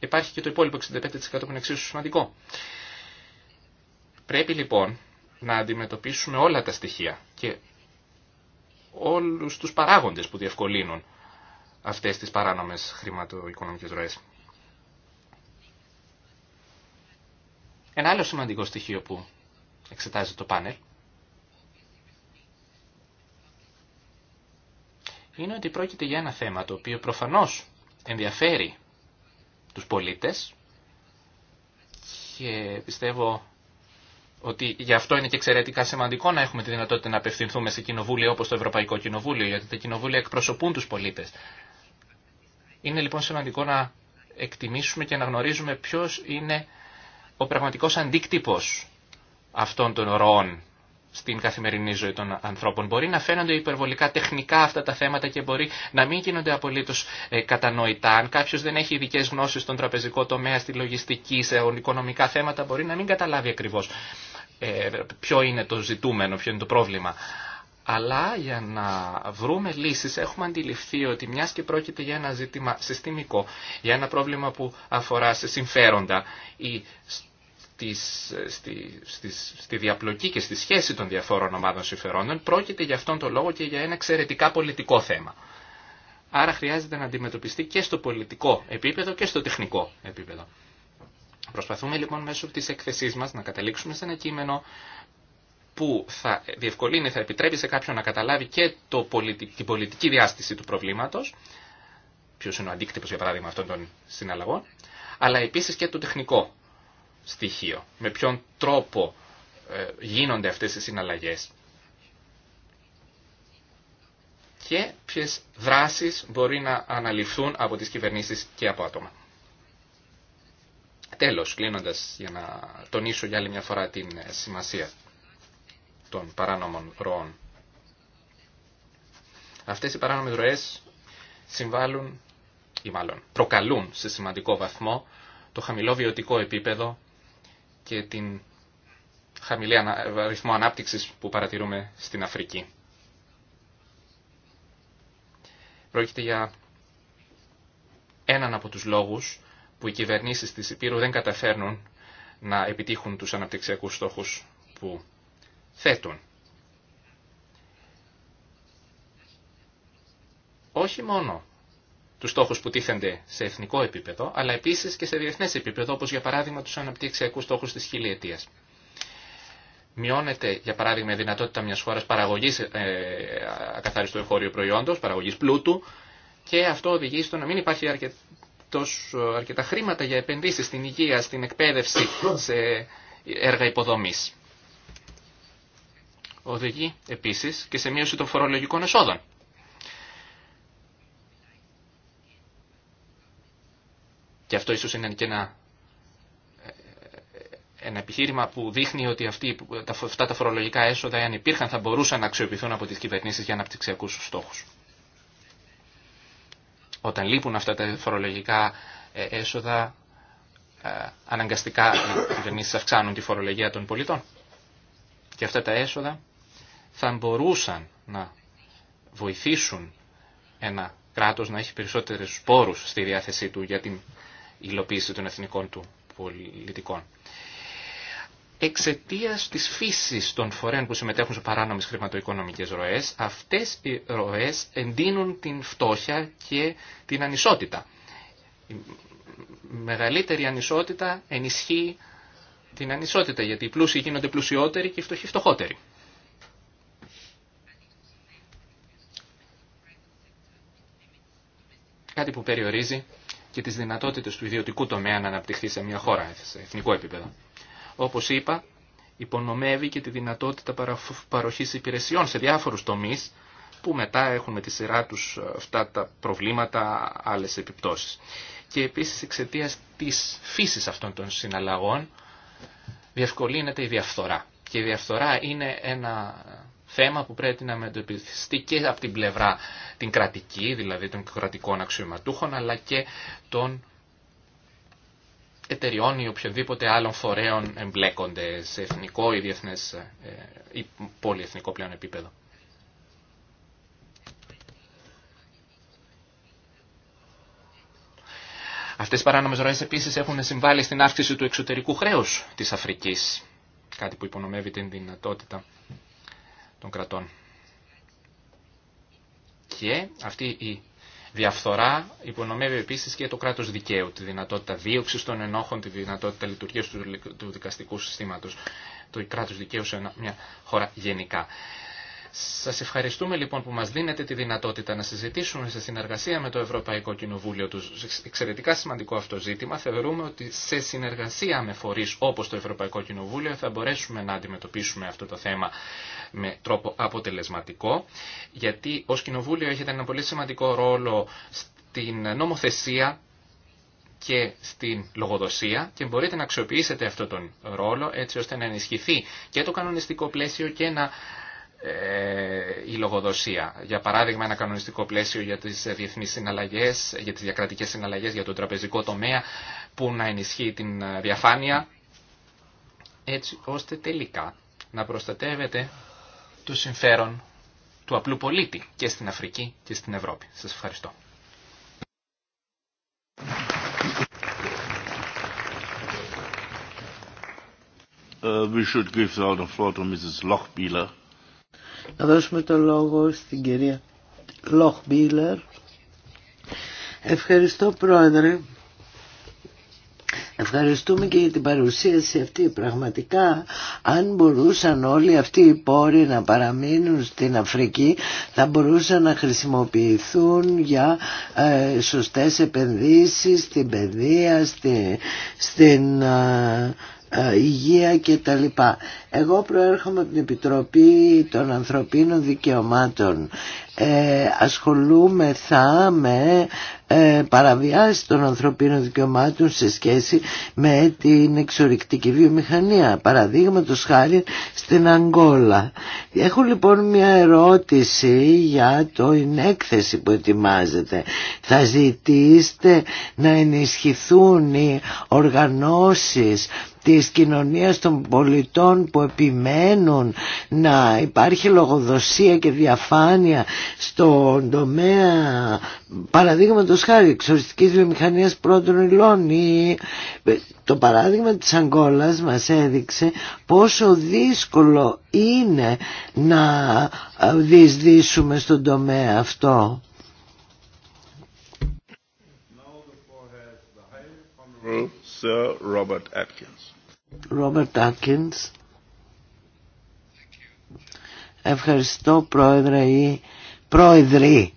υπάρχει και το υπόλοιπο 65% που είναι εξίσου σημαντικό. Πρέπει λοιπόν να αντιμετωπίσουμε όλα τα στοιχεία και όλους τους παράγοντες που διευκολύνουν αυτές τις παράνομες χρηματοοικονομικές ροές. Ένα άλλο σημαντικό στοιχείο που εξετάζει το πάνελ είναι ότι πρόκειται για ένα θέμα το οποίο προφανώς ενδιαφέρει τους πολίτες και πιστεύω ότι γι' αυτό είναι και εξαιρετικά σημαντικό να έχουμε τη δυνατότητα να απευθυνθούμε σε κοινοβούλια όπως το Ευρωπαϊκό Κοινοβούλιο, γιατί τα κοινοβούλια εκπροσωπούν τους πολίτες. Είναι λοιπόν σημαντικό να εκτιμήσουμε και να γνωρίζουμε ποιος είναι ο πραγματικός αντίκτυπος αυτών των ροών στην καθημερινή ζωή των ανθρώπων. Μπορεί να φαίνονται υπερβολικά τεχνικά αυτά τα θέματα και μπορεί να μην γίνονται απολύτω ε, κατανοητά. Αν κάποιο δεν έχει ειδικέ γνώσει στον τραπεζικό τομέα, στη λογιστική, σε οικονομικά θέματα, μπορεί να μην καταλάβει ακριβώ ε, ποιο είναι το ζητούμενο, ποιο είναι το πρόβλημα. Αλλά για να βρούμε λύσεις έχουμε αντιληφθεί ότι μιας και πρόκειται για ένα ζήτημα συστημικό, για ένα πρόβλημα που αφορά σε συμφέροντα ή στις, στη, στη διαπλοκή και στη σχέση των διαφόρων ομάδων συμφερόντων, πρόκειται για αυτόν τον λόγο και για ένα εξαιρετικά πολιτικό θέμα. Άρα χρειάζεται να αντιμετωπιστεί και στο πολιτικό επίπεδο και στο τεχνικό επίπεδο. Προσπαθούμε λοιπόν μέσω της εκθεσής μας να καταλήξουμε σε ένα κείμενο που θα διευκολύνει, θα επιτρέπει σε κάποιον να καταλάβει και το την πολιτική διάστηση του προβλήματος, ποιος είναι ο αντίκτυπος για παράδειγμα αυτών των συναλλαγών, αλλά επίσης και το τεχνικό στοιχείο, με ποιον τρόπο ε, γίνονται αυτές οι συναλλαγές και ποιες δράσεις μπορεί να αναλυφθούν από τις κυβερνήσεις και από άτομα. Τέλος, κλείνοντας για να τονίσω για άλλη μια φορά την σημασία των παράνομων ροών. Αυτές οι παράνομες ροές συμβάλλουν ή μάλλον προκαλούν σε σημαντικό βαθμό το χαμηλό βιωτικό επίπεδο και την χαμηλή αριθμό ανάπτυξης που παρατηρούμε στην Αφρική. Πρόκειται για έναν από τους λόγους που οι κυβερνήσεις της Υπήρου δεν καταφέρνουν να επιτύχουν τους αναπτυξιακούς στόχους που θέτουν. Όχι μόνο τους στόχους που τίθενται σε εθνικό επίπεδο, αλλά επίσης και σε διεθνές επίπεδο, όπως για παράδειγμα τους αναπτυξιακούς στόχους της χιλιετίας. Μειώνεται, για παράδειγμα, η δυνατότητα μιας χώρας παραγωγής ε, ακαθαριστού εγχώριου προϊόντος, παραγωγής πλούτου, και αυτό οδηγεί στο να μην υπάρχει αρκετή τόσο, ε, αρκετά χρήματα για επενδύσεις στην υγεία, στην εκπαίδευση, σε έργα υποδομής. Οδηγεί επίσης και σε μείωση των φορολογικών εσόδων. Και αυτό ίσως είναι και ένα, ε, ε, ένα επιχείρημα που δείχνει ότι αυτά τα φορολογικά έσοδα, αν υπήρχαν, θα μπορούσαν να αξιοποιηθούν από τις κυβερνήσεις για αναπτυξιακούς στόχους. Όταν λείπουν αυτά τα φορολογικά ε, έσοδα, ε, αναγκαστικά οι κυβερνήσει αυξάνουν τη φορολογία των πολιτών. Και αυτά τα έσοδα θα μπορούσαν να βοηθήσουν ένα κράτος να έχει περισσότερους πόρους στη διάθεσή του για την υλοποίηση των εθνικών του πολιτικών εξαιτία τη φύση των φορέων που συμμετέχουν σε παράνομε χρηματοοικονομικέ ροέ, αυτέ οι ροέ εντείνουν την φτώχεια και την ανισότητα. Η μεγαλύτερη ανισότητα ενισχύει την ανισότητα, γιατί οι πλούσιοι γίνονται πλουσιότεροι και οι φτωχοί φτωχότεροι. Κάτι που περιορίζει και τις δυνατότητες του ιδιωτικού τομέα να αναπτυχθεί σε μια χώρα, σε εθνικό επίπεδο όπως είπα, υπονομεύει και τη δυνατότητα παροχής υπηρεσιών σε διάφορους τομείς, που μετά έχουν με τη σειρά τους ε, αυτά τα προβλήματα, άλλες επιπτώσεις. Και επίσης εξαιτία της φύσης αυτών των συναλλαγών διευκολύνεται η διαφθορά. Και η διαφθορά είναι ένα θέμα που πρέπει να μετωπιστεί και από την πλευρά την κρατική, δηλαδή των κρατικών αξιωματούχων, αλλά και των εταιριών ή οποιοδήποτε άλλων φορέων εμπλέκονται σε εθνικό ή διεθνές ε, ή πολυεθνικό πλέον επίπεδο. Αυτέ οι παράνομε ροέ επίση έχουν συμβάλει στην αύξηση του εξωτερικού χρέου τη Αφρική. Κάτι που υπονομεύει την δυνατότητα των κρατών. Και αυτή η Διαφθορά υπονομεύει επίση και το κράτο δικαίου, τη δυνατότητα δίωξη των ενόχων, τη δυνατότητα λειτουργία του δικαστικού συστήματο, το κράτο δικαίου σε μια χώρα γενικά. Σας ευχαριστούμε λοιπόν που μας δίνετε τη δυνατότητα να συζητήσουμε σε συνεργασία με το Ευρωπαϊκό Κοινοβούλιο του εξαιρετικά σημαντικό αυτό ζήτημα. Θεωρούμε ότι σε συνεργασία με φορείς όπως το Ευρωπαϊκό Κοινοβούλιο θα μπορέσουμε να αντιμετωπίσουμε αυτό το θέμα με τρόπο αποτελεσματικό, γιατί ως Κοινοβούλιο έχετε ένα πολύ σημαντικό ρόλο στην νομοθεσία και στην λογοδοσία και μπορείτε να αξιοποιήσετε αυτόν τον ρόλο έτσι ώστε να ενισχυθεί και το κανονιστικό πλαίσιο και να ε, η λογοδοσία. Για παράδειγμα, ένα κανονιστικό πλαίσιο για τις διεθνείς συναλλαγές, για τις διακρατικές συναλλαγές, για τον τραπεζικό τομέα, που να ενισχύει την διαφάνεια, έτσι ώστε τελικά να προστατεύεται το συμφέρον του απλού πολίτη και στην Αφρική και στην Ευρώπη. Σας ευχαριστώ. Uh, we should give the floor to Mrs. Lochbieler. Να δώσουμε το λόγο στην κυρία Λόχ Μπίλερ. Ευχαριστώ πρόεδρε. Ευχαριστούμε και για την παρουσίαση αυτή. Πραγματικά, αν μπορούσαν όλοι αυτοί οι πόροι να παραμείνουν στην Αφρική, θα μπορούσαν να χρησιμοποιηθούν για ε, σωστές επενδύσεις στην παιδεία, στην... Ε, ε, υγεία λοιπά. Εγώ προέρχομαι από την Επιτροπή των Ανθρωπίνων Δικαιωμάτων. Ε, θα με ε, παραβιάσεις των ανθρωπίνων δικαιωμάτων σε σχέση με την εξορυκτική βιομηχανία, παραδείγματο χάρη στην Αγγόλα. Έχω λοιπόν μια ερώτηση για το έκθεση που ετοιμάζεται. Θα ζητήσετε να ενισχυθούν οι οργανώσεις της κοινωνίας των πολιτών που επιμένουν να υπάρχει λογοδοσία και διαφάνεια στον τομέα παραδείγματος χάρη εξοριστικής βιομηχανίας πρώτων υλών ή το παράδειγμα της Αγκόλας μας έδειξε πόσο δύσκολο είναι να διεισδύσουμε στον τομέα αυτό. Ρόμπερτ Άκκινς. Ευχαριστώ πρόεδρε ή πρόεδροι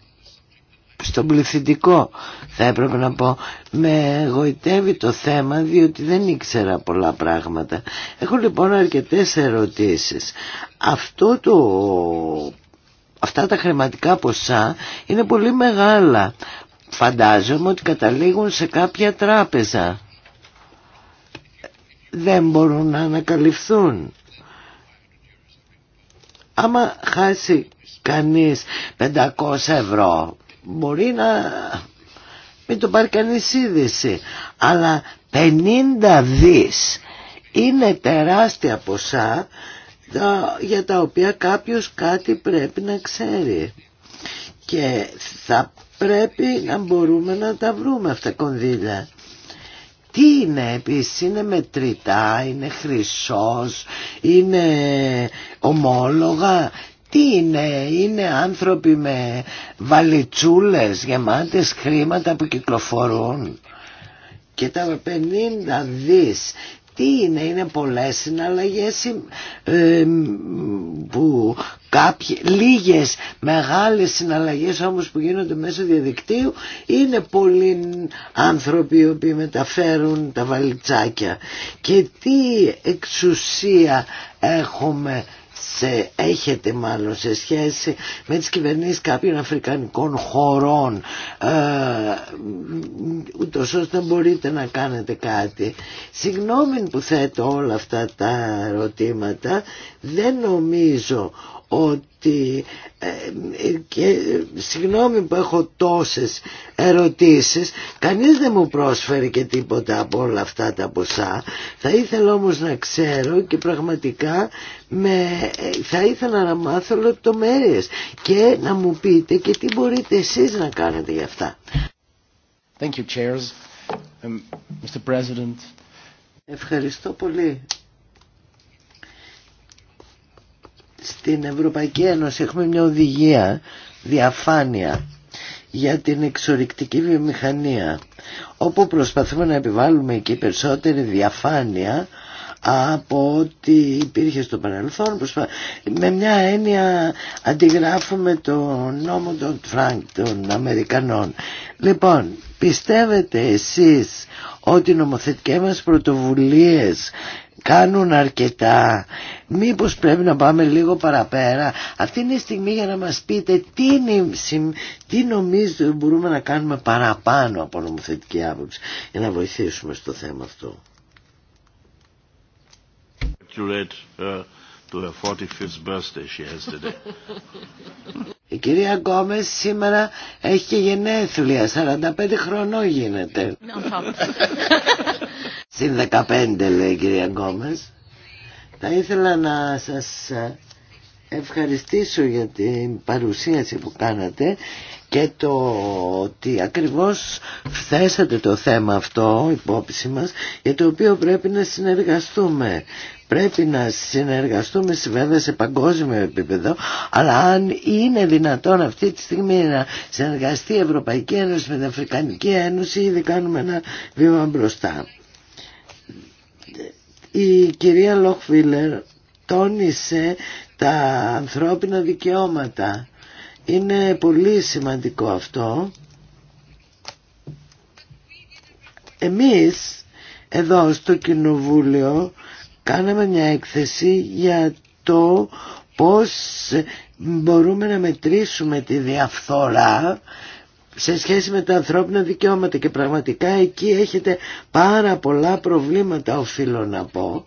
στον πληθυντικό θα έπρεπε να πω με εγωιτεύει το θέμα διότι δεν ήξερα πολλά πράγματα έχω λοιπόν αρκετές ερωτήσεις αυτό το αυτά τα χρηματικά ποσά είναι πολύ μεγάλα φαντάζομαι ότι καταλήγουν σε κάποια τράπεζα δεν μπορούν να ανακαλυφθούν. Άμα χάσει κανείς 500 ευρώ μπορεί να μην το πάρει κανείς είδηση αλλά 50 δις είναι τεράστια ποσά για τα οποία κάποιος κάτι πρέπει να ξέρει και θα πρέπει να μπορούμε να τα βρούμε αυτά κονδύλια τι είναι επίσης, είναι μετρητά, είναι χρυσός, είναι ομόλογα, τι είναι, είναι άνθρωποι με βαλιτσούλες γεμάτες χρήματα που κυκλοφορούν και τα 50 δις τι είναι, είναι πολλές συναλλαγές ε, που κάποιες, λίγες μεγάλες συναλλαγές όμως που γίνονται μέσω διαδικτύου είναι πολλοί άνθρωποι οι οποίοι μεταφέρουν τα βαλιτσάκια και τι εξουσία έχουμε σε, έχετε μάλλον σε σχέση με τις κυβερνήσεις κάποιων αφρικανικών χωρών ε, ούτως ώστε να μπορείτε να κάνετε κάτι. Συγγνώμη που θέτω όλα αυτά τα ερωτήματα δεν νομίζω ότι ε, και συγγνώμη που έχω τόσες ερωτήσεις κανείς δεν μου πρόσφερε και τίποτα από όλα αυτά τα ποσά θα ήθελα όμως να ξέρω και πραγματικά με, ε, θα ήθελα να μάθω λεπτομέρειες και να μου πείτε και τι μπορείτε εσείς να κάνετε για αυτά Thank you, Mr. Um, Ευχαριστώ πολύ στην Ευρωπαϊκή Ένωση έχουμε μια οδηγία διαφάνεια για την εξορρυκτική βιομηχανία όπου προσπαθούμε να επιβάλλουμε εκεί περισσότερη διαφάνεια από ό,τι υπήρχε στο παρελθόν με μια έννοια αντιγράφουμε το νόμο των Φρανκ των Αμερικανών λοιπόν πιστεύετε εσείς ότι οι νομοθετικές μας πρωτοβουλίες κάνουν αρκετά μήπως πρέπει να πάμε λίγο παραπέρα. Αυτή είναι η στιγμή για να μας πείτε τι, τι νομίζετε ότι μπορούμε να κάνουμε παραπάνω από νομοθετική άποψη για να βοηθήσουμε στο θέμα αυτό. Η κυρία Γκόμες σήμερα έχει και γενέθλια, 45 χρονών γίνεται. Συν 15 λέει η κυρία Γκόμες. Θα ήθελα να σας ευχαριστήσω για την παρουσίαση που κάνατε και το ότι ακριβώς θέσατε το θέμα αυτό υπόψη μας για το οποίο πρέπει να συνεργαστούμε. Πρέπει να συνεργαστούμε βέβαια σε παγκόσμιο επίπεδο αλλά αν είναι δυνατόν αυτή τη στιγμή να συνεργαστεί η Ευρωπαϊκή Ένωση με την Αφρικανική Ένωση ήδη κάνουμε ένα βήμα μπροστά. Η κυρία Λόχφιλερ τόνισε τα ανθρώπινα δικαιώματα. Είναι πολύ σημαντικό αυτό. Εμείς εδώ στο Κοινοβούλιο κάναμε μια έκθεση για το πώς μπορούμε να μετρήσουμε τη διαφθορά σε σχέση με τα ανθρώπινα δικαιώματα και πραγματικά εκεί έχετε πάρα πολλά προβλήματα οφείλω να πω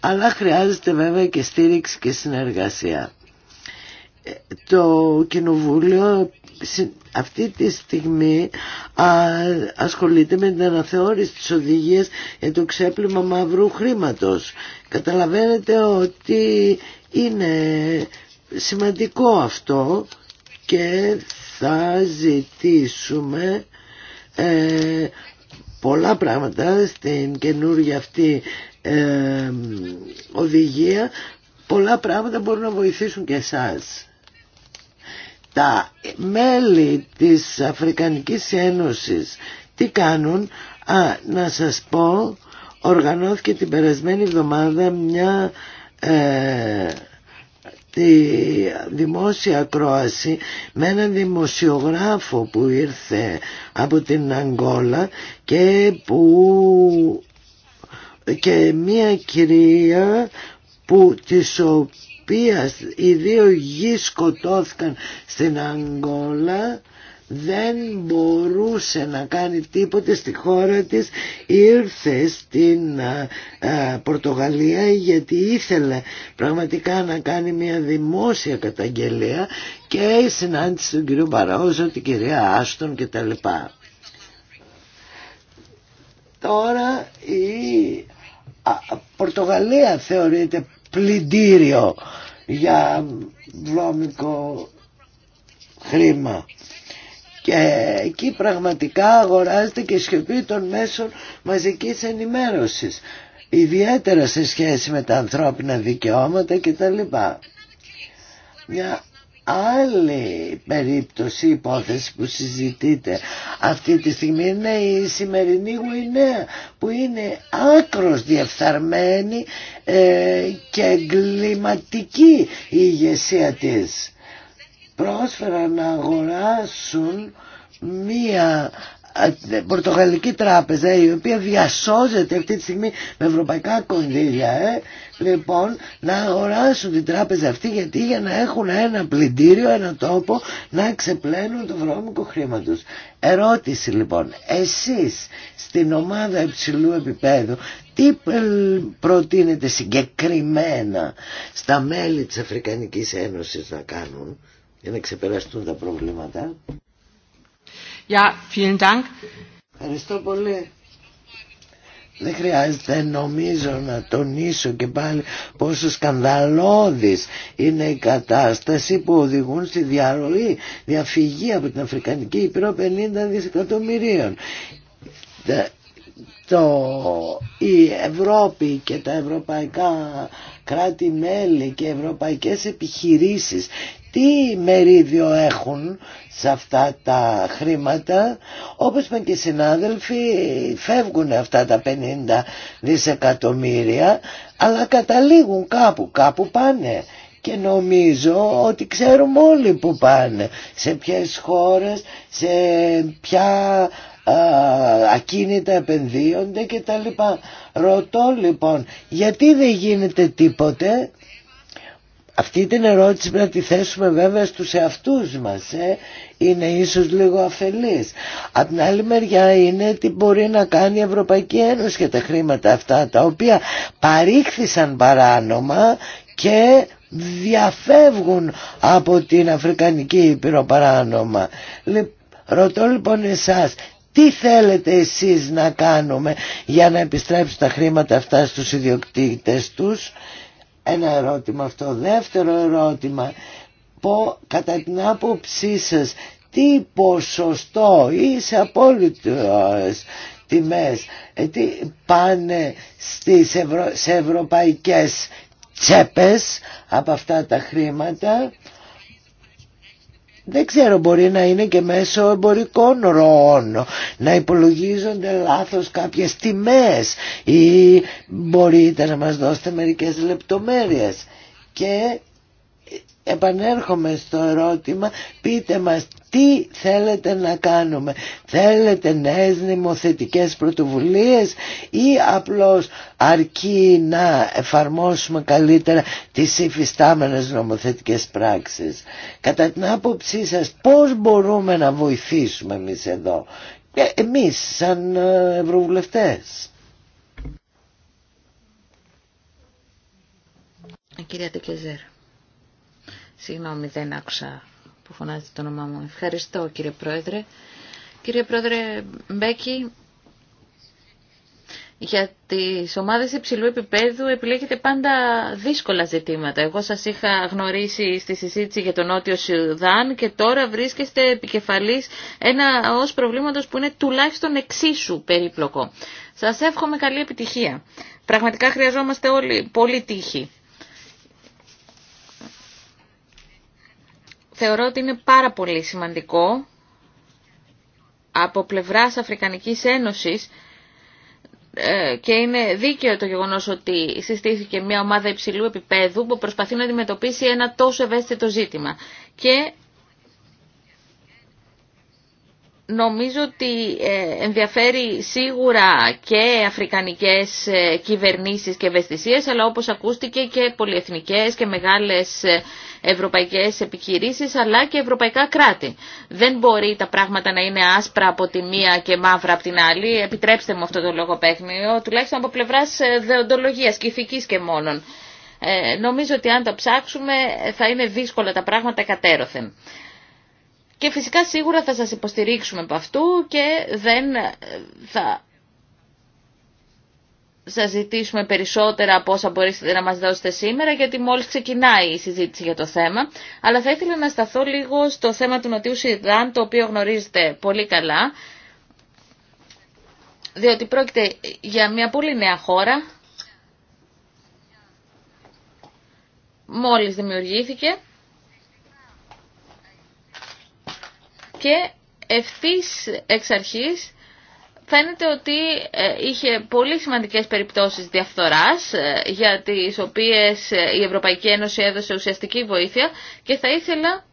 αλλά χρειάζεται βέβαια και στήριξη και συνεργασία. Ε, το Κοινοβούλιο αυτή τη στιγμή ασχολείται με την αναθεώρηση της οδηγίας για το ξέπλυμα μαύρου χρήματος. Καταλαβαίνετε ότι είναι σημαντικό αυτό και θα ζητήσουμε ε, πολλά πράγματα στην καινούργια αυτή ε, οδηγία. Πολλά πράγματα μπορούν να βοηθήσουν και εσάς. Τα μέλη της Αφρικανικής Ένωσης τι κάνουν. Α, να σας πω, οργανώθηκε την περασμένη εβδομάδα μια... Ε, τη δημόσια ακρόαση με έναν δημοσιογράφο που ήρθε από την Αγγόλα και που και μία κυρία που της οποίας οι δύο γη σκοτώθηκαν στην Αγγόλα δεν μπορούσε να κάνει τίποτε στη χώρα της ήρθε στην α, Πορτογαλία γιατί ήθελε πραγματικά να κάνει μια δημόσια καταγγελία και η συνάντηση του κυρίου Μπαρόζο, την κυρία Άστον κτλ. Τώρα η Πορτογαλία θεωρείται πλυντήριο για βρώμικο χρήμα και εκεί πραγματικά αγοράζεται και σιωπή των μέσων μαζικής ενημέρωσης ιδιαίτερα σε σχέση με τα ανθρώπινα δικαιώματα κτλ. Μια άλλη περίπτωση υπόθεση που συζητείτε αυτή τη στιγμή είναι η σημερινή Γουινέα που είναι άκρος διεφθαρμένη ε, και εγκληματική η ηγεσία της πρόσφεραν να αγοράσουν μία πορτογαλική τράπεζα η οποία διασώζεται αυτή τη στιγμή με ευρωπαϊκά κονδύλια ε. λοιπόν να αγοράσουν την τράπεζα αυτή γιατί για να έχουν ένα πλυντήριο, ένα τόπο να ξεπλένουν το βρώμικο χρήμα τους. ερώτηση λοιπόν εσείς στην ομάδα υψηλού επίπεδου τι προτείνετε συγκεκριμένα στα μέλη της Αφρικανικής Ένωσης να κάνουν για να ξεπεραστούν τα προβλήματα. vielen Dank. Ευχαριστώ πολύ. Δεν χρειάζεται νομίζω να τονίσω και πάλι πόσο σκανδαλώδης είναι η κατάσταση που οδηγούν στη διαρροή, διαφυγή από την Αφρικανική Υπηρώ 50 δισεκατομμυρίων το, η Ευρώπη και τα ευρωπαϊκά κράτη-μέλη και ευρωπαϊκές επιχειρήσεις τι μερίδιο έχουν σε αυτά τα χρήματα όπως είπαν και οι συνάδελφοι φεύγουν αυτά τα 50 δισεκατομμύρια αλλά καταλήγουν κάπου, κάπου πάνε και νομίζω ότι ξέρουμε όλοι που πάνε, σε ποιες χώρες, σε ποια ακίνητα επενδύονται και τα λοιπά. Ρωτώ λοιπόν γιατί δεν γίνεται τίποτε αυτή την ερώτηση πρέπει να τη θέσουμε βέβαια στους εαυτούς μας, ε. είναι ίσως λίγο αφελής. Από την άλλη μεριά είναι τι μπορεί να κάνει η Ευρωπαϊκή Ένωση και τα χρήματα αυτά, τα οποία παρήχθησαν παράνομα και διαφεύγουν από την Αφρικανική Ήπειρο παράνομα. Ρωτώ λοιπόν εσάς, τι θέλετε εσείς να κάνουμε για να επιστρέψουν τα χρήματα αυτά στους ιδιοκτήτες τους. Ένα ερώτημα αυτό. Δεύτερο ερώτημα. Πω, κατά την άποψή σας, τι ποσοστό ή σε απόλυτες τιμές ε, τι πάνε στις σε ευρωπαϊκές τσέπες από αυτά τα χρήματα δεν ξέρω, μπορεί να είναι και μέσω εμπορικών ροών, να υπολογίζονται λάθος κάποιες τιμές ή μπορείτε να μας δώσετε μερικές λεπτομέρειες. Και επανέρχομαι στο ερώτημα, πείτε μας τι θέλετε να κάνουμε. Θέλετε νέες νομοθετικές πρωτοβουλίες ή απλώς αρκεί να εφαρμόσουμε καλύτερα τις υφιστάμενες νομοθετικές πράξεις. Κατά την άποψή σας πώς μπορούμε να βοηθήσουμε εμείς εδώ. Ε, εμείς σαν ε, ευρωβουλευτές. Ε, κυρία Τεκέζερ, συγγνώμη δεν άκουσα που φωνάζετε το όνομά μου. Ευχαριστώ κύριε Πρόεδρε. Κύριε Πρόεδρε Μπέκη, για τις ομάδες υψηλού επίπεδου επιλέγετε πάντα δύσκολα ζητήματα. Εγώ σας είχα γνωρίσει στη συζήτηση για τον Νότιο Σιουδάν και τώρα βρίσκεστε επικεφαλής ένα ως προβλήματος που είναι τουλάχιστον εξίσου περίπλοκο. Σας εύχομαι καλή επιτυχία. Πραγματικά χρειαζόμαστε όλοι πολύ τύχη. θεωρώ ότι είναι πάρα πολύ σημαντικό από πλευράς Αφρικανικής Ένωσης ε, και είναι δίκαιο το γεγονός ότι συστήθηκε μια ομάδα υψηλού επίπεδου που προσπαθεί να αντιμετωπίσει ένα τόσο ευαίσθητο ζήτημα. Και νομίζω ότι ε, ενδιαφέρει σίγουρα και αφρικανικές ε, κυβερνήσεις και ευαισθησίες, αλλά όπως ακούστηκε και πολυεθνικές και μεγάλες ευρωπαϊκές επιχειρήσεις αλλά και ευρωπαϊκά κράτη. Δεν μπορεί τα πράγματα να είναι άσπρα από τη μία και μαύρα από την άλλη. Επιτρέψτε μου αυτό το λογοπαίγνιο, τουλάχιστον από πλευράς ε, δεοντολογίας και και μόνον. Ε, νομίζω ότι αν τα ψάξουμε θα είναι δύσκολα τα πράγματα κατέρωθεν. Και φυσικά σίγουρα θα σας υποστηρίξουμε από αυτού και δεν ε, θα σας ζητήσουμε περισσότερα από όσα μπορείτε να μας δώσετε σήμερα, γιατί μόλις ξεκινάει η συζήτηση για το θέμα. Αλλά θα ήθελα να σταθώ λίγο στο θέμα του Νοτιού Σιδάν, το οποίο γνωρίζετε πολύ καλά, διότι πρόκειται για μια πολύ νέα χώρα, μόλις δημιουργήθηκε και ευθύς εξ αρχής φαίνεται ότι ε, είχε πολύ σημαντικές περιπτώσεις διαφθοράς ε, για τις οποίες ε, η Ευρωπαϊκή Ένωση έδωσε ουσιαστική βοήθεια και θα ήθελα,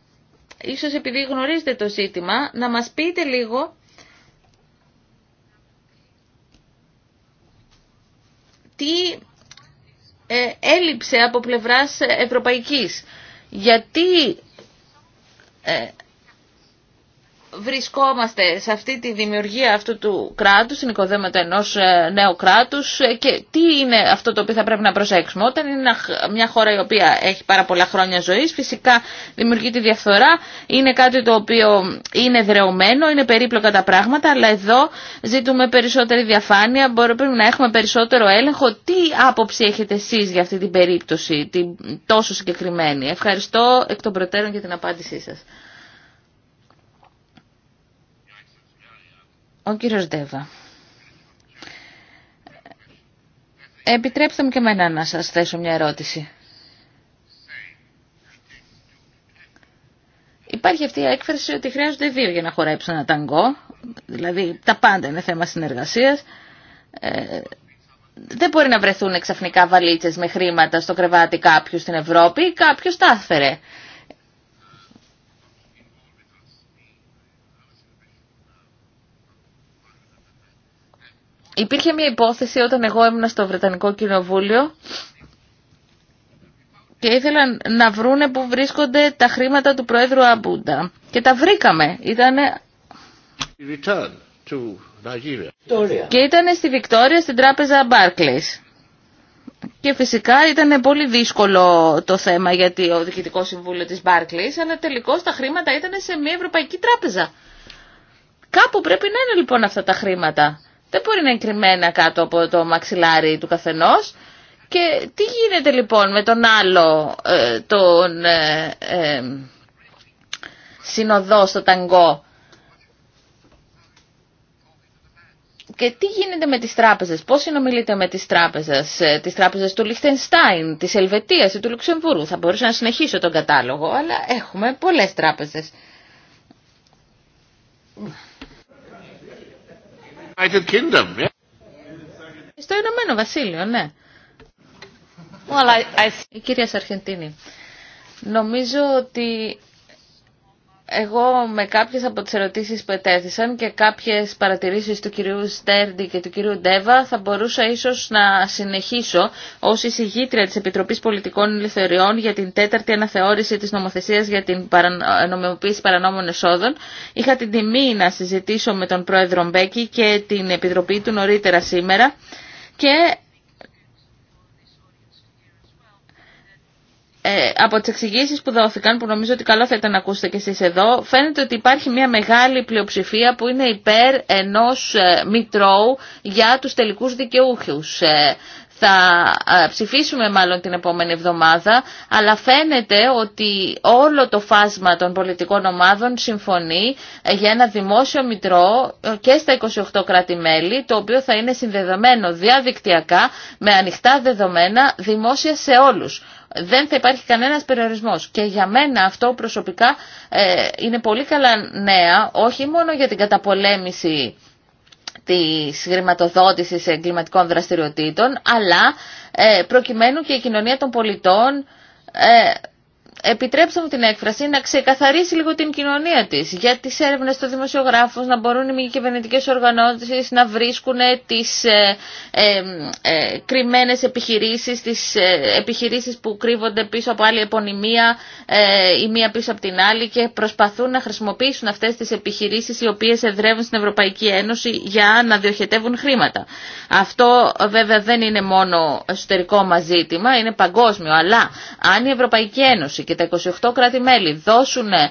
ίσως επειδή γνωρίζετε το ζήτημα, να μας πείτε λίγο τι έλειψε από πλευράς ευρωπαϊκής. Γιατί βρισκόμαστε σε αυτή τη δημιουργία αυτού του κράτους, Στην οικοδέματα ενός ε, νέου κράτους ε, και τι είναι αυτό το οποίο θα πρέπει να προσέξουμε. Όταν είναι μια χώρα η οποία έχει πάρα πολλά χρόνια ζωής, φυσικά δημιουργεί τη διαφθορά, είναι κάτι το οποίο είναι δρεωμένο, είναι περίπλοκα τα πράγματα, αλλά εδώ ζητούμε περισσότερη διαφάνεια, μπορούμε να έχουμε περισσότερο έλεγχο. Τι άποψη έχετε εσείς για αυτή την περίπτωση, την τόσο συγκεκριμένη. Ευχαριστώ εκ των προτέρων για την απάντησή σας. Ο κύριος Ντέβα. Επιτρέψτε μου και εμένα να σας θέσω μια ερώτηση. Υπάρχει αυτή η έκφραση ότι χρειάζονται δύο για να χορέψουν ένα ταγκό. Δηλαδή τα πάντα είναι θέμα συνεργασίας. Ε, δεν μπορεί να βρεθούν ξαφνικά βαλίτσες με χρήματα στο κρεβάτι κάποιου στην Ευρώπη. Κάποιος τα έφερε. Υπήρχε μια υπόθεση όταν εγώ έμεινα στο Βρετανικό Κοινοβούλιο και ήθελαν να βρούνε που βρίσκονται τα χρήματα του Πρόεδρου Αμπούντα. Και τα βρήκαμε. Ήτανε... Και ήταν στη Βικτόρια στην τράπεζα Barclays. Και φυσικά ήταν πολύ δύσκολο το θέμα γιατί ο Διοικητικό Συμβούλιο της Barclays, αλλά τελικώς τα χρήματα ήταν σε μια Ευρωπαϊκή Τράπεζα. Κάπου πρέπει να είναι λοιπόν αυτά τα χρήματα δεν μπορεί να είναι κρυμμένα κάτω από το μαξιλάρι του καθενός. Και τι γίνεται λοιπόν με τον άλλο, ε, τον ε, ε, συνοδό στο ταγκό. Και τι γίνεται με τις τράπεζες, πώς συνομιλείτε με τις τράπεζες, τις τράπεζες του Λιχτενστάιν, της Ελβετίας ή του Λουξεμβούρου. Θα μπορούσα να συνεχίσω τον κατάλογο, αλλά έχουμε πολλές τράπεζες. Στο Ηνωμένο Βασίλειο, ναι. Well, I... Η κυρία Σαρχεντίνη. Νομίζω ότι εγώ με κάποιες από τις ερωτήσεις που ετέθησαν και κάποιες παρατηρήσεις του κυρίου Στέρντι και του κυρίου Ντέβα θα μπορούσα ίσως να συνεχίσω ως εισηγήτρια της Επιτροπής Πολιτικών Ελευθεριών για την τέταρτη αναθεώρηση της νομοθεσίας για την νομιμοποίηση παρανόμων εσόδων. Είχα την τιμή να συζητήσω με τον πρόεδρο Μπέκη και την Επιτροπή του νωρίτερα σήμερα και Ε, από τις εξηγήσει που δόθηκαν, που νομίζω ότι καλό θα ήταν να ακούσετε και εσείς εδώ, φαίνεται ότι υπάρχει μια μεγάλη πλειοψηφία που είναι υπέρ ενός ε, μητρώου για τους τελικούς δικαιούχους. Ε, θα ψηφίσουμε μάλλον την επόμενη εβδομάδα, αλλά φαίνεται ότι όλο το φάσμα των πολιτικών ομάδων συμφωνεί για ένα δημόσιο μητρό και στα 28 κράτη-μέλη, το οποίο θα είναι συνδεδεμένο διαδικτυακά με ανοιχτά δεδομένα δημόσια σε όλους δεν θα υπάρχει κανένας περιορισμός. Και για μένα αυτό προσωπικά ε, είναι πολύ καλά νέα, όχι μόνο για την καταπολέμηση της χρηματοδότησης εγκληματικών δραστηριοτήτων, αλλά ε, προκειμένου και η κοινωνία των πολιτών ε, επιτρέψτε μου την έκφραση, να ξεκαθαρίσει λίγο την κοινωνία της για τις έρευνες των δημοσιογράφων, να μπορούν οι μη κυβερνητικέ οργανώσεις να βρίσκουν ε, τις ε, ε, ε, κρυμμένες επιχειρήσεις, τις ε, επιχειρήσεις που κρύβονται πίσω από άλλη επωνυμία, ε, η μία πίσω από την άλλη και προσπαθούν να χρησιμοποιήσουν αυτές τις επιχειρήσεις οι οποίες εδρεύουν στην Ευρωπαϊκή Ένωση για να διοχετεύουν χρήματα. Αυτό βέβαια δεν είναι μόνο εσωτερικό μας ζήτημα, είναι παγκόσμιο, αλλά αν η Ευρωπαϊκή Ένωση και τα 28 κράτη-μέλη δώσουν ε,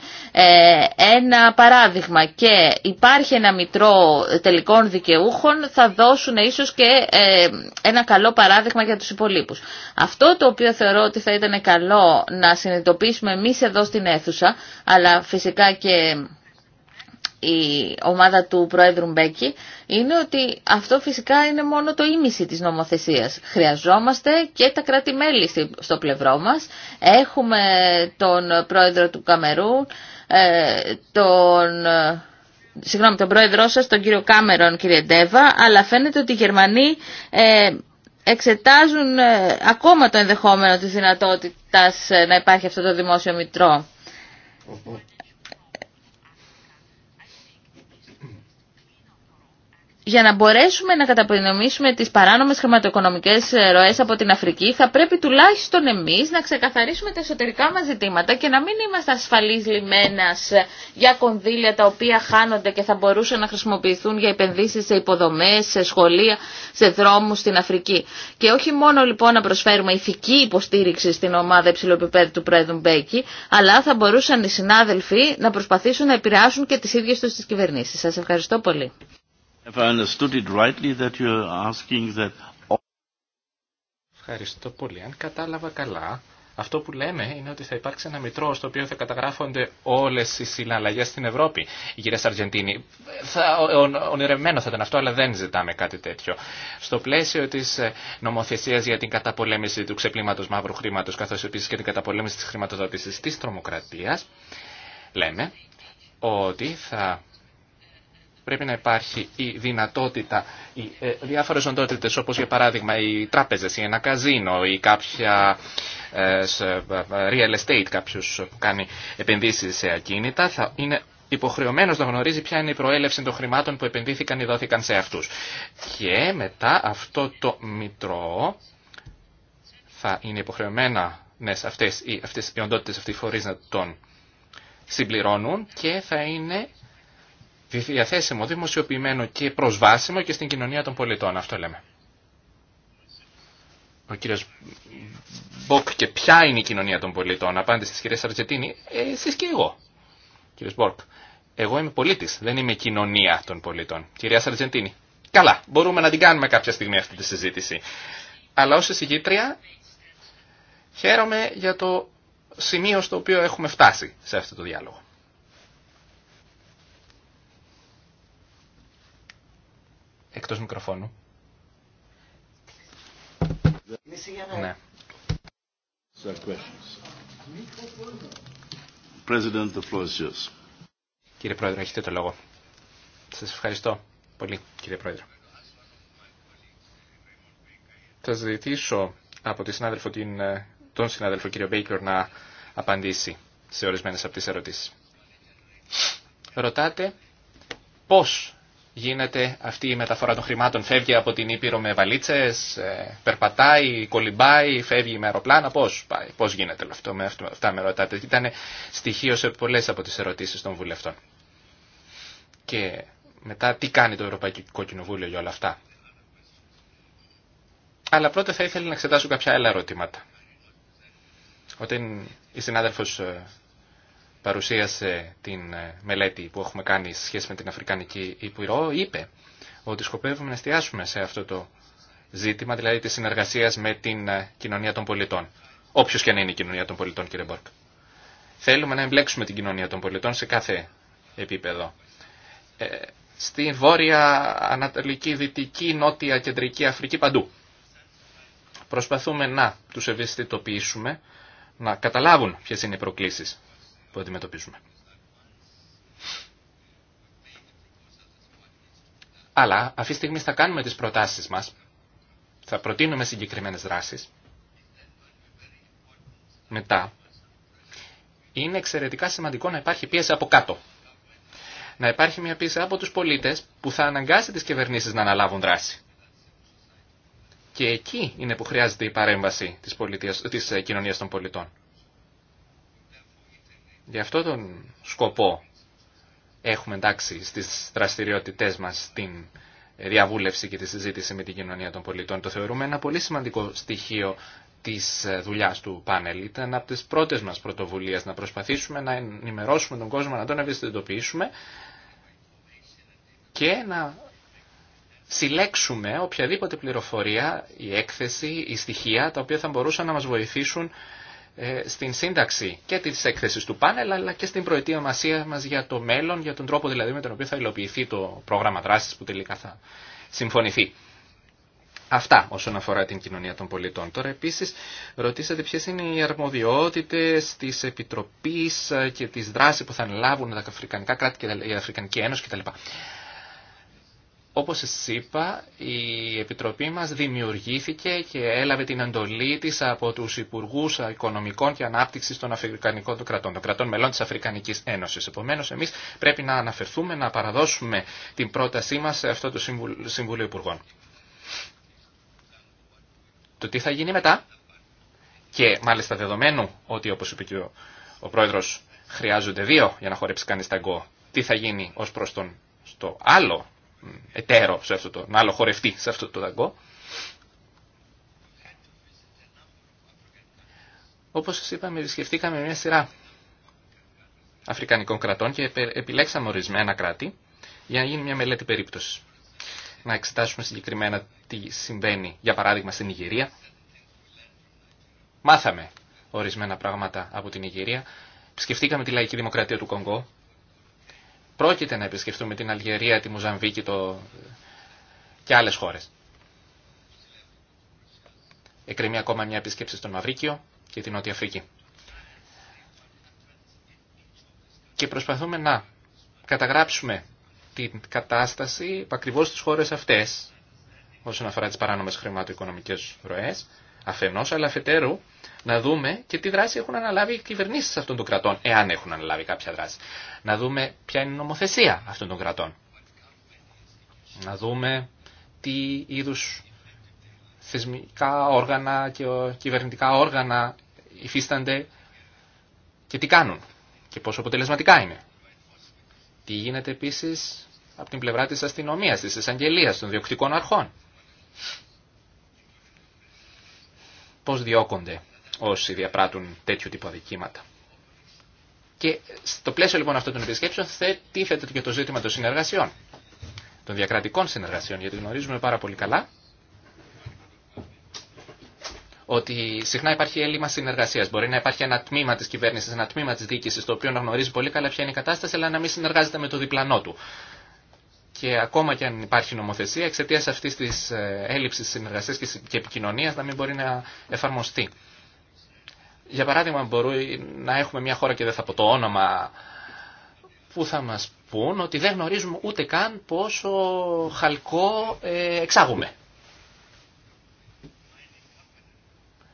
ένα παράδειγμα και υπάρχει ένα μητρό τελικών δικαιούχων, θα δώσουν ίσως και ε, ένα καλό παράδειγμα για τους υπολείπους. Αυτό το οποίο θεωρώ ότι θα ήταν καλό να συνειδητοποιήσουμε εμείς εδώ στην αίθουσα, αλλά φυσικά και η ομάδα του Προέδρου Μπέκη είναι ότι αυτό φυσικά είναι μόνο το ίμιση της νομοθεσίας. Χρειαζόμαστε και τα κράτη-μέλη στο πλευρό μας. Έχουμε τον Πρόεδρο του Καμερού, ε, τον... Ε, συγγνώμη, τον πρόεδρό σας, τον κύριο Κάμερον, κύριε Ντέβα, αλλά φαίνεται ότι οι Γερμανοί ε, εξετάζουν ακόμα το ενδεχόμενο της δυνατότητας να υπάρχει αυτό το δημόσιο μητρό. για να μπορέσουμε να καταπονομήσουμε τις παράνομες χρηματοοικονομικές ε, ροές από την Αφρική θα πρέπει τουλάχιστον εμείς να ξεκαθαρίσουμε τα εσωτερικά μας ζητήματα και να μην είμαστε ασφαλείς λιμένας ε, για κονδύλια τα οποία χάνονται και θα μπορούσαν να χρησιμοποιηθούν για επενδύσεις σε υποδομές, σε σχολεία, σε δρόμους στην Αφρική. Και όχι μόνο λοιπόν να προσφέρουμε ηθική υποστήριξη στην ομάδα υψηλοπιπέδου του Πρόεδρου Μπέκη, αλλά θα μπορούσαν οι συνάδελφοι να προσπαθήσουν να επηρεάσουν και τις ίδιες τους τις κυβερνήσεις. Σας ευχαριστώ πολύ. Ευχαριστώ πολύ. Αν κατάλαβα καλά, αυτό που λέμε είναι ότι θα υπάρξει ένα μητρό στο οποίο θα καταγράφονται όλε οι συναλλαγέ στην Ευρώπη. η κυρία Αργεντίνη. Θα, ονειρευμένο θα ήταν αυτό, αλλά δεν ζητάμε κάτι τέτοιο. Στο πλαίσιο τη ε, νομοθεσία για την καταπολέμηση του ξεπλήματο μαύρου χρήματο, καθώ επίση και την καταπολέμηση τη χρηματοδότηση τη τρομοκρατία, λέμε ότι θα πρέπει να υπάρχει η δυνατότητα, οι ε, διάφορες οντότητες όπως για παράδειγμα οι τράπεζες ή ένα καζίνο ή κάποια ε, ε, real estate κάποιος που κάνει επενδύσεις σε ακίνητα θα είναι υποχρεωμένος να γνωρίζει ποια είναι η προέλευση των χρημάτων που επενδύθηκαν ή δόθηκαν σε αυτούς. Και μετά αυτό το μητρό θα είναι υποχρεωμένα ναι, αυτές, οι, αυτές, αυτοί οι να τον συμπληρώνουν και θα είναι διαθέσιμο, δημοσιοποιημένο και προσβάσιμο και στην κοινωνία των πολιτών. Αυτό λέμε. Ο κύριο Μποκ και ποια είναι η κοινωνία των πολιτών, απάντησε τη κυρία Σαρτζετίνη, ε, εσείς και εγώ. Κύριος Μποκ, εγώ είμαι πολίτης, δεν είμαι κοινωνία των πολιτών. Κυρία Σαρτζετίνη, καλά, μπορούμε να την κάνουμε κάποια στιγμή αυτή τη συζήτηση. Αλλά ως εισηγήτρια χαίρομαι για το σημείο στο οποίο έχουμε φτάσει σε αυτό το διάλογο. Εκτός μικροφώνου. Ναι. Κύριε Πρόεδρε, έχετε το λόγο. Σας ευχαριστώ πολύ, κύριε Πρόεδρε. Θα ζητήσω από τη συνάδελφο, την, ε, τον συνάδελφο κύριο Μπέικλορ να απαντήσει σε ορισμένες από τις ερωτήσεις. Ρωτάτε πώς γίνεται αυτή η μεταφορά των χρημάτων. Φεύγει από την Ήπειρο με βαλίτσες, ε, περπατάει, κολυμπάει, φεύγει με αεροπλάνα. Πώς πάει, πώς γίνεται όλο αυτό, με αυτά με ρωτάτε. Ήταν στοιχείο σε πολλές από τις ερωτήσεις των βουλευτών. Και μετά τι κάνει το Ευρωπαϊκό Κοινοβούλιο για όλα αυτά. Αλλά πρώτα θα ήθελα να εξετάσω κάποια άλλα ερωτήματα. Όταν η συνάδελφος ε, παρουσίασε την ε, μελέτη που έχουμε κάνει σε σχέση με την Αφρικανική Υπηρώ, είπε ότι σκοπεύουμε να εστιάσουμε σε αυτό το ζήτημα, δηλαδή τη συνεργασία με την ε, κοινωνία των πολιτών. Όποιο και αν είναι η κοινωνία των πολιτών, κύριε Μπόρκ. Θέλουμε να εμπλέξουμε την κοινωνία των πολιτών σε κάθε επίπεδο. Ε, στην βόρεια, ανατολική, δυτική, νότια, κεντρική Αφρική, παντού. Προσπαθούμε να τους ευαισθητοποιήσουμε, να καταλάβουν ποιες είναι οι προκλήσεις που αντιμετωπίζουμε. Αλλά αυτή τη στιγμή θα κάνουμε τις προτάσεις μας, θα προτείνουμε συγκεκριμένες δράσεις. Μετά, είναι εξαιρετικά σημαντικό να υπάρχει πίεση από κάτω. Να υπάρχει μια πίεση από τους πολίτες που θα αναγκάσει τις κυβερνήσεις να αναλάβουν δράση. Και εκεί είναι που χρειάζεται η παρέμβαση της, πολιτείας, της ε, κοινωνίας των πολιτών. Γι' αυτό τον σκοπό έχουμε εντάξει στις δραστηριότητές μας την διαβούλευση και τη συζήτηση με την κοινωνία των πολιτών. Το θεωρούμε ένα πολύ σημαντικό στοιχείο της δουλειάς του πάνελ. Ήταν από τις πρώτες μας πρωτοβουλίες να προσπαθήσουμε να ενημερώσουμε τον κόσμο, να τον ευαισθητοποιήσουμε και να συλλέξουμε οποιαδήποτε πληροφορία, η έκθεση, η στοιχεία, τα οποία θα μπορούσαν να μας βοηθήσουν ε, στην σύνταξη και της έκθεσης του πάνελ αλλά και στην προετοιμασία μας για το μέλλον, για τον τρόπο δηλαδή με τον οποίο θα υλοποιηθεί το πρόγραμμα δράσης που τελικά θα συμφωνηθεί. Αυτά όσον αφορά την κοινωνία των πολιτών. Τώρα επίσης ρωτήσατε ποιες είναι οι αρμοδιότητες της Επιτροπής ε, και της δράσης που θα αναλάβουν τα Αφρικανικά κράτη και η Αφρικανική Ένωση κτλ. Όπως σας είπα, η Επιτροπή μας δημιουργήθηκε και έλαβε την εντολή της από τους Υπουργούς Οικονομικών και Ανάπτυξης των Αφρικανικών των κρατών, των κρατών μελών της Αφρικανικής Ένωσης. Επομένως, εμείς πρέπει να αναφερθούμε, να παραδώσουμε την πρότασή μας σε αυτό το Συμβούλιο Υπουργών. Το τι θα γίνει μετά και μάλιστα δεδομένου ότι όπως είπε και ο, ο πρόεδρος χρειάζονται δύο για να χορέψει κανείς ταγκό, τι θα γίνει ως προς τον στο άλλο εταίρο σε αυτό το, μάλλον χορευτή σε αυτό το δαγκό. Όπως σας είπαμε, επισκεφτήκαμε μια σειρά αφρικανικών κρατών και επιλέξαμε ορισμένα κράτη για να γίνει μια μελέτη περίπτωση. Να εξετάσουμε συγκεκριμένα τι συμβαίνει, για παράδειγμα, στην Ιγυρία. Μάθαμε ορισμένα πράγματα από την Ιγυρία. Σκεφτήκαμε τη λαϊκή δημοκρατία του Κονγκό, πρόκειται να επισκεφτούμε την Αλγερία, τη Μουζαμβίκη το... και άλλες χώρες. Εκκρεμεί ακόμα μια επίσκεψη στον Μαυρίκιο και την Νότια Αφρική. Και προσπαθούμε να καταγράψουμε την κατάσταση ακριβώ στις χώρες αυτές όσον αφορά τις παράνομες χρηματοοικονομικές ροές Αφενό αλλά αφετέρου να δούμε και τι δράση έχουν αναλάβει οι κυβερνήσεις αυτών των κρατών, εάν έχουν αναλάβει κάποια δράση. Να δούμε ποια είναι η νομοθεσία αυτών των κρατών. Να δούμε τι είδου θεσμικά όργανα και κυβερνητικά όργανα υφίστανται και τι κάνουν και πόσο αποτελεσματικά είναι. Τι γίνεται επίσης από την πλευρά της αστυνομίας, της εισαγγελίας, των διοκτικών αρχών πώς διώκονται όσοι διαπράττουν τέτοιου τύπου αδικήματα. Και στο πλαίσιο λοιπόν αυτών των επισκέψεων τίθεται και το ζήτημα των συνεργασιών, των διακρατικών συνεργασιών, γιατί γνωρίζουμε πάρα πολύ καλά ότι συχνά υπάρχει έλλειμμα συνεργασία. Μπορεί να υπάρχει ένα τμήμα τη κυβέρνηση, ένα τμήμα τη διοίκηση, το οποίο να γνωρίζει πολύ καλά ποια είναι η κατάσταση, αλλά να μην συνεργάζεται με το διπλανό του και ακόμα και αν υπάρχει νομοθεσία, εξαιτία αυτή τη ε, έλλειψη συνεργασία και επικοινωνία να μην μπορεί να εφαρμοστεί. Για παράδειγμα, μπορεί να έχουμε μια χώρα και δεν θα πω το όνομα που θα μας πούν ότι δεν γνωρίζουμε ούτε καν πόσο χαλκό ε, εξάγουμε.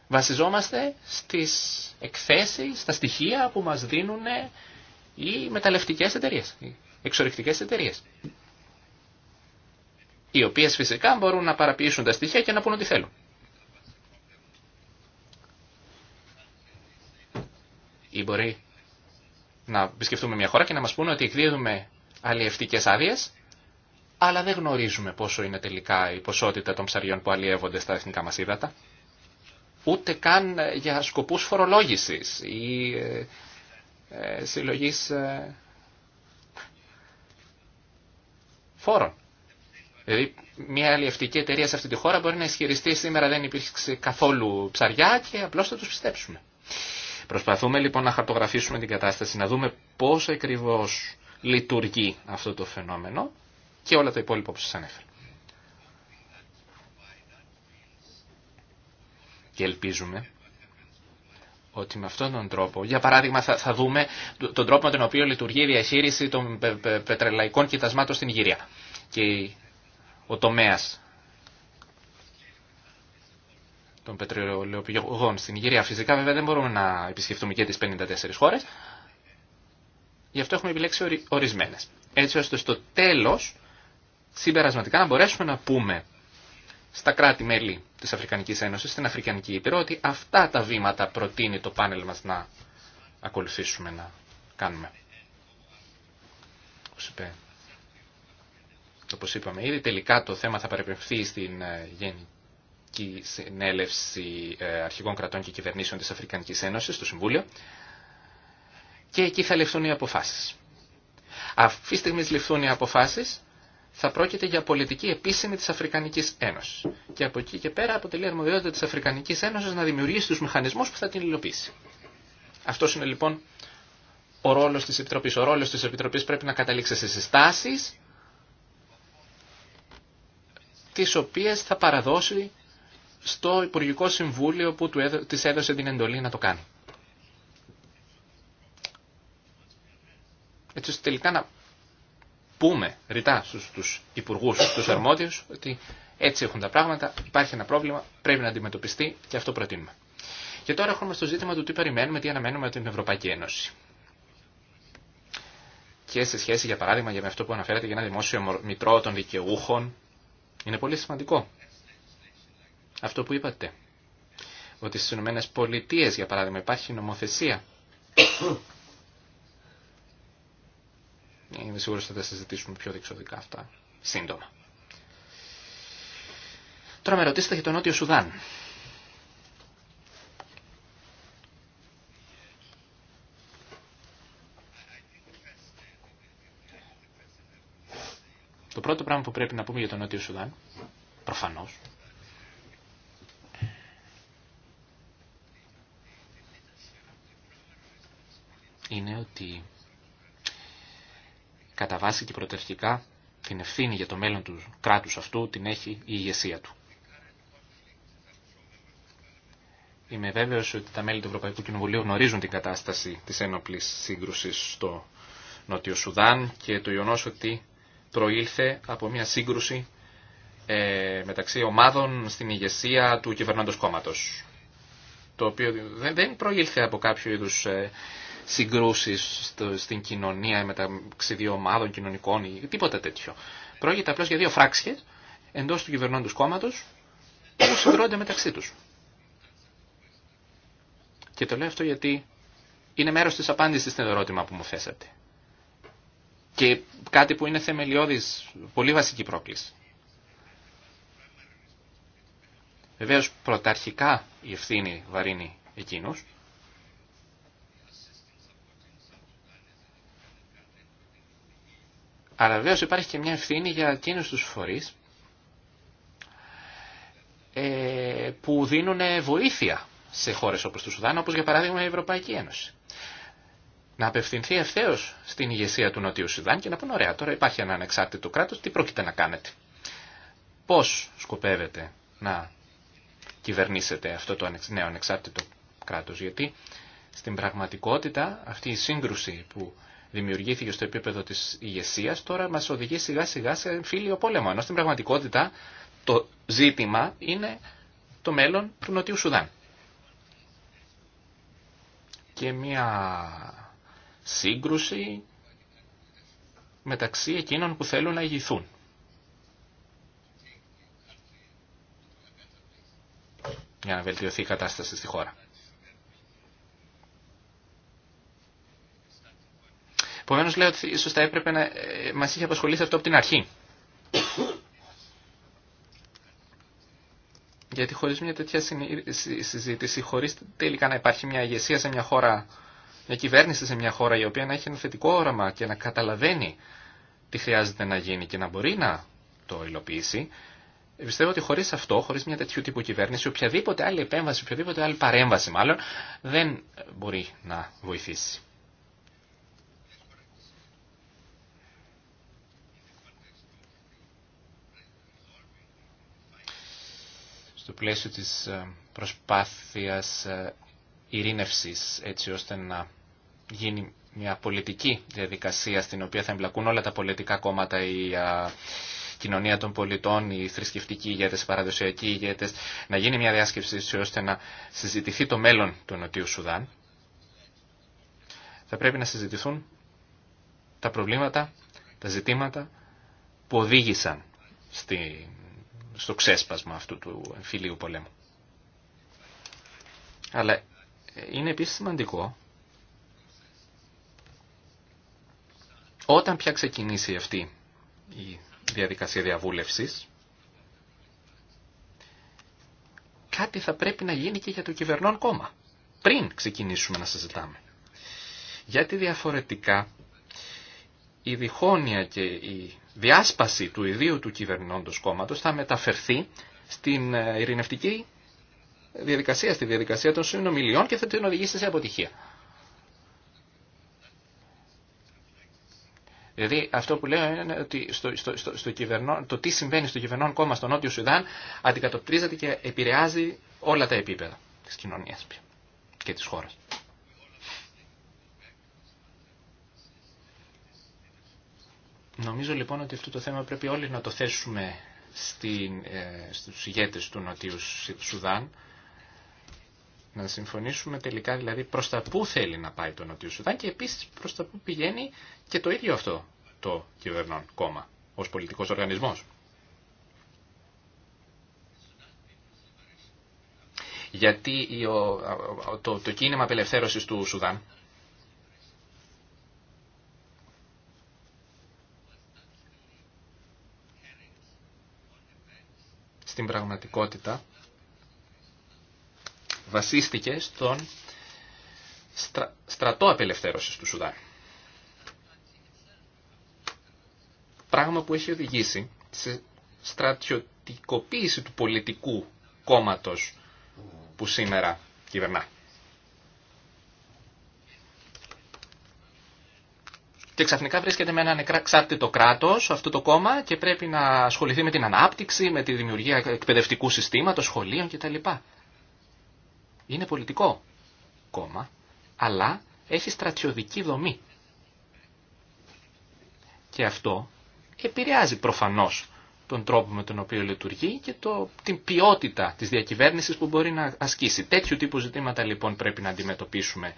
Βασιζόμαστε στις εκθέσεις, στα στοιχεία που μας δίνουν οι μεταλλευτικές εταιρείες, οι εξορυκτικές εταιρείες οι οποίες φυσικά μπορούν να παραποιήσουν τα στοιχεία και να πούν ότι θέλουν. Ή μπορεί να επισκεφτούμε μια χώρα και να μας πούνε ότι εκδίδουμε αλλιευτικές άδειε, αλλά δεν γνωρίζουμε πόσο είναι τελικά η ποσότητα των ψαριών που αλλιεύονται στα εθνικά μας ύδατα, ούτε καν ε, για σκοπούς φορολόγησης ή ε, ε, συλλογής φόρων. Δηλαδή, μια αλληλευτική εταιρεία σε αυτή τη χώρα μπορεί να ισχυριστεί σήμερα δεν υπήρξε καθόλου ψαριά και απλώ θα του πιστέψουμε. Προσπαθούμε λοιπόν να χαρτογραφήσουμε την κατάσταση, να δούμε πώ ακριβώ λειτουργεί αυτό το φαινόμενο και όλα τα υπόλοιπα που σα ανέφερα. Και ελπίζουμε ότι με αυτόν τον τρόπο, για παράδειγμα θα, δούμε τον τρόπο με τον οποίο λειτουργεί η διαχείριση των πετρελαϊκών κοιτασμάτων στην Ιγυρία. Ο τομέας των πετρελαιοπηγών στην Ιγυρία. Φυσικά βέβαια δεν μπορούμε να επισκεφτούμε και τις 54 χώρες. Γι' αυτό έχουμε επιλέξει ορισμένες. Έτσι ώστε στο τέλος, συμπερασματικά, να μπορέσουμε να πούμε στα κράτη-μέλη της Αφρικανικής Ένωσης, στην Αφρικανική Ήπειρο, ότι αυτά τα βήματα προτείνει το πάνελ μας να ακολουθήσουμε, να κάνουμε όπως είπαμε ήδη, τελικά το θέμα θα παρεμπιευθεί στην ε, Γενική Συνέλευση ε, Αρχηγών Κρατών και Κυβερνήσεων της Αφρικανικής Ένωσης, στο Συμβούλιο, και εκεί θα ληφθούν οι αποφάσεις. Αυτή τη στιγμή ληφθούν οι αποφάσεις, θα πρόκειται για πολιτική επίσημη της Αφρικανικής Ένωσης. Και από εκεί και πέρα αποτελεί αρμοδιότητα της Αφρικανικής Ένωσης να δημιουργήσει τους μηχανισμούς που θα την υλοποιήσει. Αυτός είναι λοιπόν ο ρόλος της Επιτροπής. Ο ρόλος της Επιτροπής πρέπει να καταλήξει σε συστάσεις, τις οποίες θα παραδώσει στο Υπουργικό Συμβούλιο που του της έδωσε την εντολή να το κάνει. Έτσι ώστε τελικά να πούμε ρητά στους, στους υπουργούς, στους αρμόδιους, ότι έτσι έχουν τα πράγματα, υπάρχει ένα πρόβλημα, πρέπει να αντιμετωπιστεί και αυτό προτείνουμε. Και τώρα έχουμε στο ζήτημα του τι περιμένουμε, τι αναμένουμε από την Ευρωπαϊκή Ένωση. Και σε σχέση, για παράδειγμα, για με αυτό που αναφέρατε για ένα δημόσιο μητρό των δικαιούχων είναι πολύ σημαντικό αυτό που είπατε. Ότι στι Ηνωμένε Πολιτείε, για παράδειγμα, υπάρχει νομοθεσία. Ε, είμαι σίγουρος ότι θα τα συζητήσουμε πιο διεξοδικά αυτά σύντομα. Τώρα με ρωτήσετε για τον Νότιο Σουδάν. πρώτο πράγμα που πρέπει να πούμε για τον Νότιο Σουδάν, προφανώς, είναι ότι κατά βάση και πρωτερχικά την ευθύνη για το μέλλον του κράτους αυτού την έχει η ηγεσία του. Είμαι βέβαιος ότι τα μέλη του Ευρωπαϊκού Κοινοβουλίου γνωρίζουν την κατάσταση της ένοπλης σύγκρουσης στο Νότιο Σουδάν και το γεγονό ότι προήλθε από μια σύγκρουση ε, μεταξύ ομάδων στην ηγεσία του κυβερνώντος κόμματος. Το οποίο δεν προήλθε από κάποιο είδους ε, συγκρούσεις στην κοινωνία μεταξύ δύο ομάδων κοινωνικών ή τίποτα τέτοιο. Πρόκειται απλώς για δύο φράξεις εντός του κυβερνώντος κόμματος που συγκρούνται μεταξύ τους. Και το λέω αυτό γιατί είναι μέρος της απάντησης στην ερώτημα που μου θέσατε και κάτι που είναι θεμελιώδης, πολύ βασική πρόκληση. Βεβαίω πρωταρχικά η ευθύνη βαρύνει εκείνους. Αλλά βεβαίω υπάρχει και μια ευθύνη για εκείνους τους φορείς ε, που δίνουν βοήθεια σε χώρες όπως το Σουδάν, όπως για παράδειγμα η Ευρωπαϊκή Ένωση να απευθυνθεί ευθέω στην ηγεσία του Νοτιού Σουδάν και να πούνε ωραία, τώρα υπάρχει ένα ανεξάρτητο κράτος, τι πρόκειται να κάνετε. Πώς σκοπεύετε να κυβερνήσετε αυτό το νέο ανεξάρτητο κράτος, γιατί στην πραγματικότητα αυτή η σύγκρουση που δημιουργήθηκε στο επίπεδο της ηγεσία τώρα μας οδηγεί σιγά σιγά σε φίλιο πόλεμο, ενώ στην πραγματικότητα το ζήτημα είναι το μέλλον του Νοτιού Σουδάν. Και μια σύγκρουση μεταξύ εκείνων που θέλουν να ηγηθούν. για να βελτιωθεί η κατάσταση στη χώρα. Επομένω λέω ότι ίσως θα έπρεπε να ε, μας είχε απασχολήσει αυτό από την αρχή. Γιατί χωρίς μια τέτοια συζήτηση, χωρίς τελικά να υπάρχει μια ηγεσία σε μια χώρα μια κυβέρνηση σε μια χώρα η οποία να έχει ένα θετικό όραμα και να καταλαβαίνει τι χρειάζεται να γίνει και να μπορεί να το υλοποιήσει, πιστεύω ότι χωρί αυτό, χωρί μια τέτοιου τύπου κυβέρνηση, οποιαδήποτε άλλη επέμβαση, οποιαδήποτε άλλη παρέμβαση μάλλον, δεν μπορεί να βοηθήσει. Στο πλαίσιο της ε, προσπάθειας ε, ειρήνευσης, έτσι ώστε να γίνει μια πολιτική διαδικασία στην οποία θα εμπλακούν όλα τα πολιτικά κόμματα, η κοινωνία των πολιτών, οι θρησκευτικοί ηγέτες, οι παραδοσιακοί ηγέτες, να γίνει μια διάσκεψη ώστε να συζητηθεί το μέλλον του Νοτιού Σουδάν. Θα πρέπει να συζητηθούν τα προβλήματα, τα ζητήματα που οδήγησαν στη, στο ξέσπασμα αυτού του εμφυλίου πολέμου. Αλλά είναι επίσης σημαντικό Όταν πια ξεκινήσει αυτή η διαδικασία διαβούλευσης, κάτι θα πρέπει να γίνει και για το κυβερνόν κόμμα. Πριν ξεκινήσουμε να συζητάμε. Γιατί διαφορετικά η διχόνοια και η διάσπαση του ιδίου του κυβερνώντος κόμματος θα μεταφερθεί στην ε, ειρηνευτική διαδικασία, στη διαδικασία των συνομιλιών και θα την οδηγήσει σε αποτυχία. Δηλαδή αυτό που λέω είναι ότι στο, το τι συμβαίνει στο κυβερνόν κόμμα στο Νότιο Σουδάν αντικατοπτρίζεται και επηρεάζει όλα τα επίπεδα της κοινωνίας και της χώρας. Νομίζω λοιπόν ότι αυτό το θέμα πρέπει όλοι να το θέσουμε στην, ε, στους ηγέτες του Νοτίου Σουδάν να συμφωνήσουμε τελικά δηλαδή προς τα πού θέλει να πάει το Νότιο Σουδάν και επίση προς τα πού πηγαίνει και το ίδιο αυτό το κυβερνών κόμμα ω πολιτικό οργανισμό. Γιατί το, το κίνημα απελευθέρωσης του Σουδάν στην πραγματικότητα βασίστηκε στον στρατό απελευθέρωσης του Σουδάν. Πράγμα που έχει οδηγήσει σε στρατιωτικοποίηση του πολιτικού κόμματος που σήμερα κυβερνά. Και ξαφνικά βρίσκεται με έναν εξάρτητο κράτο αυτό το κόμμα και πρέπει να ασχοληθεί με την ανάπτυξη, με τη δημιουργία εκπαιδευτικού συστήματο, σχολείων κτλ. Είναι πολιτικό κόμμα, αλλά έχει στρατιωτική δομή. Και αυτό επηρεάζει προφανώς τον τρόπο με τον οποίο λειτουργεί και το, την ποιότητα της διακυβέρνησης που μπορεί να ασκήσει. Τέτοιου τύπου ζητήματα λοιπόν πρέπει να αντιμετωπίσουμε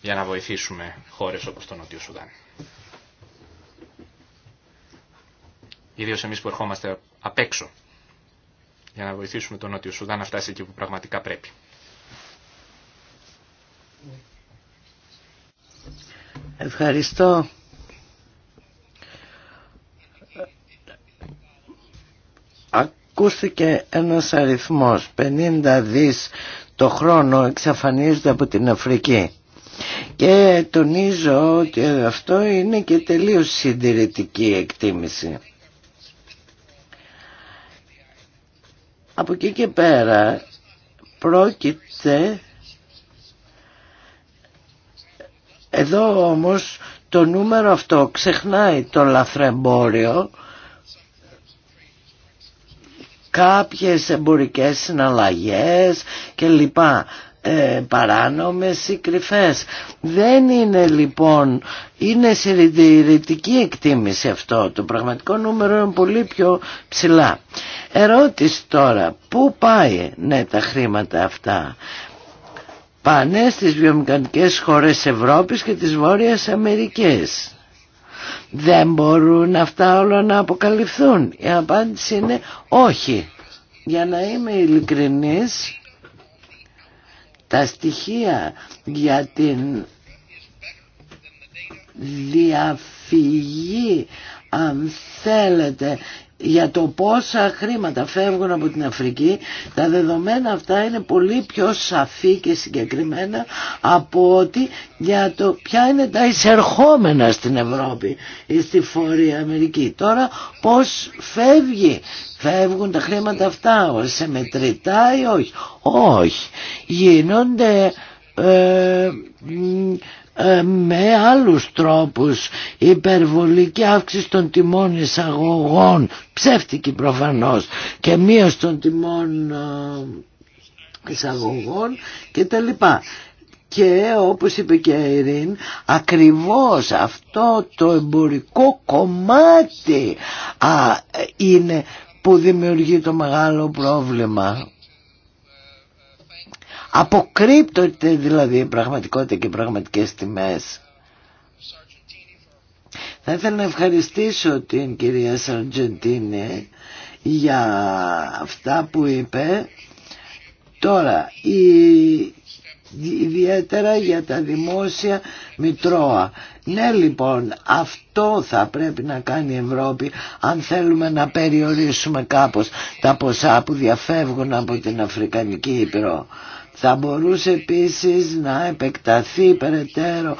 για να βοηθήσουμε χώρες όπως το Νότιο Σουδάν. Ιδίως εμείς που ερχόμαστε απ' έξω για να βοηθήσουμε τον Νότιο Σουδάν να φτάσει εκεί που πραγματικά πρέπει. Ευχαριστώ. Ακούστηκε ένας αριθμός, 50 δις το χρόνο εξαφανίζεται από την Αφρική. Και τονίζω ότι αυτό είναι και τελείως συντηρητική εκτίμηση. Από εκεί και πέρα πρόκειται Εδώ όμως το νούμερο αυτό ξεχνάει το λαθρεμπόριο κάποιες εμπορικές συναλλαγές και λοιπά ε, παράνομες ή Δεν είναι λοιπόν, είναι συντηρητική εκτίμηση αυτό. Το πραγματικό νούμερο είναι πολύ πιο ψηλά. Ερώτηση τώρα, πού πάει ναι, τα χρήματα αυτά πάνε στις βιομηχανικές χώρες Ευρώπης και της Βόρειας Αμερικής. Δεν μπορούν αυτά όλα να αποκαλυφθούν. Η απάντηση είναι όχι. Για να είμαι ειλικρινής, τα στοιχεία για την διαφυγή αν θέλετε για το πόσα χρήματα φεύγουν από την Αφρική. Τα δεδομένα αυτά είναι πολύ πιο σαφή και συγκεκριμένα από ότι για το ποια είναι τα εισερχόμενα στην Ευρώπη ή στη Φορή Αμερική. Τώρα πώς φεύγει φεύγουν τα χρήματα αυτά σε μετρητά ή όχι. Όχι. Γίνονται ε, ε, με άλλους τρόπους υπερβολική αύξηση των τιμών εισαγωγών ψεύτικη προφανώς και μείωση των τιμών ε, εισαγωγών και τα λοιπά. Και όπως είπε και η Ειρήν, ακριβώς αυτό το εμπορικό κομμάτι α, ε, είναι που δημιουργεί το μεγάλο πρόβλημα. Αποκρύπτονται δηλαδή η πραγματικότητα και πραγματικές τιμές. Θα ήθελα να ευχαριστήσω την κυρία Σαρτζεντίνη για αυτά που είπε. Τώρα, η, ιδιαίτερα για τα δημόσια μητρώα. Ναι λοιπόν, αυτό θα πρέπει να κάνει η Ευρώπη αν θέλουμε να περιορίσουμε κάπως τα ποσά που διαφεύγουν από την Αφρικανική Ήπειρο. Θα μπορούσε επίσης να επεκταθεί περαιτέρω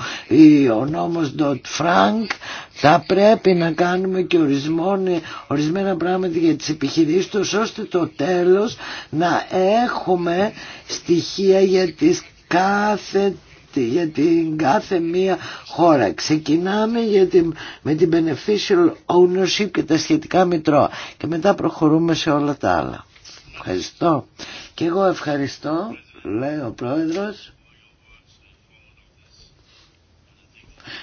ο νόμος Ντοτ Frank. Θα πρέπει να κάνουμε και ορισμόνε, ορισμένα πράγματα για τις επιχειρήσεις του ώστε το τέλος να έχουμε στοιχεία για την κάθε μία χώρα. Ξεκινάμε για την, με την beneficial ownership και τα σχετικά μητρώα και μετά προχωρούμε σε όλα τα άλλα. Ευχαριστώ. Και εγώ ευχαριστώ λέει ο πρόεδρος.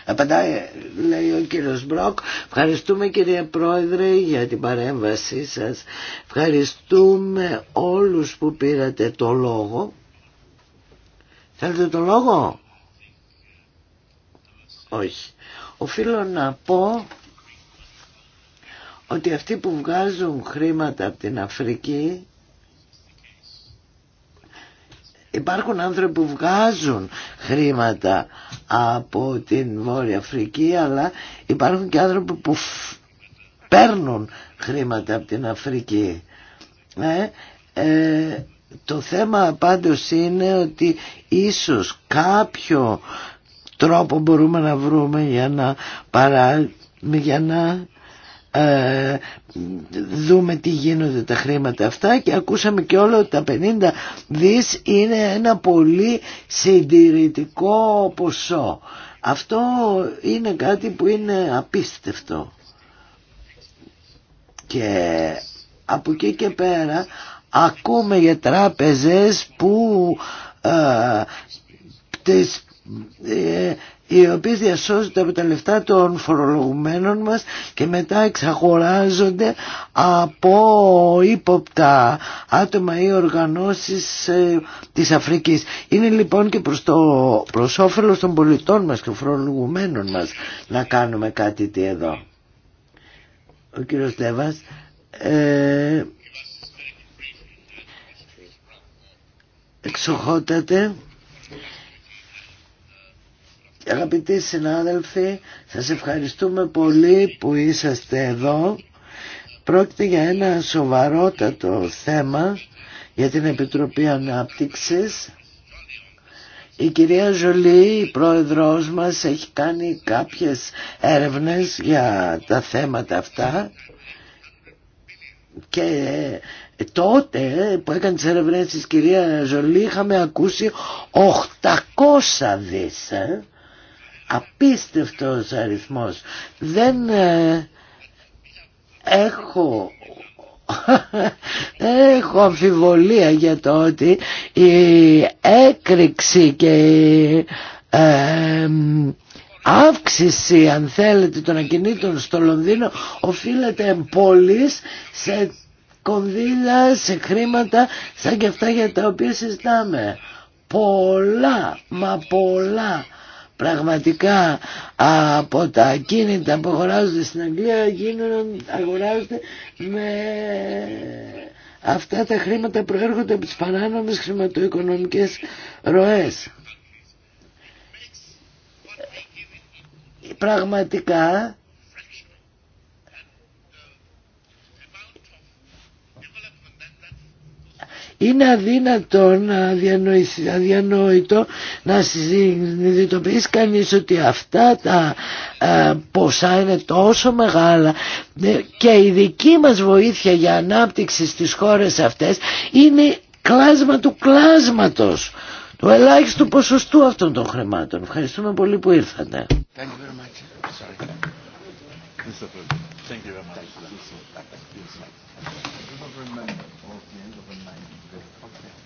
Απαντάει, λέει ο κύριος Μπροκ, ευχαριστούμε κύριε Πρόεδρε για την παρέμβασή σας. Ευχαριστούμε όλους που πήρατε το λόγο. Θέλετε το λόγο? Όχι. Οφείλω να πω ότι αυτοί που βγάζουν χρήματα από την Αφρική Υπάρχουν άνθρωποι που βγάζουν χρήματα από την Βόρεια Αφρική αλλά υπάρχουν και άνθρωποι που παίρνουν χρήματα από την Αφρική. Ε, ε, το θέμα πάντως είναι ότι ίσως κάποιο τρόπο μπορούμε να βρούμε για να, παρά, για να ε, δούμε τι γίνονται τα χρήματα αυτά και ακούσαμε και όλο ότι τα 50 δις είναι ένα πολύ συντηρητικό ποσό. Αυτό είναι κάτι που είναι απίστευτο. Και από εκεί και πέρα ακούμε για τράπεζες που ε, τις ε, οι οποίες διασώζονται από τα λεφτά των φορολογουμένων μας και μετά εξαγοράζονται από ύποπτα άτομα ή οργανώσεις ε, της Αφρικής. Είναι λοιπόν και προς, το, προς όφελος των πολιτών μας και των φορολογουμένων μας να κάνουμε κάτι τι εδώ. Ο κύριος Λέβας... Ε, εξοχότατε Αγαπητοί συνάδελφοι, σας ευχαριστούμε πολύ που είσαστε εδώ. Πρόκειται για ένα σοβαρότατο θέμα για την Επιτροπή Ανάπτυξης. Η κυρία Ζολή, η πρόεδρός μας, έχει κάνει κάποιες έρευνες για τα θέματα αυτά και τότε που έκανε τις έρευνες της κυρία Ζολή είχαμε ακούσει 800 δις ε απίστευτος αριθμός. Δεν ε, έχω έχω αμφιβολία για το ότι η έκρηξη και η ε, αύξηση αν θέλετε των ακινήτων στο Λονδίνο οφείλεται πόλης σε κονδύλια, σε χρήματα σαν και αυτά για τα οποία συζητάμε. Πολλά, μα πολλά πραγματικά από τα κίνητα που αγοράζονται στην Αγγλία γίνουν, αγοράζονται με αυτά τα χρήματα προέρχονται από τις παράνομες χρηματοοικονομικές ροές. Πραγματικά Είναι αδύνατο να αδιανοητό να συνειδητοποιήσει κανείς ότι αυτά τα ε, ποσά είναι τόσο μεγάλα ε, και η δική μας βοήθεια για ανάπτυξη στις χώρες αυτές είναι κλάσμα του κλάσματος του ελάχιστου ποσοστού αυτών των χρημάτων. Ευχαριστούμε πολύ που ήρθατε. I do not remember all the end of the night.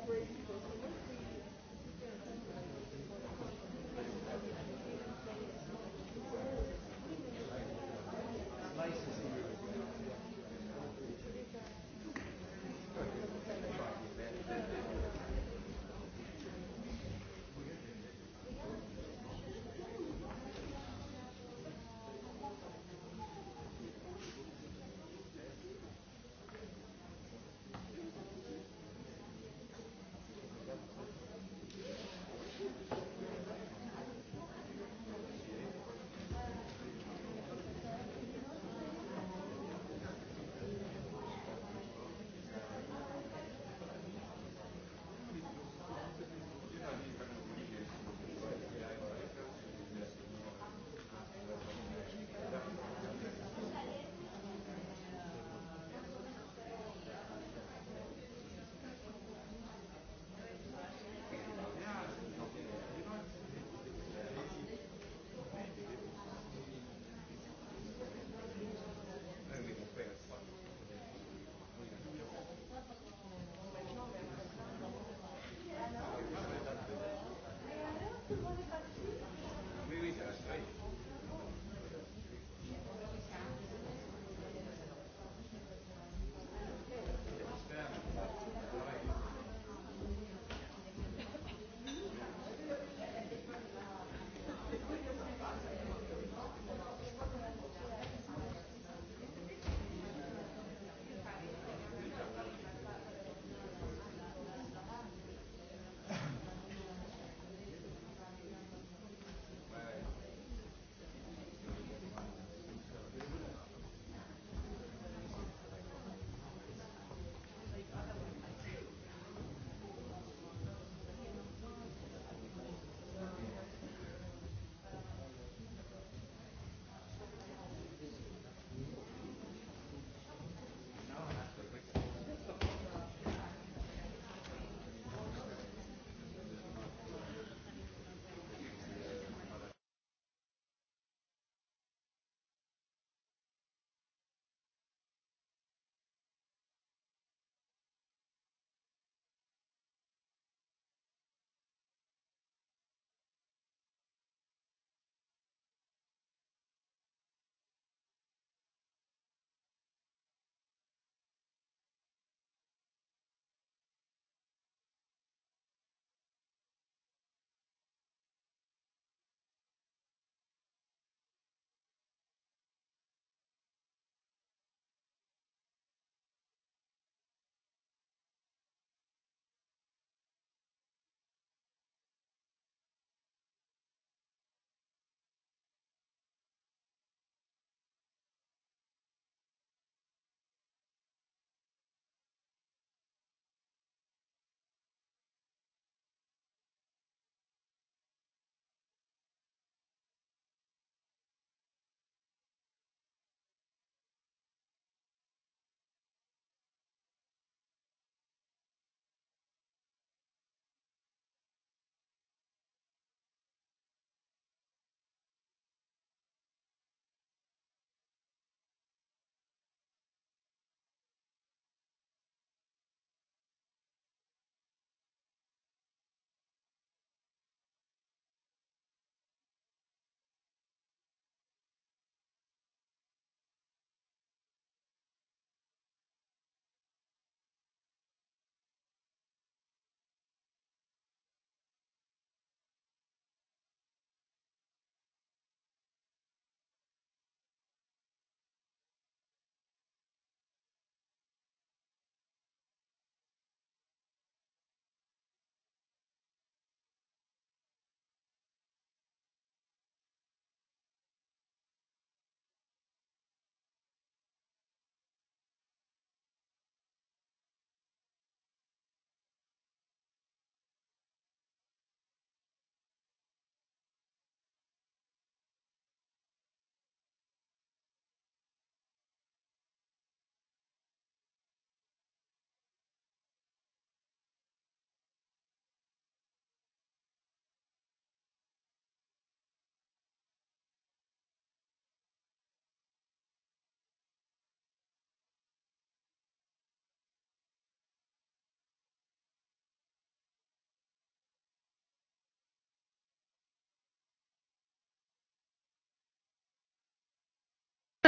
Υπότιτλοι AUTHORWAVE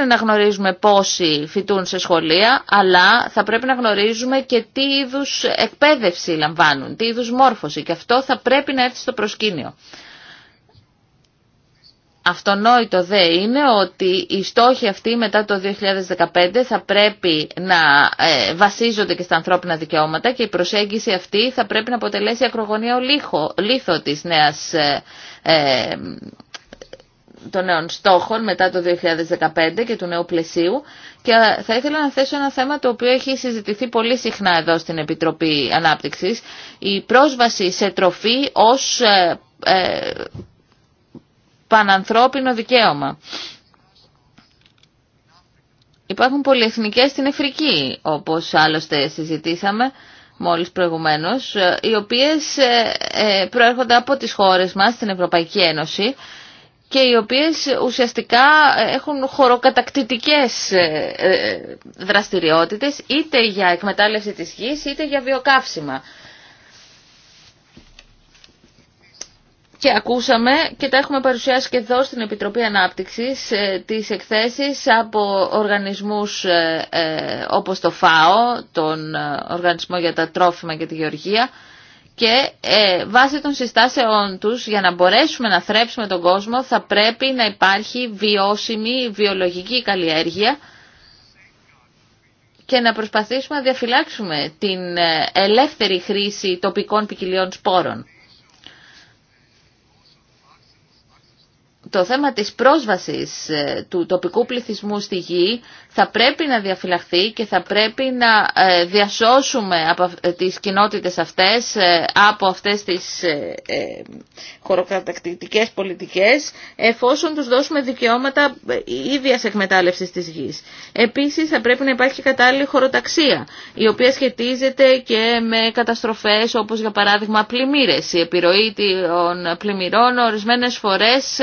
να γνωρίζουμε πόσοι φοιτούν σε σχολεία, αλλά θα πρέπει να γνωρίζουμε και τι είδους εκπαίδευση λαμβάνουν, τι είδους μόρφωση και αυτό θα πρέπει να έρθει στο προσκήνιο. Αυτονόητο δε είναι ότι οι στόχοι αυτοί μετά το 2015 θα πρέπει να ε, βασίζονται και στα ανθρώπινα δικαιώματα και η προσέγγιση αυτή θα πρέπει να αποτελέσει ακρογωνία λίθο της νέας ε, ε, των νέων στόχων μετά το 2015 και του νέου πλαισίου και θα ήθελα να θέσω ένα θέμα το οποίο έχει συζητηθεί πολύ συχνά εδώ στην Επιτροπή Ανάπτυξης η πρόσβαση σε τροφή ως ε, ε, πανανθρώπινο δικαίωμα. Υπάρχουν πολυεθνικές στην Αφρική όπως άλλωστε συζητήσαμε μόλις προηγουμένως ε, οι οποίες ε, ε, προέρχονται από τις χώρες μας στην Ευρωπαϊκή Ένωση και οι οποίες ουσιαστικά ε, έχουν χωροκατακτητικές ε, ε, δραστηριότητες είτε για εκμετάλλευση της γης είτε για βιοκαύσιμα. Και ακούσαμε και τα έχουμε παρουσιάσει και εδώ στην Επιτροπή Ανάπτυξης τις εκθέσεις από οργανισμούς όπως το ΦΑΟ, τον Οργανισμό για τα Τρόφιμα και τη Γεωργία, και ε, βάσει των συστάσεών τους για να μπορέσουμε να θρέψουμε τον κόσμο θα πρέπει να υπάρχει βιώσιμη βιολογική καλλιέργεια και να προσπαθήσουμε να διαφυλάξουμε την ε, ελεύθερη χρήση τοπικών ποικιλιών σπόρων. το θέμα της πρόσβασης ε, του τοπικού πληθυσμού στη γη θα πρέπει να διαφυλαχθεί και θα πρέπει να ε, διασώσουμε από ε, τις κοινότητες αυτές από αυτές τις χωροκατακτητικές πολιτικές εφόσον τους δώσουμε δικαιώματα ίδιας εκμετάλλευσης της γης. Επίσης θα πρέπει να υπάρχει κατάλληλη χωροταξία η οποία σχετίζεται και με καταστροφές όπως για παράδειγμα πλημμύρες. Η επιρροή των πλημμυρών ορισμένες φορές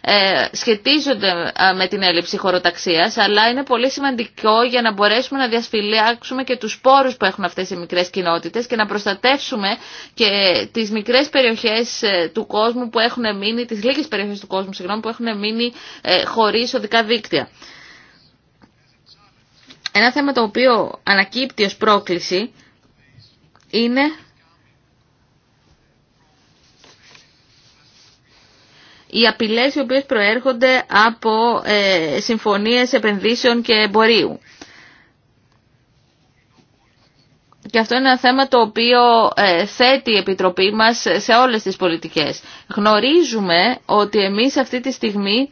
ε, σχετίζονται ε, με την έλλειψη χωροταξίας, αλλά είναι πολύ σημαντικό για να μπορέσουμε να διασφυλάξουμε και τους πόρους που έχουν αυτές οι μικρές κοινότητες και να προστατεύσουμε και τις μικρές περιοχές ε, του κόσμου που έχουν μείνει, τις λίγες περιοχές του κόσμου, συγγνώμη, που έχουν μείνει χωρίς οδικά δίκτυα. Ένα θέμα το οποίο ανακύπτει ως πρόκληση είναι οι απειλές οι οποίες προέρχονται από ε, συμφωνίες επενδύσεων και εμπορίου. Και αυτό είναι ένα θέμα το οποίο ε, θέτει η Επιτροπή μας σε όλες τις πολιτικές. Γνωρίζουμε ότι εμείς αυτή τη στιγμή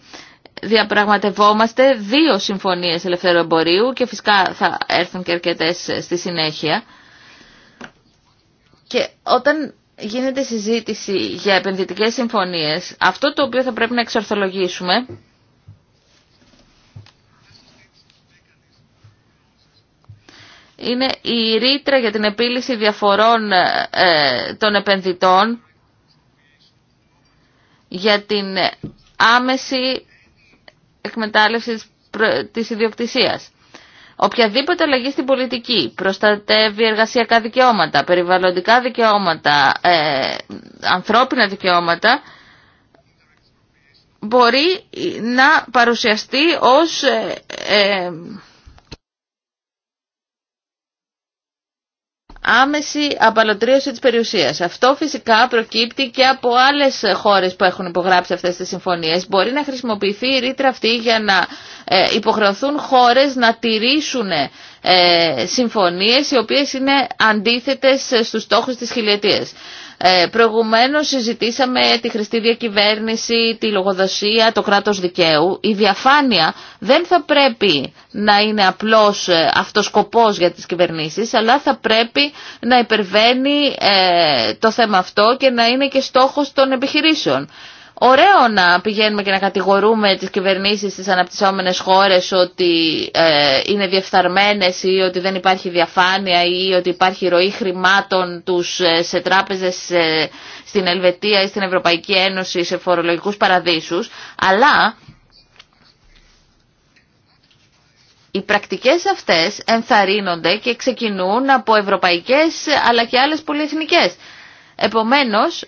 διαπραγματευόμαστε δύο συμφωνίες ελευθερου εμπορίου και φυσικά θα έρθουν και αρκετές στη συνέχεια. Και όταν γίνεται συζήτηση για επενδυτικές συμφωνίες, αυτό το οποίο θα πρέπει να εξορθολογήσουμε είναι η ρήτρα για την επίλυση διαφορών ε, των επενδυτών για την άμεση εκμετάλλευση της ιδιοκτησίας. Οποιαδήποτε αλλαγή στην πολιτική προστατεύει εργασιακά δικαιώματα, περιβαλλοντικά δικαιώματα, ε, ανθρώπινα δικαιώματα, μπορεί να παρουσιαστεί ως ε, ε, άμεση απαλωτρίωση της περιουσίας. Αυτό φυσικά προκύπτει και από άλλες χώρες που έχουν υπογράψει αυτές τις συμφωνίες. Μπορεί να χρησιμοποιηθεί η ρήτρα αυτή για να ε, υποχρεωθούν χώρες να τηρήσουν ε, συμφωνίες οι οποίες είναι αντίθετες στους στόχους της χιλιετίας. Ε, προηγουμένως συζητήσαμε τη χρηστή διακυβέρνηση, τη λογοδοσία, το κράτος δικαίου. Η διαφάνεια δεν θα πρέπει να είναι απλώς ε, αυτός σκοπός για τις κυβερνήσεις, αλλά θα πρέπει να υπερβαίνει ε, το θέμα αυτό και να είναι και στόχος των επιχειρήσεων. Ωραίο να πηγαίνουμε και να κατηγορούμε τις κυβερνήσεις στις αναπτυσσόμενες χώρες ότι ε, είναι διεφθαρμένες ή ότι δεν υπάρχει διαφάνεια ή ότι υπάρχει ροή χρημάτων τους ε, σε τράπεζες ε, στην Ελβετία ή στην Ευρωπαϊκή Ένωση σε φορολογικούς παραδείσους, αλλά οι πρακτικές αυτές ενθαρρύνονται και ξεκινούν από ευρωπαϊκές αλλά και άλλες πολυεθνικές. Επομένως,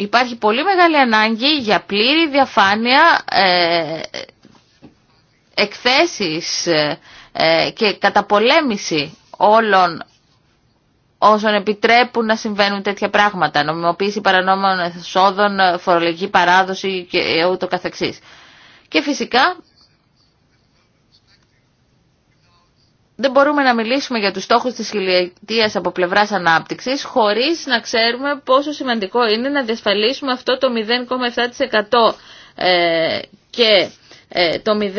Υπάρχει πολύ μεγάλη ανάγκη για πλήρη διαφάνεια ε, εκθέσεις ε, ε, και καταπολέμηση όλων όσων επιτρέπουν να συμβαίνουν τέτοια πράγματα, νομιμοποίηση παρανόμων εσόδων, φορολογική παράδοση και ούτω καθεξής. Και φυσικά δεν μπορούμε να μιλήσουμε για τους στόχους της χιλιετίας από πλευράς ανάπτυξης χωρίς να ξέρουμε πόσο σημαντικό είναι να διασφαλίσουμε αυτό το 0,7% ε, και ε, το 0,15%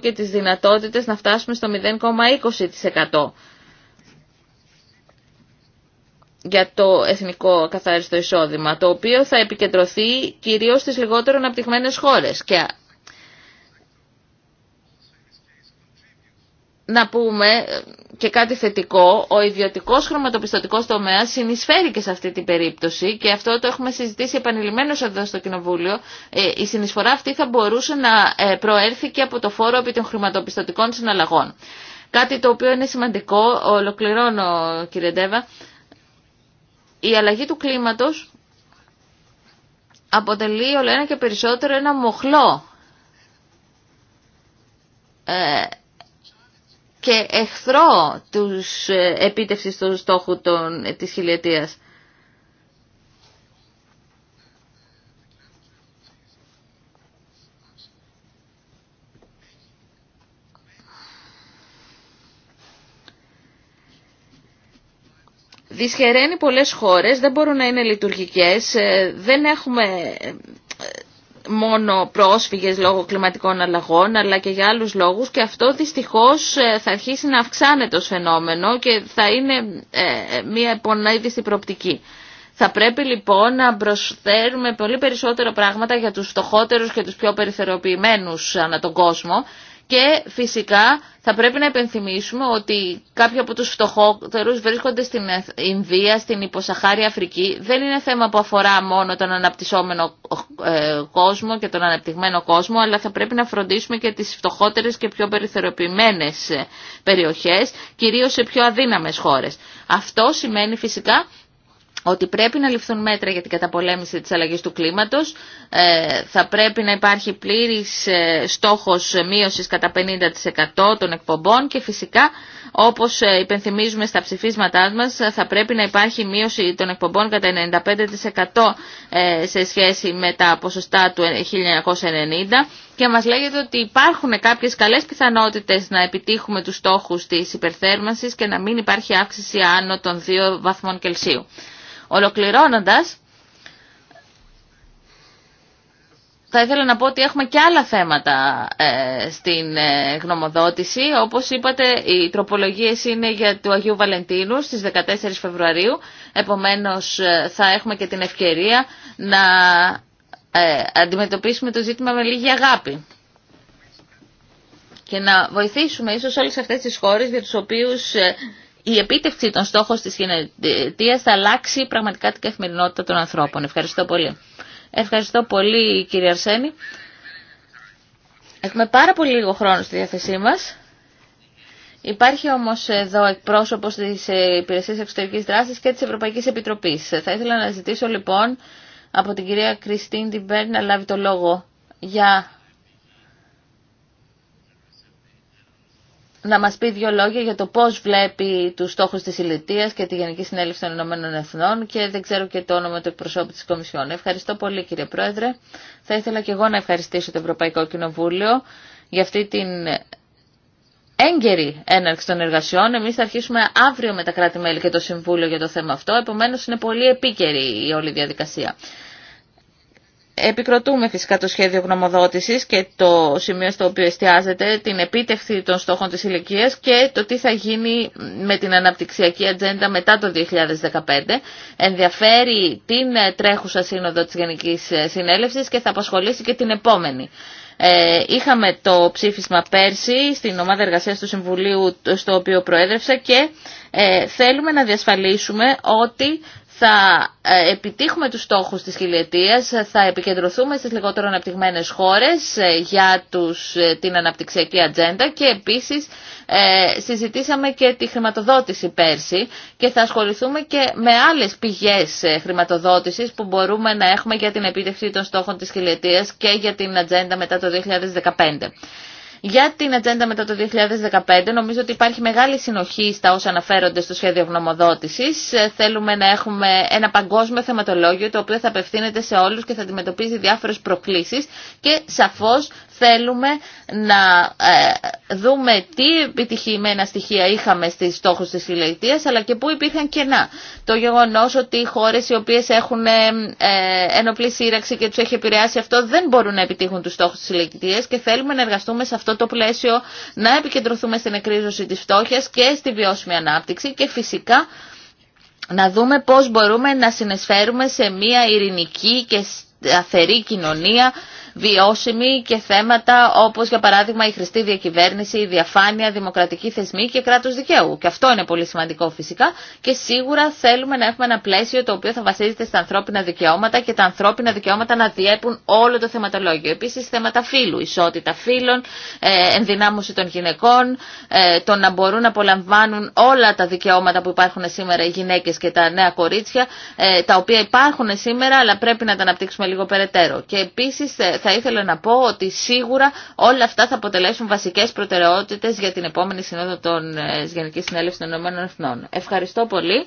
και τις δυνατότητες να φτάσουμε στο 0,20% για το εθνικό καθάριστο εισόδημα, το οποίο θα επικεντρωθεί κυρίως στις λιγότερο αναπτυγμένες χώρες. να πούμε ε, και κάτι θετικό, ο ιδιωτικός χρηματοπιστωτικός τομέας συνεισφέρει και σε αυτή την περίπτωση και αυτό το έχουμε συζητήσει επανειλημμένως εδώ στο Κοινοβούλιο. Ε, η συνεισφορά αυτή θα μπορούσε να ε, προέρθει και από το φόρο επί των χρηματοπιστωτικών συναλλαγών. Κάτι το οποίο είναι σημαντικό, ολοκληρώνω κύριε Ντέβα, η αλλαγή του κλίματος αποτελεί όλο ένα και περισσότερο ένα μοχλό και εχθρό τους ε, επίτευξης του στόχου των, ε, της χιλιετίας. Δυσχεραίνει πολλές χώρες, δεν μπορούν να είναι λειτουργικές, ε, δεν έχουμε μόνο πρόσφυγες λόγω κλιματικών αλλαγών αλλά και για άλλους λόγους και αυτό δυστυχώς ε, θα αρχίσει να αυξάνεται ως φαινόμενο και θα είναι ε, ε, μια επονίδιστη προοπτική. Θα πρέπει λοιπόν να προσφέρουμε πολύ περισσότερο πράγματα για τους φτωχότερους και τους πιο περιθεροποιημένου ανά τον κόσμο και φυσικά θα πρέπει να επενθυμίσουμε ότι κάποιοι από τους φτωχότερους βρίσκονται στην Ινδία, στην υποσαχάρια Αφρική. Δεν είναι θέμα που αφορά μόνο τον αναπτυσσόμενο ε, κόσμο και τον αναπτυγμένο κόσμο, αλλά θα πρέπει να φροντίσουμε και τις φτωχότερες και πιο περιθωριοποιημένες περιοχές, κυρίως σε πιο αδύναμες χώρες. Αυτό σημαίνει φυσικά ότι πρέπει να ληφθούν μέτρα για την καταπολέμηση της αλλαγής του κλίματος, ε, θα πρέπει να υπάρχει πλήρης ε, στόχος μείωσης κατά 50% των εκπομπών και φυσικά όπως ε, υπενθυμίζουμε στα ψηφίσματά μας θα πρέπει να υπάρχει μείωση των εκπομπών κατά 95% σε σχέση με τα ποσοστά του 1990 και μας λέγεται ότι υπάρχουν κάποιες καλές πιθανότητες να επιτύχουμε τους στόχους της υπερθέρμανσης και να μην υπάρχει αύξηση άνω των 2 βαθμών Κελσίου. Ολοκληρώνοντας, θα ήθελα να πω ότι έχουμε και άλλα θέματα ε, στην ε, γνωμοδότηση. Όπως είπατε, οι τροπολογίες είναι για του Αγίου Βαλεντίνου στις 14 Φεβρουαρίου. Επομένως, ε, θα έχουμε και την ευκαιρία να αντιμετωπίσουμε το ζήτημα με λίγη αγάπη και να βοηθήσουμε ίσως όλες αυτές τις χώρες για τους οποίους η επίτευξη των στόχων της γενετίας θα αλλάξει πραγματικά την καθημερινότητα των ανθρώπων. Ευχαριστώ πολύ. Ευχαριστώ πολύ κύριε Αρσένη. Έχουμε πάρα πολύ λίγο χρόνο στη διάθεσή μας. Υπάρχει όμως εδώ εκπρόσωπος της Υπηρεσίας Εξωτερικής Δράσης και της Ευρωπαϊκής Επιτροπής. Θα ήθελα να ζητήσω λοιπόν από την κυρία Κριστίν Τιμπέρ να λάβει το λόγο για να μας πει δύο λόγια για το πώς βλέπει τους στόχους της ηλικίας και τη Γενική Συνέλευση των Ηνωμένων Εθνών και δεν ξέρω και το όνομα του εκπροσώπου της Κομισιόν. Ευχαριστώ πολύ κύριε Πρόεδρε. Θα ήθελα και εγώ να ευχαριστήσω το Ευρωπαϊκό Κοινοβούλιο για αυτή την έγκαιρη έναρξη των εργασιών. Εμεί θα αρχίσουμε αύριο με τα κράτη-μέλη και το Συμβούλιο για το θέμα αυτό. Επομένως είναι πολύ επίκαιρη η όλη διαδικασία. Επικροτούμε φυσικά το σχέδιο γνωμοδότησης και το σημείο στο οποίο εστιάζεται την επίτευξη των στόχων της ηλικία και το τι θα γίνει με την αναπτυξιακή ατζέντα μετά το 2015. Ενδιαφέρει την τρέχουσα σύνοδο της Γενικής Συνέλευσης και θα απασχολήσει και την επόμενη. Ε, είχαμε το ψήφισμα πέρσι στην ομάδα εργασίας του Συμβουλίου στο οποίο προέδρευσα και ε, θέλουμε να διασφαλίσουμε ότι θα ε, επιτύχουμε τους στόχους της χιλιετίας, θα επικεντρωθούμε στις λιγότερο αναπτυγμένες χώρες ε, για τους, ε, την αναπτυξιακή ατζέντα και επίσης συζητήσαμε και τη χρηματοδότηση πέρσι και θα ασχοληθούμε και με άλλες πηγές χρηματοδότησης που μπορούμε να έχουμε για την επίτευξη των στόχων της χιλιετίας και για την ατζέντα μετά το 2015. Για την ατζέντα μετά το 2015 νομίζω ότι υπάρχει μεγάλη συνοχή στα όσα αναφέρονται στο σχέδιο γνωμοδότησης. Ε, θέλουμε να έχουμε ένα παγκόσμιο θεματολόγιο το οποίο θα απευθύνεται σε όλους και θα αντιμετωπίζει διάφορες προκλήσεις και σαφώς θέλουμε να ε, δούμε τι επιτυχημένα στοιχεία είχαμε στις στόχους της χιλιετίας αλλά και πού υπήρχαν κενά. Το γεγονός ότι οι χώρες οι οποίες έχουν ε, ε, ενοπλή σύραξη και τους έχει επηρεάσει αυτό δεν μπορούν να επιτύχουν τους στόχους της χιλιετίας και θέλουμε να εργαστούμε σε αυτό το πλαίσιο να επικεντρωθούμε στην εκρίζωση της φτώχειας και στη βιώσιμη ανάπτυξη και φυσικά να δούμε πώς μπορούμε να συνεισφέρουμε σε μια ειρηνική και σταθερή κοινωνία βιώσιμη και θέματα όπως για παράδειγμα η χρηστή διακυβέρνηση, η διαφάνεια, δημοκρατική θεσμή και κράτος δικαίου. Και αυτό είναι πολύ σημαντικό φυσικά και σίγουρα θέλουμε να έχουμε ένα πλαίσιο το οποίο θα βασίζεται στα ανθρώπινα δικαιώματα και τα ανθρώπινα δικαιώματα να διέπουν όλο το θεματολόγιο. Επίσης θέματα φύλου, ισότητα φύλων, ε, ενδυνάμωση των γυναικών, ε, το να μπορούν να απολαμβάνουν όλα τα δικαιώματα που υπάρχουν σήμερα οι γυναίκες και τα νέα κορίτσια, ε, τα οποία υπάρχουν σήμερα αλλά πρέπει να τα αναπτύξουμε λίγο περαιτέρω. Και επίσης θα ήθελα να πω ότι σίγουρα όλα αυτά θα αποτελέσουν βασικές προτεραιότητες για την επόμενη συνόδο των ε, Γενικής Συνέλευσης των Ηνωμένων Εθνών. Ευχαριστώ πολύ.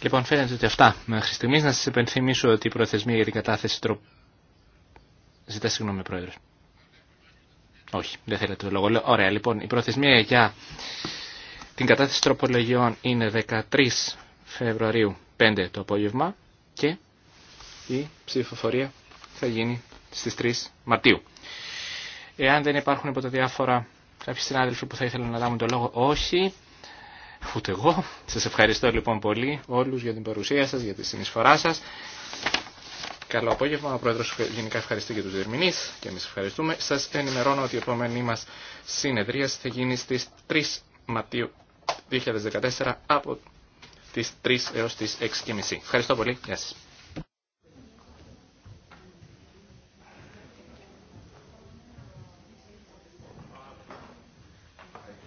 Λοιπόν, φαίνεται ότι αυτά μέχρι στιγμή να σα υπενθυμίσω ότι η προθεσμία για την κατάθεση τρόπου... Ζητά συγγνώμη, Πρόεδρος. Όχι, δεν θέλετε το λόγο. Ωραία, λοιπόν, η προθεσμία για την κατάθεση τροπολογιών είναι 13 Φεβρουαρίου 5 το απόγευμα και η ψηφοφορία θα γίνει στις 3 Μαρτίου. Εάν δεν υπάρχουν από τα διάφορα κάποιοι συνάδελφοι που θα ήθελαν να λάβουν το λόγο, όχι, ούτε εγώ. Σας ευχαριστώ λοιπόν πολύ όλους για την παρουσία σας, για τη συνεισφορά σας. Καλό απόγευμα. Ο Πρόεδρος γενικά ευχαριστεί και τους διερμηνείς και εμείς ευχαριστούμε. Σας ενημερώνω ότι η επόμενή μας συνεδρία θα γίνει στις 3 Μαρτίου 2014 από τις 3 έως τις 6.30. Ευχαριστώ πολύ. Γεια σας.